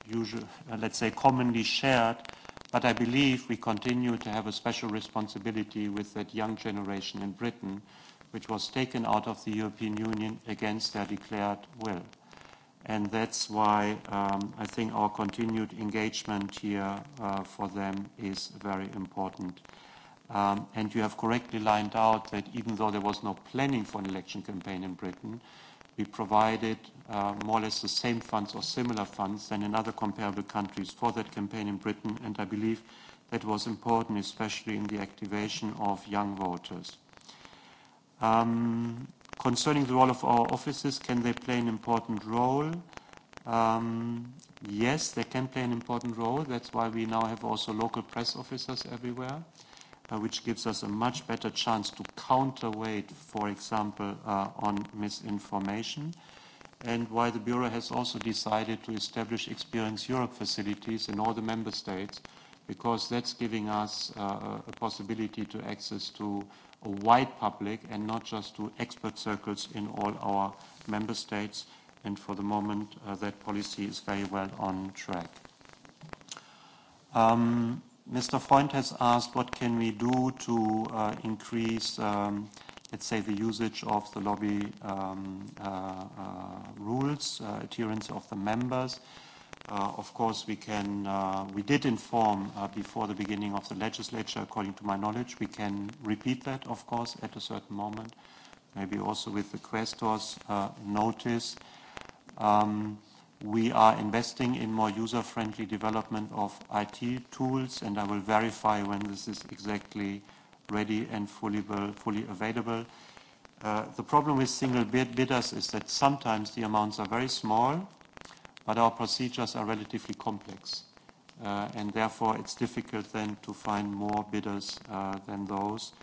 usual, uh, let's say, commonly shared, but I believe we continue to have a special responsibility with that young generation in Britain, which was taken out of the European Union against their declared will. And that's why um, I think our continued engagement here uh, for them is very important. Um, and you have correctly lined out that even though there was no planning for an election campaign in Britain, we provided uh, more or less the same funds or similar funds than in other comparable countries for that campaign in Britain, and I believe that was important, especially in the activation of young voters. Um, concerning the role of our offices, can they play an important role? Um, yes, they can play an important role. That's why we now have also local press officers everywhere uh, which gives us a much better chance to counterweight, for example, uh, on misinformation, and why the Bureau has also decided to establish Experience Europe facilities in all the member states, because that's giving us uh, a possibility to access to a wide public and not just to expert circles in all our member states. And for the moment, uh, that policy is very well on track. Um, Mr. Freund has asked what can we do to uh, increase, um, let's say, the usage of the lobby um, uh, uh, rules, uh, adherence of the members. Uh, of course, we can. Uh, we did inform uh, before the beginning of the legislature, according to my knowledge. We can repeat that, of course, at a certain moment, maybe also with the questors' uh, notice. Um, We are investing in more user-friendly development of IT tools, and I will verify when this is exactly ready and fully, available. Uh, the problem with single bid bidders is that sometimes the amounts are very small, but our procedures are relatively complex. Uh, and therefore, it's difficult then to find more bidders uh, than those.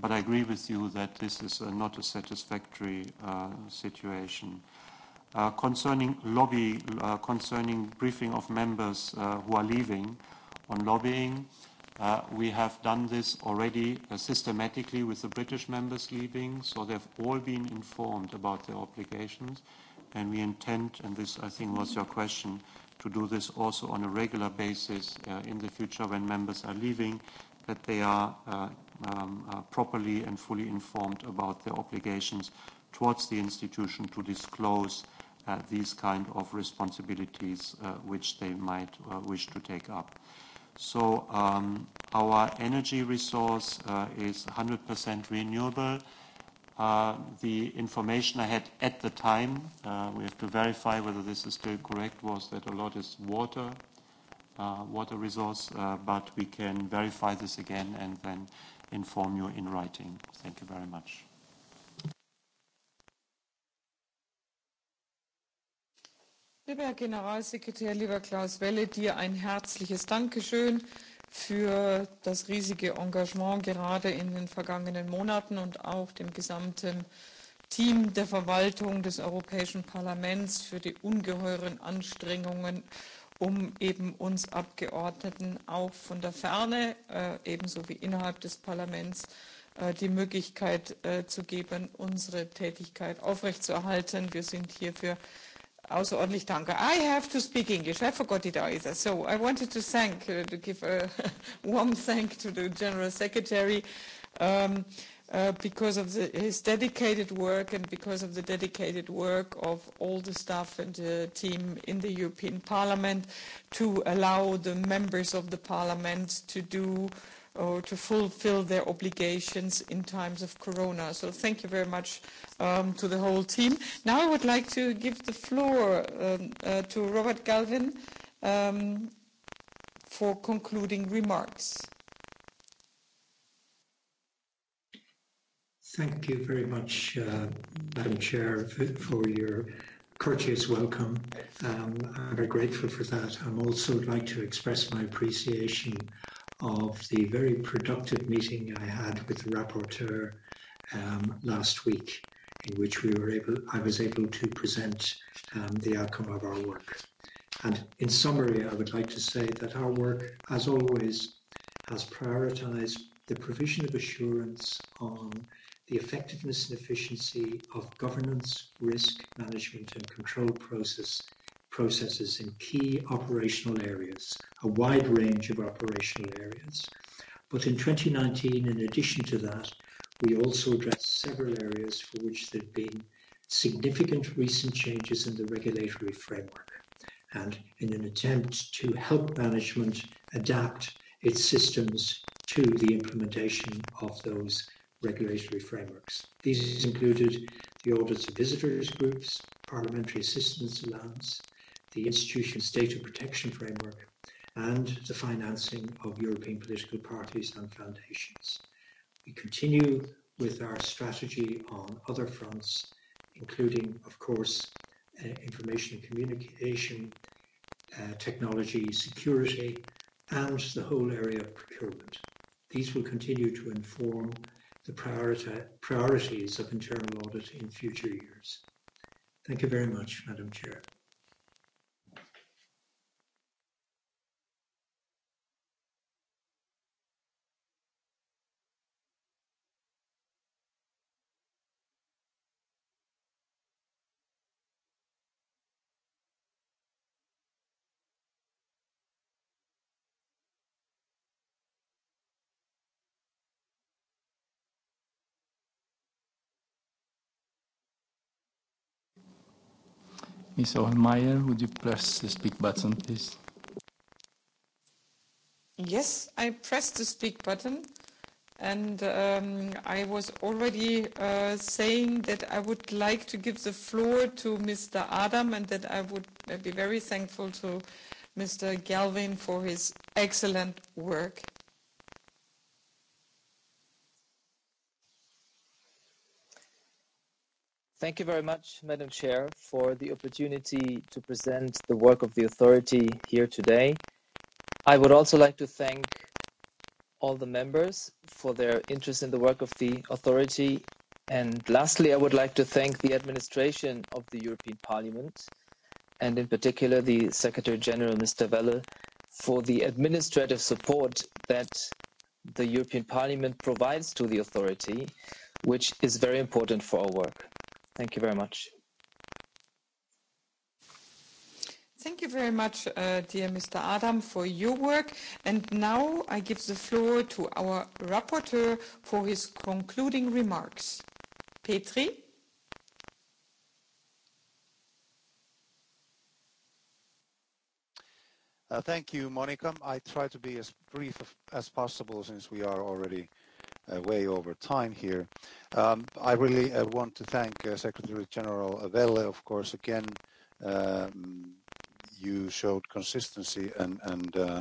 But I agree with you that this is not a satisfactory situation. Uh, concerning lobbying, uh, concerning briefing of members uh, who are leaving on lobbying, uh, we have done this already uh, systematically with the British members leaving, so they've all been informed about their obligations, and we intend, and this I think was your question, to do this also on a regular basis uh, in the future when members are leaving, that they are uh, um, uh, properly and fully informed about their obligations towards the institution to disclose uh, these kind of responsibilities uh, which they might uh, wish to take up. So um, our energy resource uh, is 100% renewable. Uh, the information I had at the time, uh, we have to verify whether this is still correct, was that a lot is water, uh, water resource, uh, but we can verify this again and then inform you in writing. Thank you very much. Lieber Herr Generalsekretär, lieber Klaus Welle, dir ein herzliches Dankeschön für das riesige Engagement gerade in den vergangenen Monaten und auch dem gesamten Team der Verwaltung des Europäischen Parlaments für die ungeheuren Anstrengungen, um eben uns Abgeordneten auch von der Ferne, äh, ebenso wie innerhalb des Parlaments, äh, die Möglichkeit äh, zu geben, unsere Tätigkeit aufrechtzuerhalten. Wir sind hierfür außerordentlich danke. I have to speak English. I forgot it either. So I wanted to thank, uh, to give a warm thank to the General Secretary um, uh, because of the, his dedicated work and because of the dedicated work of all the staff and the team in the European Parliament to allow the members of the Parliament to do uh, or uh, to fulfill their obligations in times of corona. So thank you very much um, to the whole team. Now I would like to give the floor um, uh, to Robert Galvin um, for concluding remarks. Thank you very much, uh, Madam Chair, for your courteous welcome. I'm very grateful for that. I'm also like to express my appreciation of the very productive meeting I had with the rapporteur um, last week, in which we were able, I was able to present um, the outcome of our work. And in summary, I would like to say that our work, as always, has prioritised the provision of assurance on the effectiveness and efficiency of governance, risk management, and control process processes in key operational areas, a wide range of operational areas. In 2019, in addition to that, we also addressed several areas for which there'd been significant recent changes in the regulatory framework, and in an attempt to help management adapt its systems to the implementation of those regulatory frameworks. These included the audits of visitors groups, parliamentary assistance allowance, the institutional state of protection framework, and the financing of European political parties and foundations. We continue with our strategy on other fronts, including, of course, uh, information and communication, uh, technology, security, and the whole area of procurement. These will continue to inform the priorita- priorities of internal audit in future years. Thank you very much, Madam Chair. Ms. Ohlmeyer, would you press the speak button, please? Yes, I pressed the speak button, and um, I was already uh, saying that I would like to give the floor to Mr. Adam, and that I would uh, be very thankful to Mr. Galvin for his excellent work. Thank you very much, Madam Chair, for the opportunity to present the work of the authority here today. I would also like to thank all the members for their interest in the work of the authority. And lastly, I would like to thank the administration of the European Parliament, and in particular the Secretary General, Mr. Welle, for the administrative support that the European Parliament provides to the authority, which is very important for our work. Thank you very much. Thank you very much, uh, dear Mr. Adam, for your work. And now I give the floor to our rapporteur for his concluding remarks. Petri? Uh, thank you, Monica. I try to be as brief as possible since we are already uh, Uh, way over time here. Um, I really uh, want to thank uh, Secretary General Velle, of course, again. Um, you showed consistency and and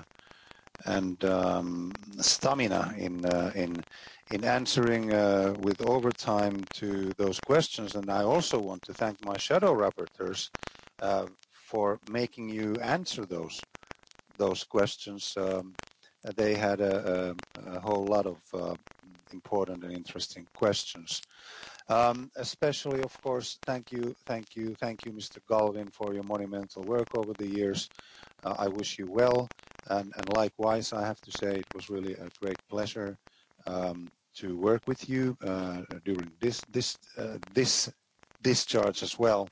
and um, stamina in in in answering with overtime to those questions. And I also want to thank my shadow rapporteurs for making you answer those questions. They had a whole lot of important and interesting questions. Um, especially, of course, thank you, thank you, thank you, Mr. Galvin, for your monumental work over the years. Uh, I wish you well, and, and likewise, I have to say it was really a great pleasure um, to work with you uh, during this this uh, this discharge as well.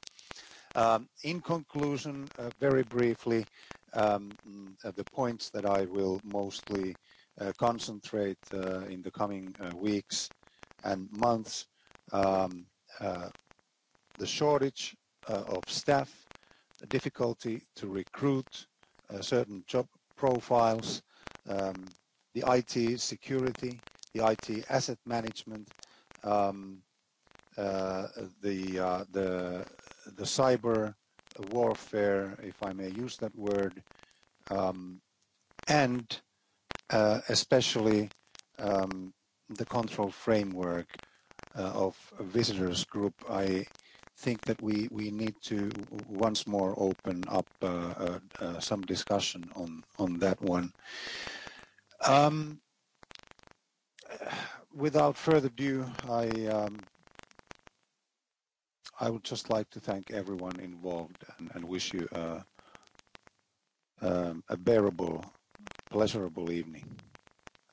Um, in conclusion, uh, very briefly, um, mm, uh, the points that I will mostly Uh, concentrate uh, in the coming uh, weeks and months. Um, the shortage of staff, the difficulty to recruit certain job profiles, um, the IT security, the IT asset management, um, uh, the uh, the the cyber warfare, if I may use that word, um, and Uh, especially um, the control framework uh, of a visitors group. I think that we, we need to once more open up uh, uh, uh some discussion on, on that one. Um, without further ado, I, um, I would just like to thank everyone involved and, and wish you uh, um, a bearable pleasurable evening.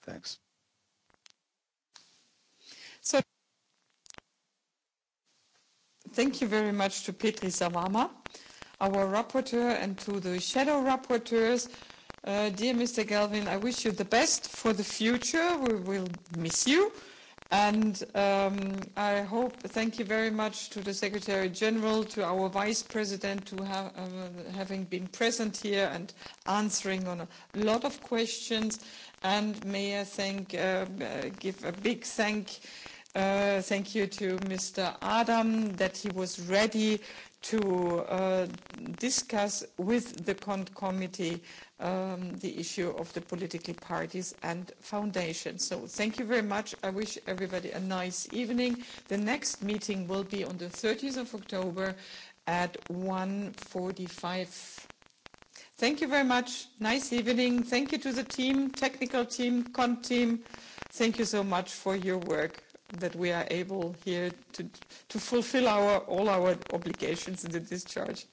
Thanks. So, thank you very much to Petri Savama, our rapporteur, and to the shadow rapporteurs. Uh, dear Mr. Galvin, I wish you the best for the future. We will miss you. And um, I hope, thank you very much to the Secretary General, to our Vice President, to ha uh, having been present here and answering on a lot of questions. And may I thank, uh, give a big thank, uh, thank you to Mr. Adam that he was ready to uh, discuss with the CONT committee um, the issue of the political parties and foundations. So thank you very much. I wish everybody a nice evening. The next meeting will be on the 30th of October at 1.45. Thank you very much. Nice evening. Thank you to the team, technical team, CONT team. Thank you so much for your work that we are able here to, to fulfill our, all our obligations in the discharge.